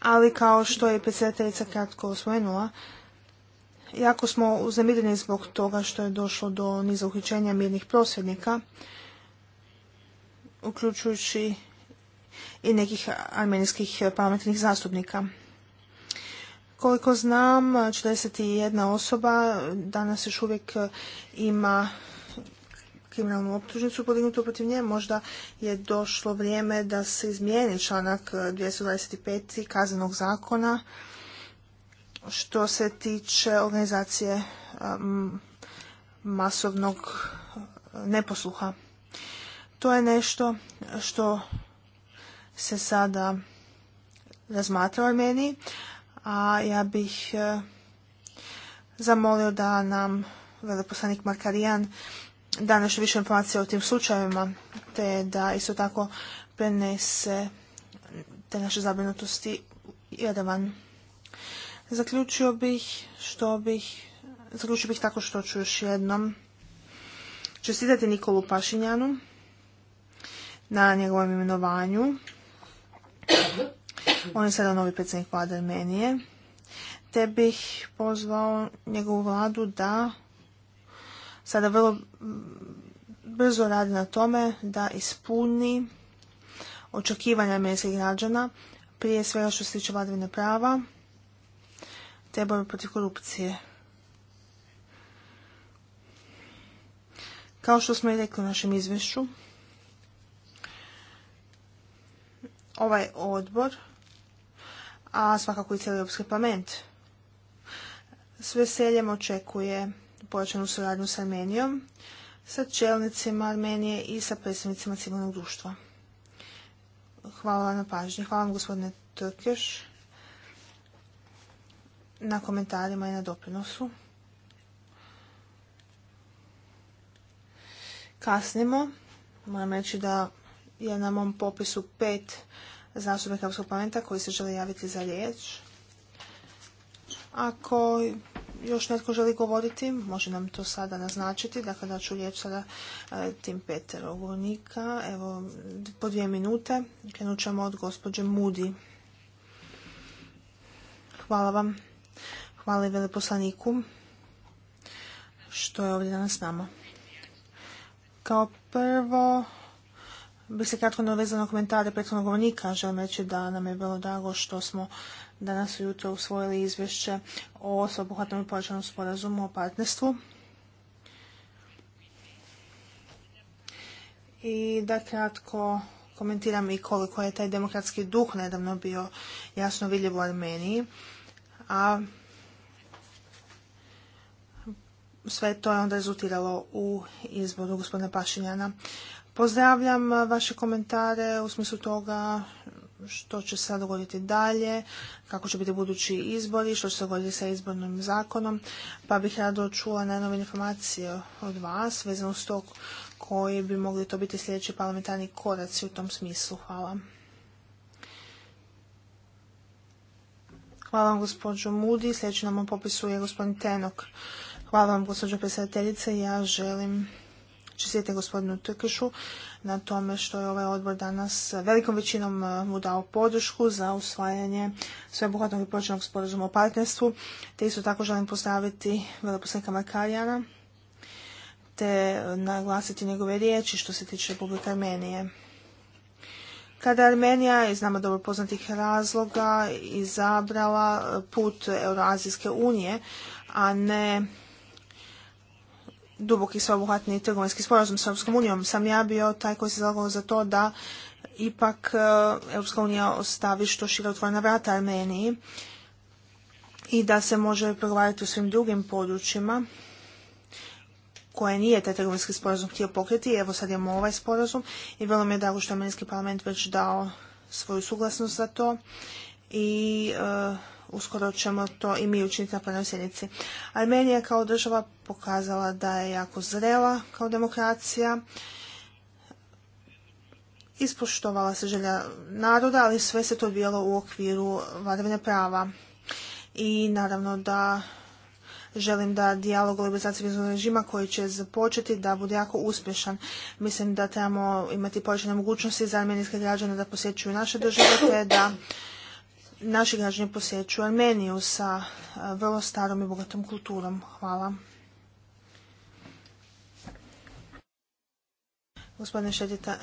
Ali kao što je predsjedateljica kratko osvojenula, jako smo uznemireni zbog toga što je došlo do niza uhićenja mirnih prosvjednika, uključujući i nekih armenijskih pametnih zastupnika. Koliko znam, 41 osoba danas još uvijek ima kriminalnu optužnicu podignutu protiv nje, možda je došlo vrijeme da se izmijeni članak 225. kaznenog zakona što se tiče organizacije masovnog neposluha. To je nešto što se sada razmatra meni a ja bih e, zamolio da nam veleposlanik Markarijan da nešto više informacija o tim slučajevima, te da isto tako prenese te naše zabrinutosti van Zaključio bih što bih, zaključio bih tako što ću još jednom čestitati Nikolu Pašinjanu na njegovom imenovanju on je sada novi predsjednik vlade Armenije, te bih pozvao njegovu vladu da sada vrlo brzo radi na tome da ispuni očekivanja armenijskih građana, prije svega što se tiče vladavine prava, te borbe protiv korupcije. Kao što smo i rekli u našem izvješću, ovaj odbor a svakako i cijeli Europski parlament. S veseljem očekuje pojačanu suradnju s Armenijom, sa čelnicima Armenije i sa predstavnicima civilnog društva. Hvala vam na pažnji. Hvala vam gospodine Trkeš na komentarima i na doprinosu. Kasnimo. Moram reći da je na mom popisu pet zastupnika Europskog parlamenta koji se želi javiti za riječ. Ako još netko želi govoriti, može nam to sada naznačiti. Dakle, da ću riječ sada e, tim petero govornika. Evo, po dvije minute krenut ćemo od gospođe Mudi. Hvala vam. Hvala i veleposlaniku što je ovdje danas s nama. Kao prvo, bih se kratko vezano na komentare prethodnog govornika. Želim reći da nam je bilo drago što smo danas ujutro usvojili izvješće o sveobuhvatnom i sporazumu o partnerstvu. I da kratko komentiram i koliko je taj demokratski duh nedavno bio jasno vidljiv u Armeniji. A sve to je onda rezultiralo u izboru gospodina Pašinjana Pozdravljam vaše komentare u smislu toga što će se dogoditi dalje, kako će biti budući izbori, što će se dogoditi sa izbornim zakonom, pa bih rado čula najnove informacije od vas vezano s to koji bi mogli to biti sljedeći parlamentarni koraci u tom smislu. Hvala. Hvala vam gospođo Mudi. Sljedeći nam u popisu je gospodin Tenok. Hvala vam gospođo predsjedateljice. Ja želim Čestite gospodinu Trkešu na tome što je ovaj odbor danas velikom većinom eh, mu dao podršku za usvajanje sveobuhvatnog i počinog sporazuma o partnerstvu, te isto tako želim pozdraviti veleposlanika Markarijana, te eh, naglasiti njegove riječi što se tiče Republike Armenije. Kada je Armenija iz nama dobro poznatih razloga izabrala eh, put Euroazijske unije, a ne duboki sveobuhvatni trgovinski sporazum s Europskom unijom, sam ja bio taj koji se zalagao za to da ipak e, Europska unija ostavi što šira otvorena vrata Armeniji i da se može pregovarati u svim drugim područjima koje nije taj trgovinski sporazum htio pokriti. Evo sad imamo ovaj sporazum i vrlo mi je drago što je Armenijski parlament već dao svoju suglasnost za to i e, uskoro ćemo to i mi učiniti na plenarnoj sjednici. Armenija kao država pokazala da je jako zrela kao demokracija. Ispoštovala se želja naroda, ali sve se to odvijalo u okviru vladavine prava. I naravno da želim da dijalog o liberalizaciji režima koji će započeti da bude jako uspješan. Mislim da trebamo imati povećane mogućnosti za armenijske građane da posjećuju naše države te da naši građani posjeću Armeniju sa e, vrlo starom i bogatom kulturom. Hvala. Gospodine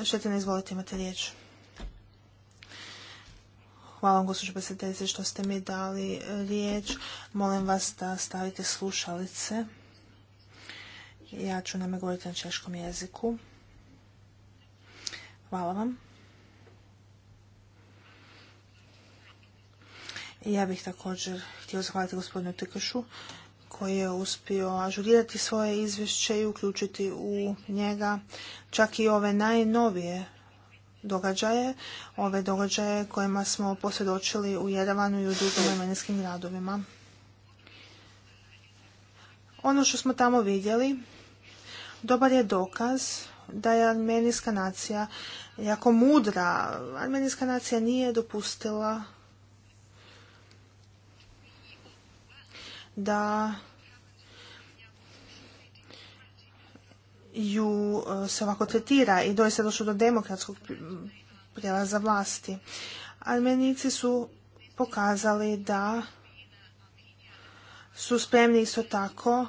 Šetina, izvolite, imate riječ. Hvala vam, gospođo predsjedateljice, što ste mi dali e, riječ. Molim vas da stavite slušalice. Ja ću nam govoriti na češkom jeziku. Hvala vam. Ja bih također htio zahvaliti gospodinu Tekašu koji je uspio ažurirati svoje izvješće i uključiti u njega čak i ove najnovije događaje, ove događaje kojima smo posvjedočili u Jerevanu i u drugim armenijskim gradovima. Ono što smo tamo vidjeli dobar je dokaz da je armenijska nacija jako mudra. Armenijska nacija nije dopustila da ju e, se ovako tretira i doista došlo do demokratskog prijelaza vlasti. Armenici su pokazali da su spremni isto tako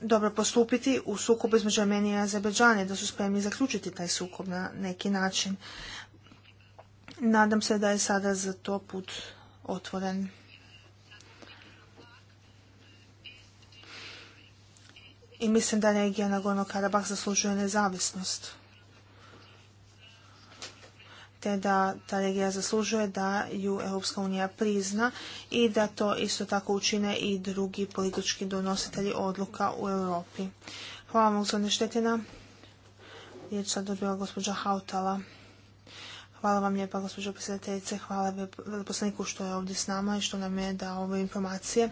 dobro postupiti u sukobu između Armenije i Azerbeđane, da su spremni zaključiti taj sukob na neki način. Nadam se da je sada za to put otvoren. i mislim da regija nagorno karabakh zaslužuje nezavisnost te da ta regija zaslužuje da ju Europska unija prizna i da to isto tako učine i drugi politički donositelji odluka u Europi. Hvala vam, gospodine Štetina. Riječ sad dobiva gospođa Hautala. Hvala vam lijepa, gospođo predsjedateljice. Hvala veleposlaniku što je ovdje s nama i što nam je dao ove informacije.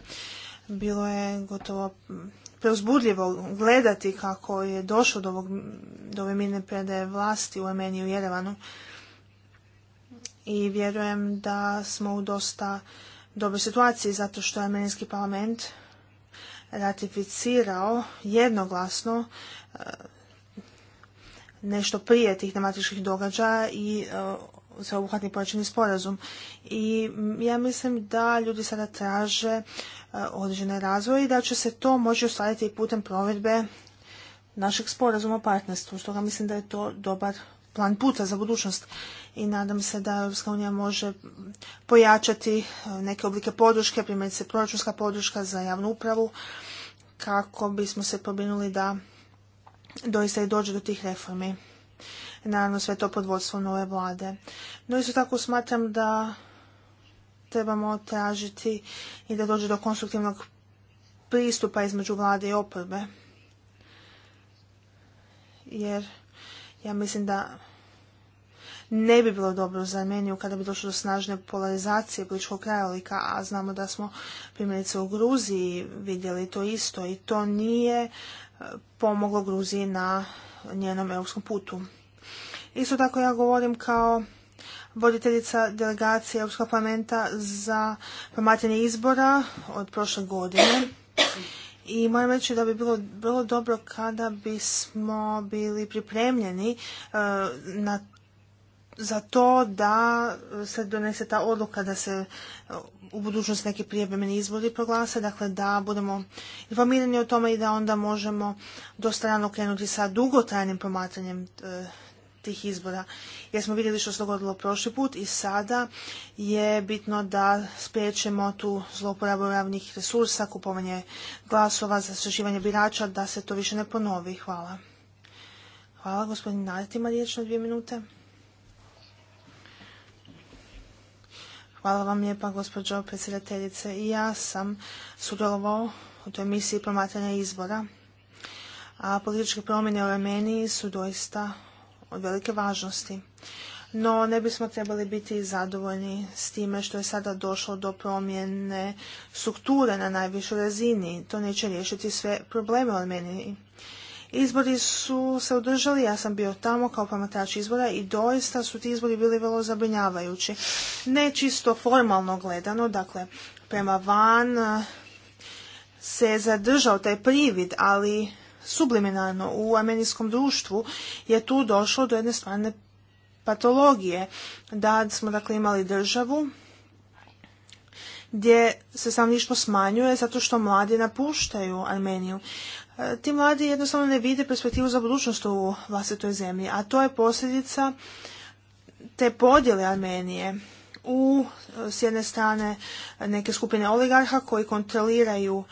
Bilo je gotovo preuzbudljivo gledati kako je došlo do, ovog, do ove mirne predaje vlasti u Armeniji u Jerevanu. I vjerujem da smo u dosta dobroj situaciji zato što je armenijski parlament ratificirao jednoglasno e, nešto prije tih nematičkih događaja i e, sveobuhvatni pojačani sporazum. I ja mislim da ljudi sada traže E, određene razvoje i da će se to moći ostvariti i putem provedbe našeg sporazuma o partnerstvu. Stoga mislim da je to dobar plan puta za budućnost i nadam se da Europska unija može pojačati e, neke oblike podrške, primjerice proračunska podrška za javnu upravu, kako bismo se pobinuli da doista i dođe do tih reformi. Naravno sve to pod vodstvom nove vlade. No isto tako smatram da trebamo tražiti i da dođe do konstruktivnog pristupa između vlade i oporbe. Jer ja mislim da ne bi bilo dobro za Armeniju kada bi došlo do snažne polarizacije političkog krajolika, a znamo da smo primjerice u Gruziji vidjeli to isto i to nije e, pomoglo Gruziji na njenom europskom putu. Isto tako ja govorim kao voditeljica delegacije Europskog parlamenta za promatranje izbora od prošle godine. I moram reći da bi bilo vrlo dobro kada bismo bili pripremljeni e, za to da se donese ta odluka da se e, u budućnosti neki prijevremeni izbori proglase, dakle da budemo informirani o tome i da onda možemo dosta krenuti sa dugotrajnim promatranjem e, tih izbora. Jer smo vidjeli što se dogodilo prošli put i sada je bitno da spriječemo tu zlouporabu javnih resursa, kupovanje glasova, zastrašivanje birača, da se to više ne ponovi. Hvala. Hvala. Gospodin Naret ima riječ na dvije minute. Hvala vam lijepa, gospođo predsjedateljice. I ja sam sudjelovao u toj misiji promatranja izbora. A političke promjene u Armeniji su doista velike važnosti. No, ne bismo trebali biti zadovoljni s time što je sada došlo do promjene strukture na najvišoj razini. To neće riješiti sve probleme u Armeniji. Izbori su se održali, ja sam bio tamo kao promatrač izbora i doista su ti izbori bili vrlo zabrinjavajući. Ne čisto formalno gledano, dakle, prema van eh, se zadržao taj privid, ali subliminarno. U armenijskom društvu je tu došlo do jedne stvarne patologije. Da smo dakle imali državu gdje se ništa smanjuje zato što mladi napuštaju Armeniju. E, ti mladi jednostavno ne vide perspektivu za budućnost u vlastitoj zemlji, a to je posljedica te podjele Armenije u e, s jedne strane neke skupine oligarha koji kontroliraju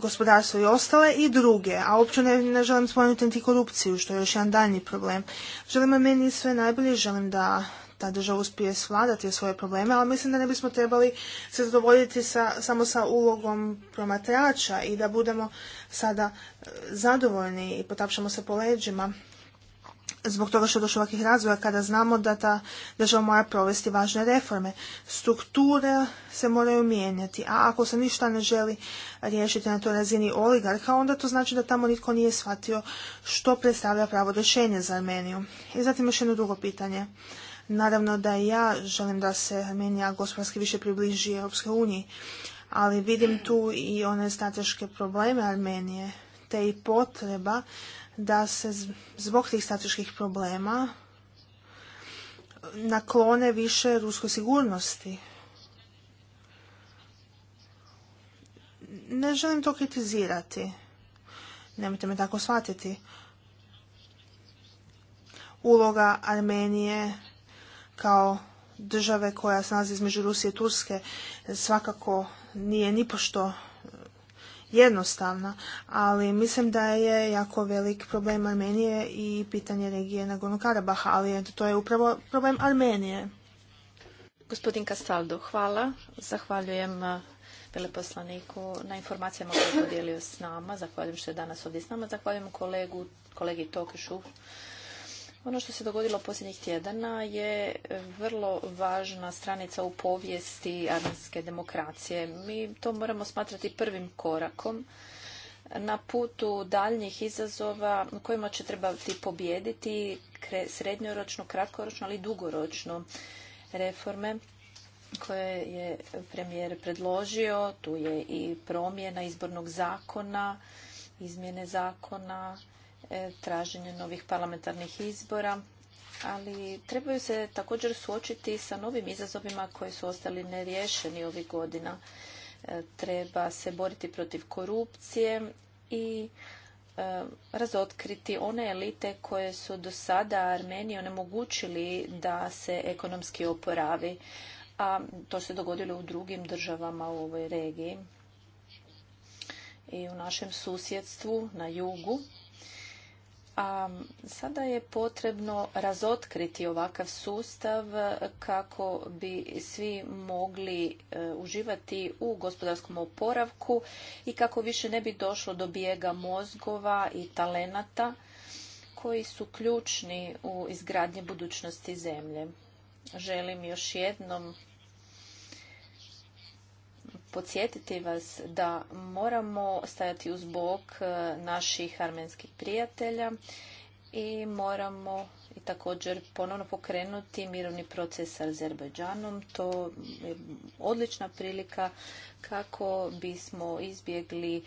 gospodarstvo i ostale i druge, a uopće ne, želim spomenuti korupciju, što je još jedan daljni problem. Želim meni sve najbolje, želim da ta država uspije svladati svoje probleme, ali mislim da ne bismo trebali se zadovoljiti sa, samo sa ulogom promatrača i da budemo sada e, zadovoljni i potapšamo se po leđima zbog toga što je došlo ovakvih razvoja kada znamo da ta država mora provesti važne reforme. Strukture se moraju mijenjati, a ako se ništa ne želi riješiti na toj razini oligarka, onda to znači da tamo nitko nije shvatio što predstavlja pravo rješenje za Armeniju. I zatim još jedno drugo pitanje. Naravno da i ja želim da se Armenija gospodarski više približi Europske uniji, ali vidim tu i one strateške probleme Armenije, te i potreba da se zbog tih strateških problema naklone više ruskoj sigurnosti. Ne želim to kritizirati. Nemojte me tako shvatiti. Uloga Armenije kao države koja se nalazi između Rusije i Turske svakako nije nipošto jednostavna, ali mislim da je jako velik problem Armenije i pitanje regije Nagorno-Karabaha, ali to je upravo problem Armenije. Gospodin Castaldo, hvala. Zahvaljujem eh, veleposlaniku na informacijama koje je podijelio s nama. Zahvaljujem što je danas ovdje s nama. Zahvaljujem kolegu, kolegi Tokišu ono što se dogodilo posljednjih tjedana je vrlo važna stranica u povijesti arhivske demokracije. Mi to moramo smatrati prvim korakom na putu daljnjih izazova kojima će trebati pobijediti srednjoročno, kratkoročno, ali i dugoročno reforme koje je premijer predložio. Tu je i promjena izbornog zakona, izmjene zakona, E, traženje novih parlamentarnih izbora, ali trebaju se također suočiti sa novim izazovima koji su ostali neriješeni ovih godina. E, treba se boriti protiv korupcije i e, razotkriti one elite koje su do sada Armeniji onemogućili da se ekonomski oporavi, a to se dogodilo u drugim državama u ovoj regiji i u našem susjedstvu na jugu sada je potrebno razotkriti ovakav sustav kako bi svi mogli e, uživati u gospodarskom oporavku i kako više ne bi došlo do bijega mozgova i talenata koji su ključni u izgradnji budućnosti zemlje. Želim još jednom podsjetiti vas da moramo stajati uz bok e, naših armenskih prijatelja i moramo i također ponovno pokrenuti mirovni proces sa Azerbajdžanom. To je odlična prilika kako bismo izbjegli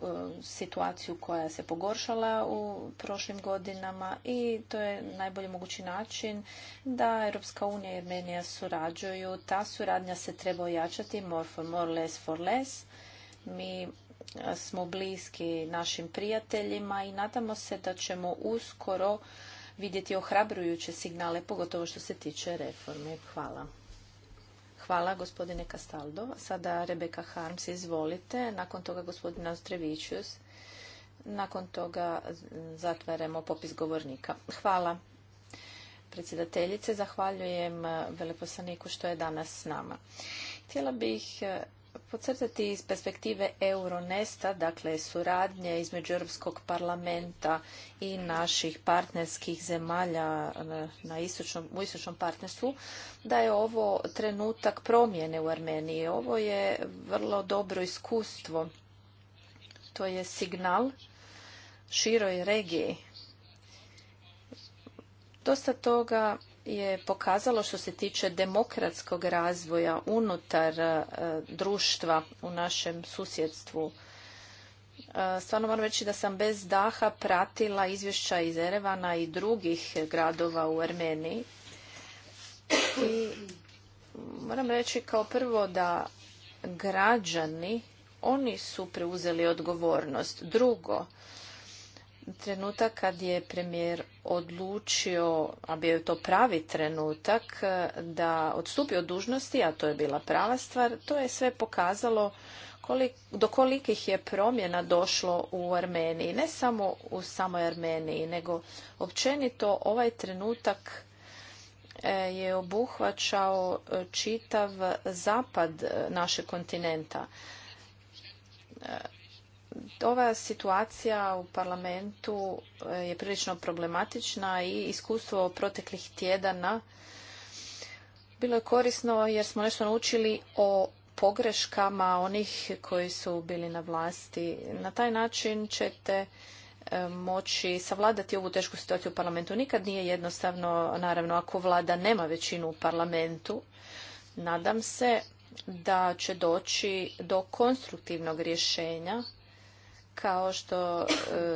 Um, situaciju koja se pogoršala u prošlim godinama i to je najbolji mogući način da Europska unija i Armenija surađuju. Ta suradnja se treba ojačati more for more, less for less. Mi smo bliski našim prijateljima i nadamo se da ćemo uskoro vidjeti ohrabrujuće signale, pogotovo što se tiče reforme. Hvala. Hvala gospodine Castaldo. Sada Rebeka Harms, izvolite. Nakon toga gospodina Ostrevićus. Nakon toga zatvaramo popis govornika. Hvala predsjedateljice. Zahvaljujem veleposlaniku što je danas s nama. Htjela bih podcrtati iz perspektive Euronesta, dakle suradnje između Europskog parlamenta i naših partnerskih zemalja na istočnom, u istočnom partnerstvu, da je ovo trenutak promjene u Armeniji. Ovo je vrlo dobro iskustvo. To je signal široj regiji. Dosta toga je pokazalo što se tiče demokratskog razvoja unutar e, društva u našem susjedstvu. E, stvarno moram reći da sam bez daha pratila izvješća iz Erevana i drugih gradova u Armeniji. I moram reći kao prvo da građani, oni su preuzeli odgovornost. Drugo, trenutak kad je premijer odlučio, a bio je to pravi trenutak, da odstupi od dužnosti, a to je bila prava stvar, to je sve pokazalo do kolikih je promjena došlo u Armeniji. Ne samo u samoj Armeniji, nego općenito ovaj trenutak e, je obuhvaćao e, čitav zapad e, našeg kontinenta ova situacija u parlamentu e, je prilično problematična i iskustvo proteklih tjedana bilo je korisno jer smo nešto naučili o pogreškama onih koji su bili na vlasti. Na taj način ćete e, moći savladati ovu tešku situaciju u parlamentu. Nikad nije jednostavno, naravno, ako vlada nema većinu u parlamentu. Nadam se da će doći do konstruktivnog rješenja kao što e,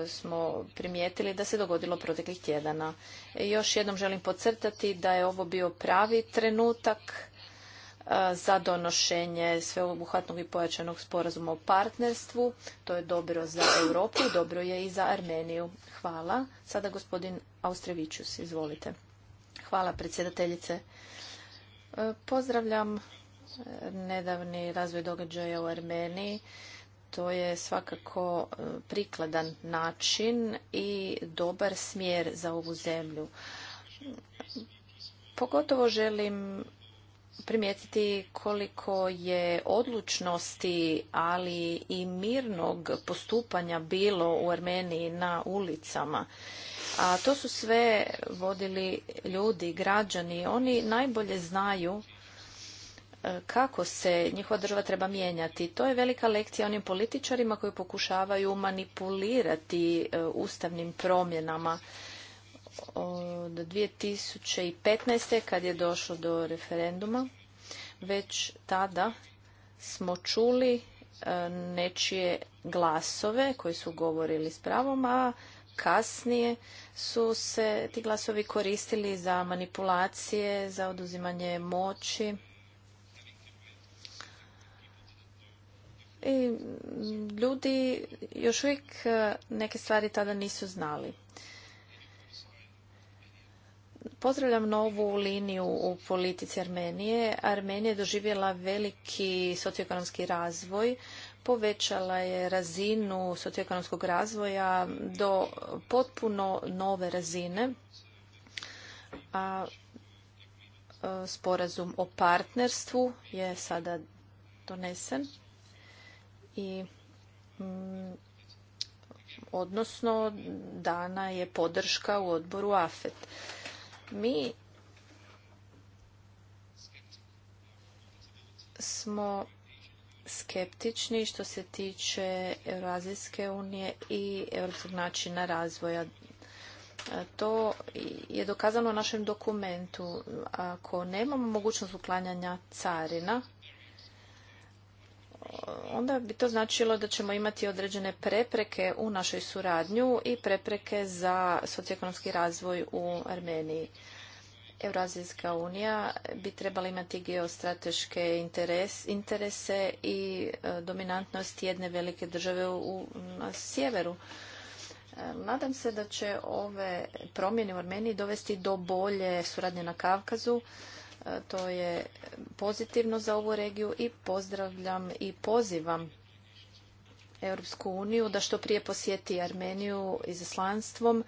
smo primijetili da se dogodilo proteklih tjedana. Još jednom želim podcrtati da je ovo bio pravi trenutak e, za donošenje sveobuhvatnog i pojačanog sporazuma o partnerstvu. To je dobro za Europu, dobro je i za Armeniju. Hvala. Sada gospodin Austrevićus, izvolite. Hvala predsjedateljice. E, pozdravljam nedavni razvoj događaja u Armeniji to je svakako e, prikladan način i dobar smjer za ovu zemlju. Pogotovo želim primijetiti koliko je odlučnosti, ali i mirnog postupanja bilo u Armeniji na ulicama. A to su sve vodili ljudi, građani. Oni najbolje znaju kako se njihova država treba mijenjati. To je velika lekcija onim političarima koji pokušavaju manipulirati e, ustavnim promjenama od 2015. kad je došlo do referenduma. Već tada smo čuli e, nečije glasove koji su govorili s pravom, a kasnije su se ti glasovi koristili za manipulacije, za oduzimanje moći I ljudi još uvijek e, neke stvari tada nisu znali. Pozdravljam novu liniju u politici Armenije. Armenija je doživjela veliki socioekonomski razvoj, povećala je razinu socioekonomskog razvoja do potpuno nove razine. A e, sporazum o partnerstvu je sada donesen i mm, odnosno dana je podrška u odboru AFET. Mi smo skeptični što se tiče Eurazijske unije i europskog načina razvoja. To je dokazano u našem dokumentu. Ako nemamo mogućnost uklanjanja carina, onda bi to značilo da ćemo imati određene prepreke u našoj suradnju i prepreke za socioekonomski razvoj u Armeniji. Eurazijska unija bi trebala imati geostrateške interes, interese i e, dominantnost jedne velike države u, sjeveru. E, nadam se da će ove promjene u Armeniji dovesti do bolje suradnje na Kavkazu E, to je pozitivno za ovu regiju i pozdravljam i pozivam Europsku uniju da što prije posjeti Armeniju izaslanstvom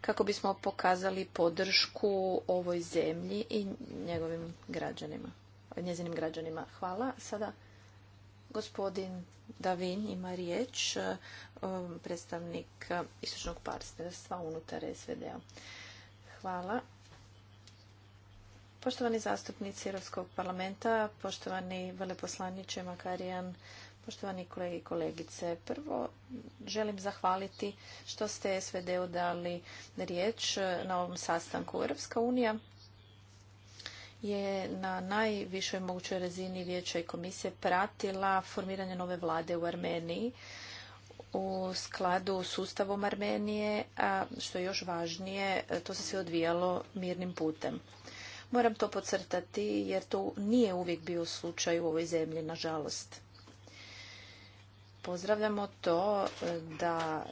kako bismo pokazali podršku ovoj zemlji i njegovim građanima, njezinim građanima. Hvala. Sada gospodin Davin ima riječ, e, predstavnik istočnog partnerstva unutar SVD-a. Hvala. Poštovani zastupnici Europskog parlamenta, poštovani veleposlaniče Makarijan, poštovani kolegi i kolegice. Prvo želim zahvaliti što ste sve u dali riječ na ovom sastanku. Europska unija je na najvišoj mogućoj razini Vijeća i komisije pratila formiranje nove vlade u Armeniji u skladu s Ustavom Armenije, a što je još važnije, to se sve odvijalo mirnim putem. Moram to podcrtati jer to nije uvijek bio slučaj u ovoj zemlji, nažalost. Pozdravljamo to e, da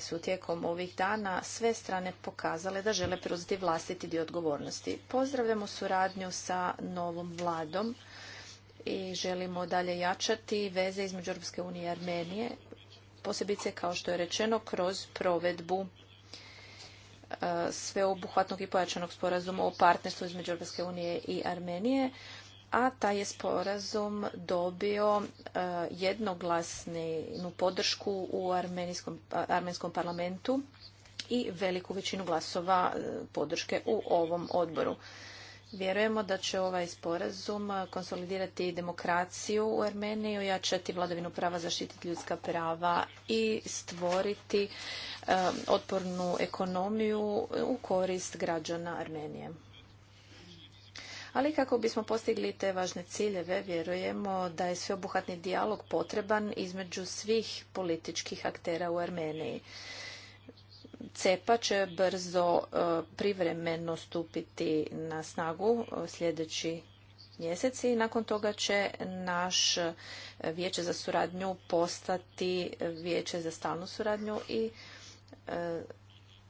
su tijekom ovih dana sve strane pokazale da žele preuzeti vlastiti dio odgovornosti. Pozdravljamo suradnju sa novom vladom i želimo dalje jačati veze između Europske unije i Armenije, posebice kao što je rečeno kroz provedbu sveobuhvatnog i pojačanog sporazuma o partnerstvu između Europske unije i Armenije, a taj je sporazum dobio e, jednoglasnu podršku u armenijskom, armenskom parlamentu i veliku većinu glasova e, podrške u ovom odboru. Vjerujemo da će ovaj sporazum konsolidirati demokraciju u Armeniji, ojačati vladavinu prava, zaštititi ljudska prava i stvoriti um, otpornu ekonomiju u korist građana Armenije. Ali kako bismo postigli te važne ciljeve, vjerujemo da je sveobuhvatni dijalog potreban između svih političkih aktera u Armeniji. CEPA će brzo e, privremeno stupiti na snagu e, sljedeći mjesec i nakon toga će naš vijeće za suradnju postati vijeće za stalnu suradnju i e,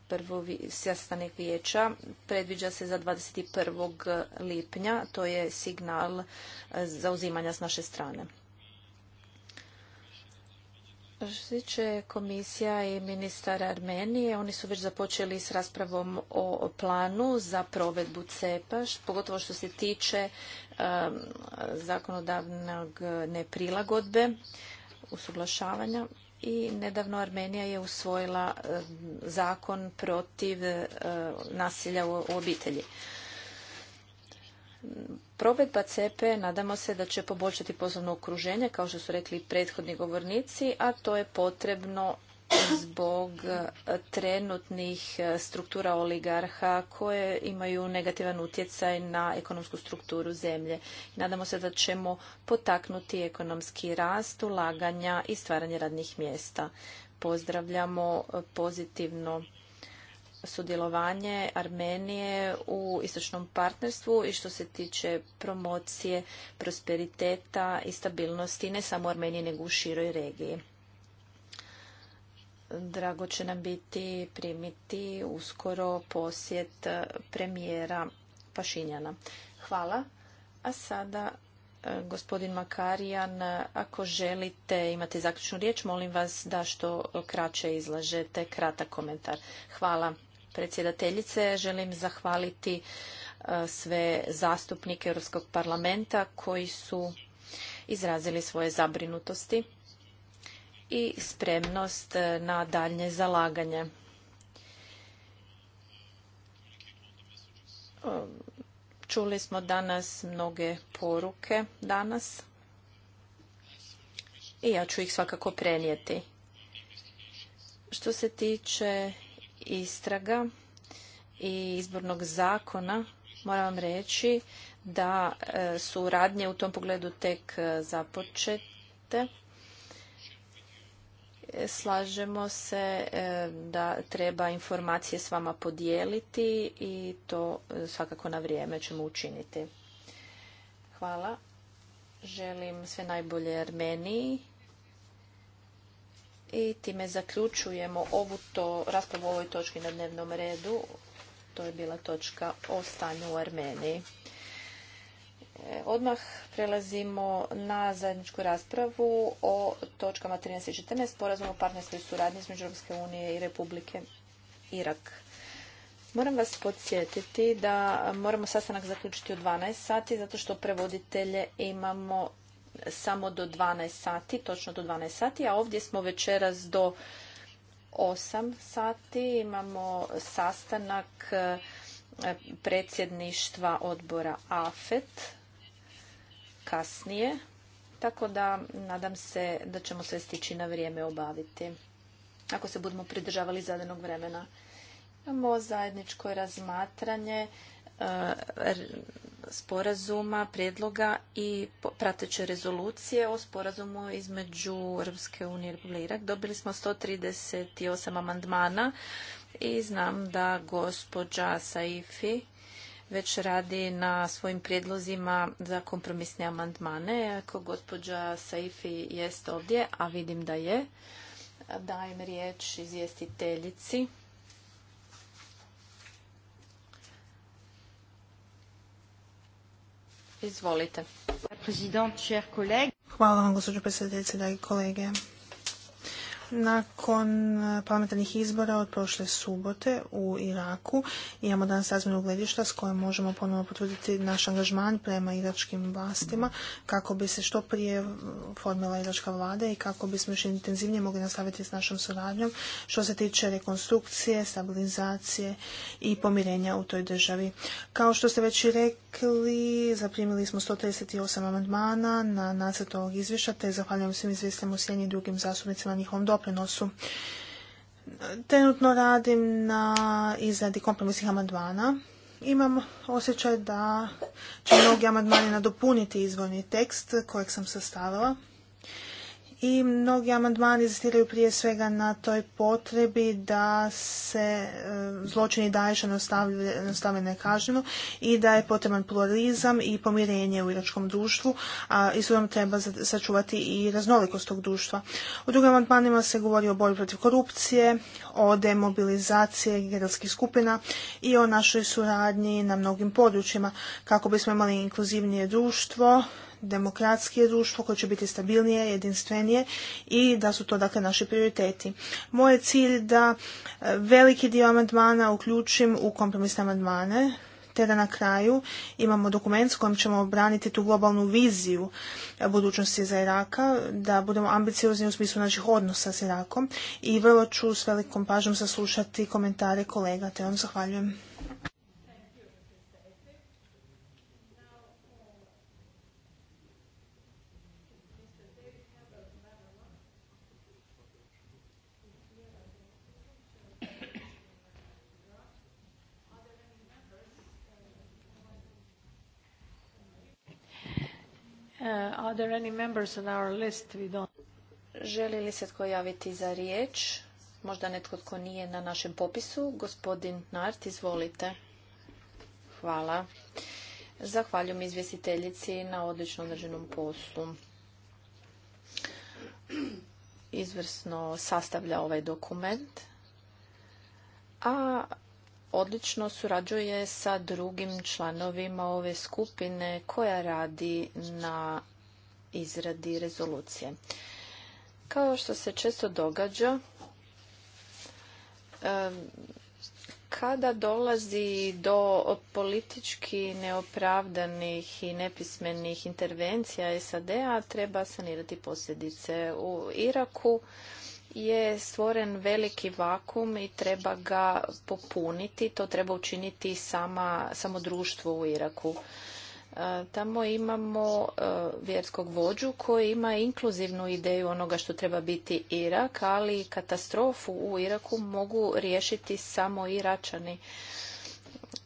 prvo sastanak vijeća predviđa se za 21. lipnja. To je signal zauzimanja s naše strane. Što se tiče komisija i ministar Armenije, oni su već započeli s raspravom o planu za provedbu CEPA, pogotovo što se tiče zakonodavnog neprilagodbe, usuglašavanja. I nedavno Armenija je usvojila zakon protiv nasilja u obitelji. Provedba e nadamo se da će poboljšati poslovno okruženje, kao što su rekli prethodni govornici, a to je potrebno zbog e, trenutnih e, struktura oligarha koje imaju negativan utjecaj na ekonomsku strukturu zemlje. Nadamo se da ćemo potaknuti ekonomski rast, ulaganja i stvaranje radnih mjesta. Pozdravljamo e, pozitivno sudjelovanje Armenije u istočnom partnerstvu i što se tiče promocije prosperiteta i stabilnosti ne samo u Armeniji nego u široj regiji. Drago će nam biti primiti uskoro posjet eh, premijera Pašinjana. Hvala. A sada eh, gospodin Makarijan, ako želite imati zaključnu riječ, molim vas da što kraće izlažete kratak komentar. Hvala predsjedateljice. Želim zahvaliti e, sve zastupnike Europskog parlamenta koji su izrazili svoje zabrinutosti i spremnost na daljnje zalaganje. E, čuli smo danas mnoge poruke danas i ja ću ih svakako prenijeti. Što se tiče istraga i izbornog zakona moram vam reći da e, su radnje u tom pogledu tek e, započete. Slažemo se e, da treba informacije s vama podijeliti i to svakako na vrijeme ćemo učiniti. Hvala. Želim sve najbolje Armeniji i time zaključujemo ovu to, raspravu o ovoj točki na dnevnom redu. To je bila točka o stanju u Armeniji. E, odmah prelazimo na zajedničku raspravu o točkama 13 i 14, porazum o partnerskoj suradnji između Europske unije i Republike Irak. Moram vas podsjetiti da moramo sastanak zaključiti u 12 sati zato što prevoditelje imamo samo do 12 sati, točno do 12 sati, a ovdje smo večeras do 8 sati. Imamo sastanak e, predsjedništva odbora AFET kasnije, tako da nadam se da ćemo sve stići na vrijeme obaviti ako se budemo pridržavali zadanog vremena. Imamo zajedničko razmatranje e, sporazuma, prijedloga i prateće rezolucije o sporazumu između Europske unije i Republike Irak. Dobili smo 138 amandmana i znam da gospođa Saifi već radi na svojim prijedlozima za kompromisne amandmane. Ako gospođa Saifi jest ovdje, a vidim da je, dajem riječ izvjestiteljici Izvolite. Hvala vam, gospođo predsjedateljice, dragi kolege. Nakon e, parlamentarnih izbora od prošle subote u Iraku imamo danas razmjenu gledišta s kojom možemo ponovno potvrditi naš angažman prema iračkim vlastima kako bi se što prije formila iračka vlada i kako bismo još intenzivnije mogli nastaviti s našom suradnjom što se tiče rekonstrukcije, stabilizacije i pomirenja u toj državi. Kao što ste već i rekli, zaprimili smo 138 amandmana na nacrt ovog izvješća te zahvaljujem svim izvjestima u i drugim zastupnicima njihovom dobro doprinosu. Trenutno radim na izradi kompromisnih amandmana. Imam osjećaj da će mnogi amandmani nadopuniti izvorni tekst kojeg sam sastavila i mnogi amandmani zastiraju prije svega na toj potrebi da se e, zločini Daješa nastave nekažnjeno i da je potreban pluralizam i pomirenje u iračkom društvu, a istodobno treba sačuvati i raznolikost tog društva. U drugim amandmanima se govori o borbi protiv korupcije, o demobilizaciji gradskih skupina i o našoj suradnji na mnogim područjima kako bismo imali inkluzivnije društvo demokratskije društvo koje će biti stabilnije, jedinstvenije i da su to dakle naši prioriteti. Moj je cilj da e, veliki dio amandmana uključim u kompromisne amandmane, te da na kraju imamo dokument s kojim ćemo obraniti tu globalnu viziju budućnosti za Iraka, da budemo ambiciozni u smislu naših odnosa s Irakom i vrlo ću s velikom pažnjom saslušati komentare kolega, te vam zahvaljujem. Uh, are there any members on our list? Želi li se tko javiti za riječ? Možda netko tko nije na našem popisu. Gospodin Nart, izvolite. Hvala. Zahvaljujem izvjestiteljici na odlično određenom poslu. Izvrsno sastavlja ovaj dokument. A odlično surađuje sa drugim članovima ove skupine koja radi na izradi rezolucije. Kao što se često događa, kada dolazi do politički neopravdanih i nepismenih intervencija SAD-a, treba sanirati posljedice u Iraku je stvoren veliki vakum i treba ga popuniti. To treba učiniti samo društvo u Iraku. E, tamo imamo e, vjerskog vođu koji ima inkluzivnu ideju onoga što treba biti Irak, ali katastrofu u Iraku mogu riješiti samo Iračani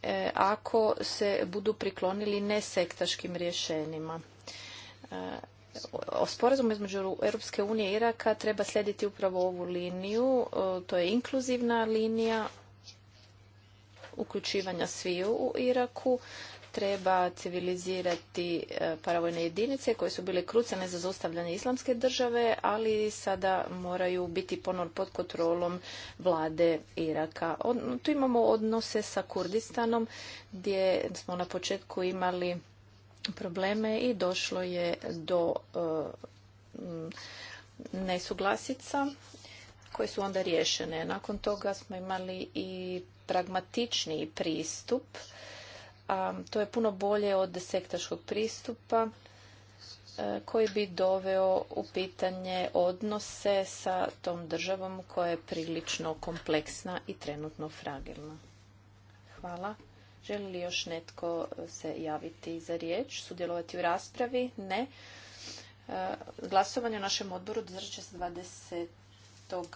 e, ako se budu priklonili nesektaškim rješenjima o sporazumu između Europske unije i Iraka treba slijediti upravo ovu liniju. E, to je inkluzivna linija uključivanja sviju u Iraku. Treba civilizirati e, paravojne jedinice koje su bile krucane za zaustavljanje islamske države, ali sada moraju biti ponor pod kontrolom vlade Iraka. Tu imamo odnose sa Kurdistanom gdje smo na početku imali probleme i došlo je do e, nesuglasica koje su onda riješene. Nakon toga smo imali i pragmatični pristup. To je puno bolje od sektaškog pristupa e, koji bi doveo u pitanje odnose sa tom državom koja je prilično kompleksna i trenutno fragilna. Hvala. Želi li još netko e, se javiti za riječ, sudjelovati u raspravi? Ne. E, glasovanje u našem odboru održat će se 20.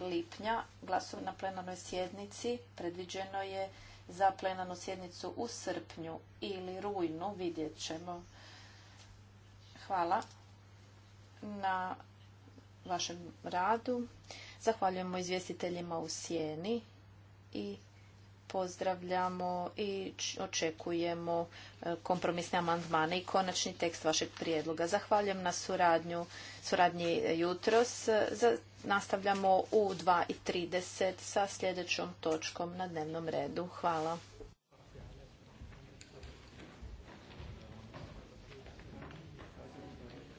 lipnja. Glasovanje na plenarnoj sjednici predviđeno je za plenarnu sjednicu u srpnju ili rujnu. Vidjet ćemo. Hvala na vašem radu. Zahvaljujemo izvjestiteljima u sjeni i pozdravljamo i očekujemo e, kompromisne amandmane i konačni tekst vašeg prijedloga. Zahvaljujem na suradnju, suradnji jutros. E, nastavljamo u 2.30 sa sljedećom točkom na dnevnom redu. Hvala.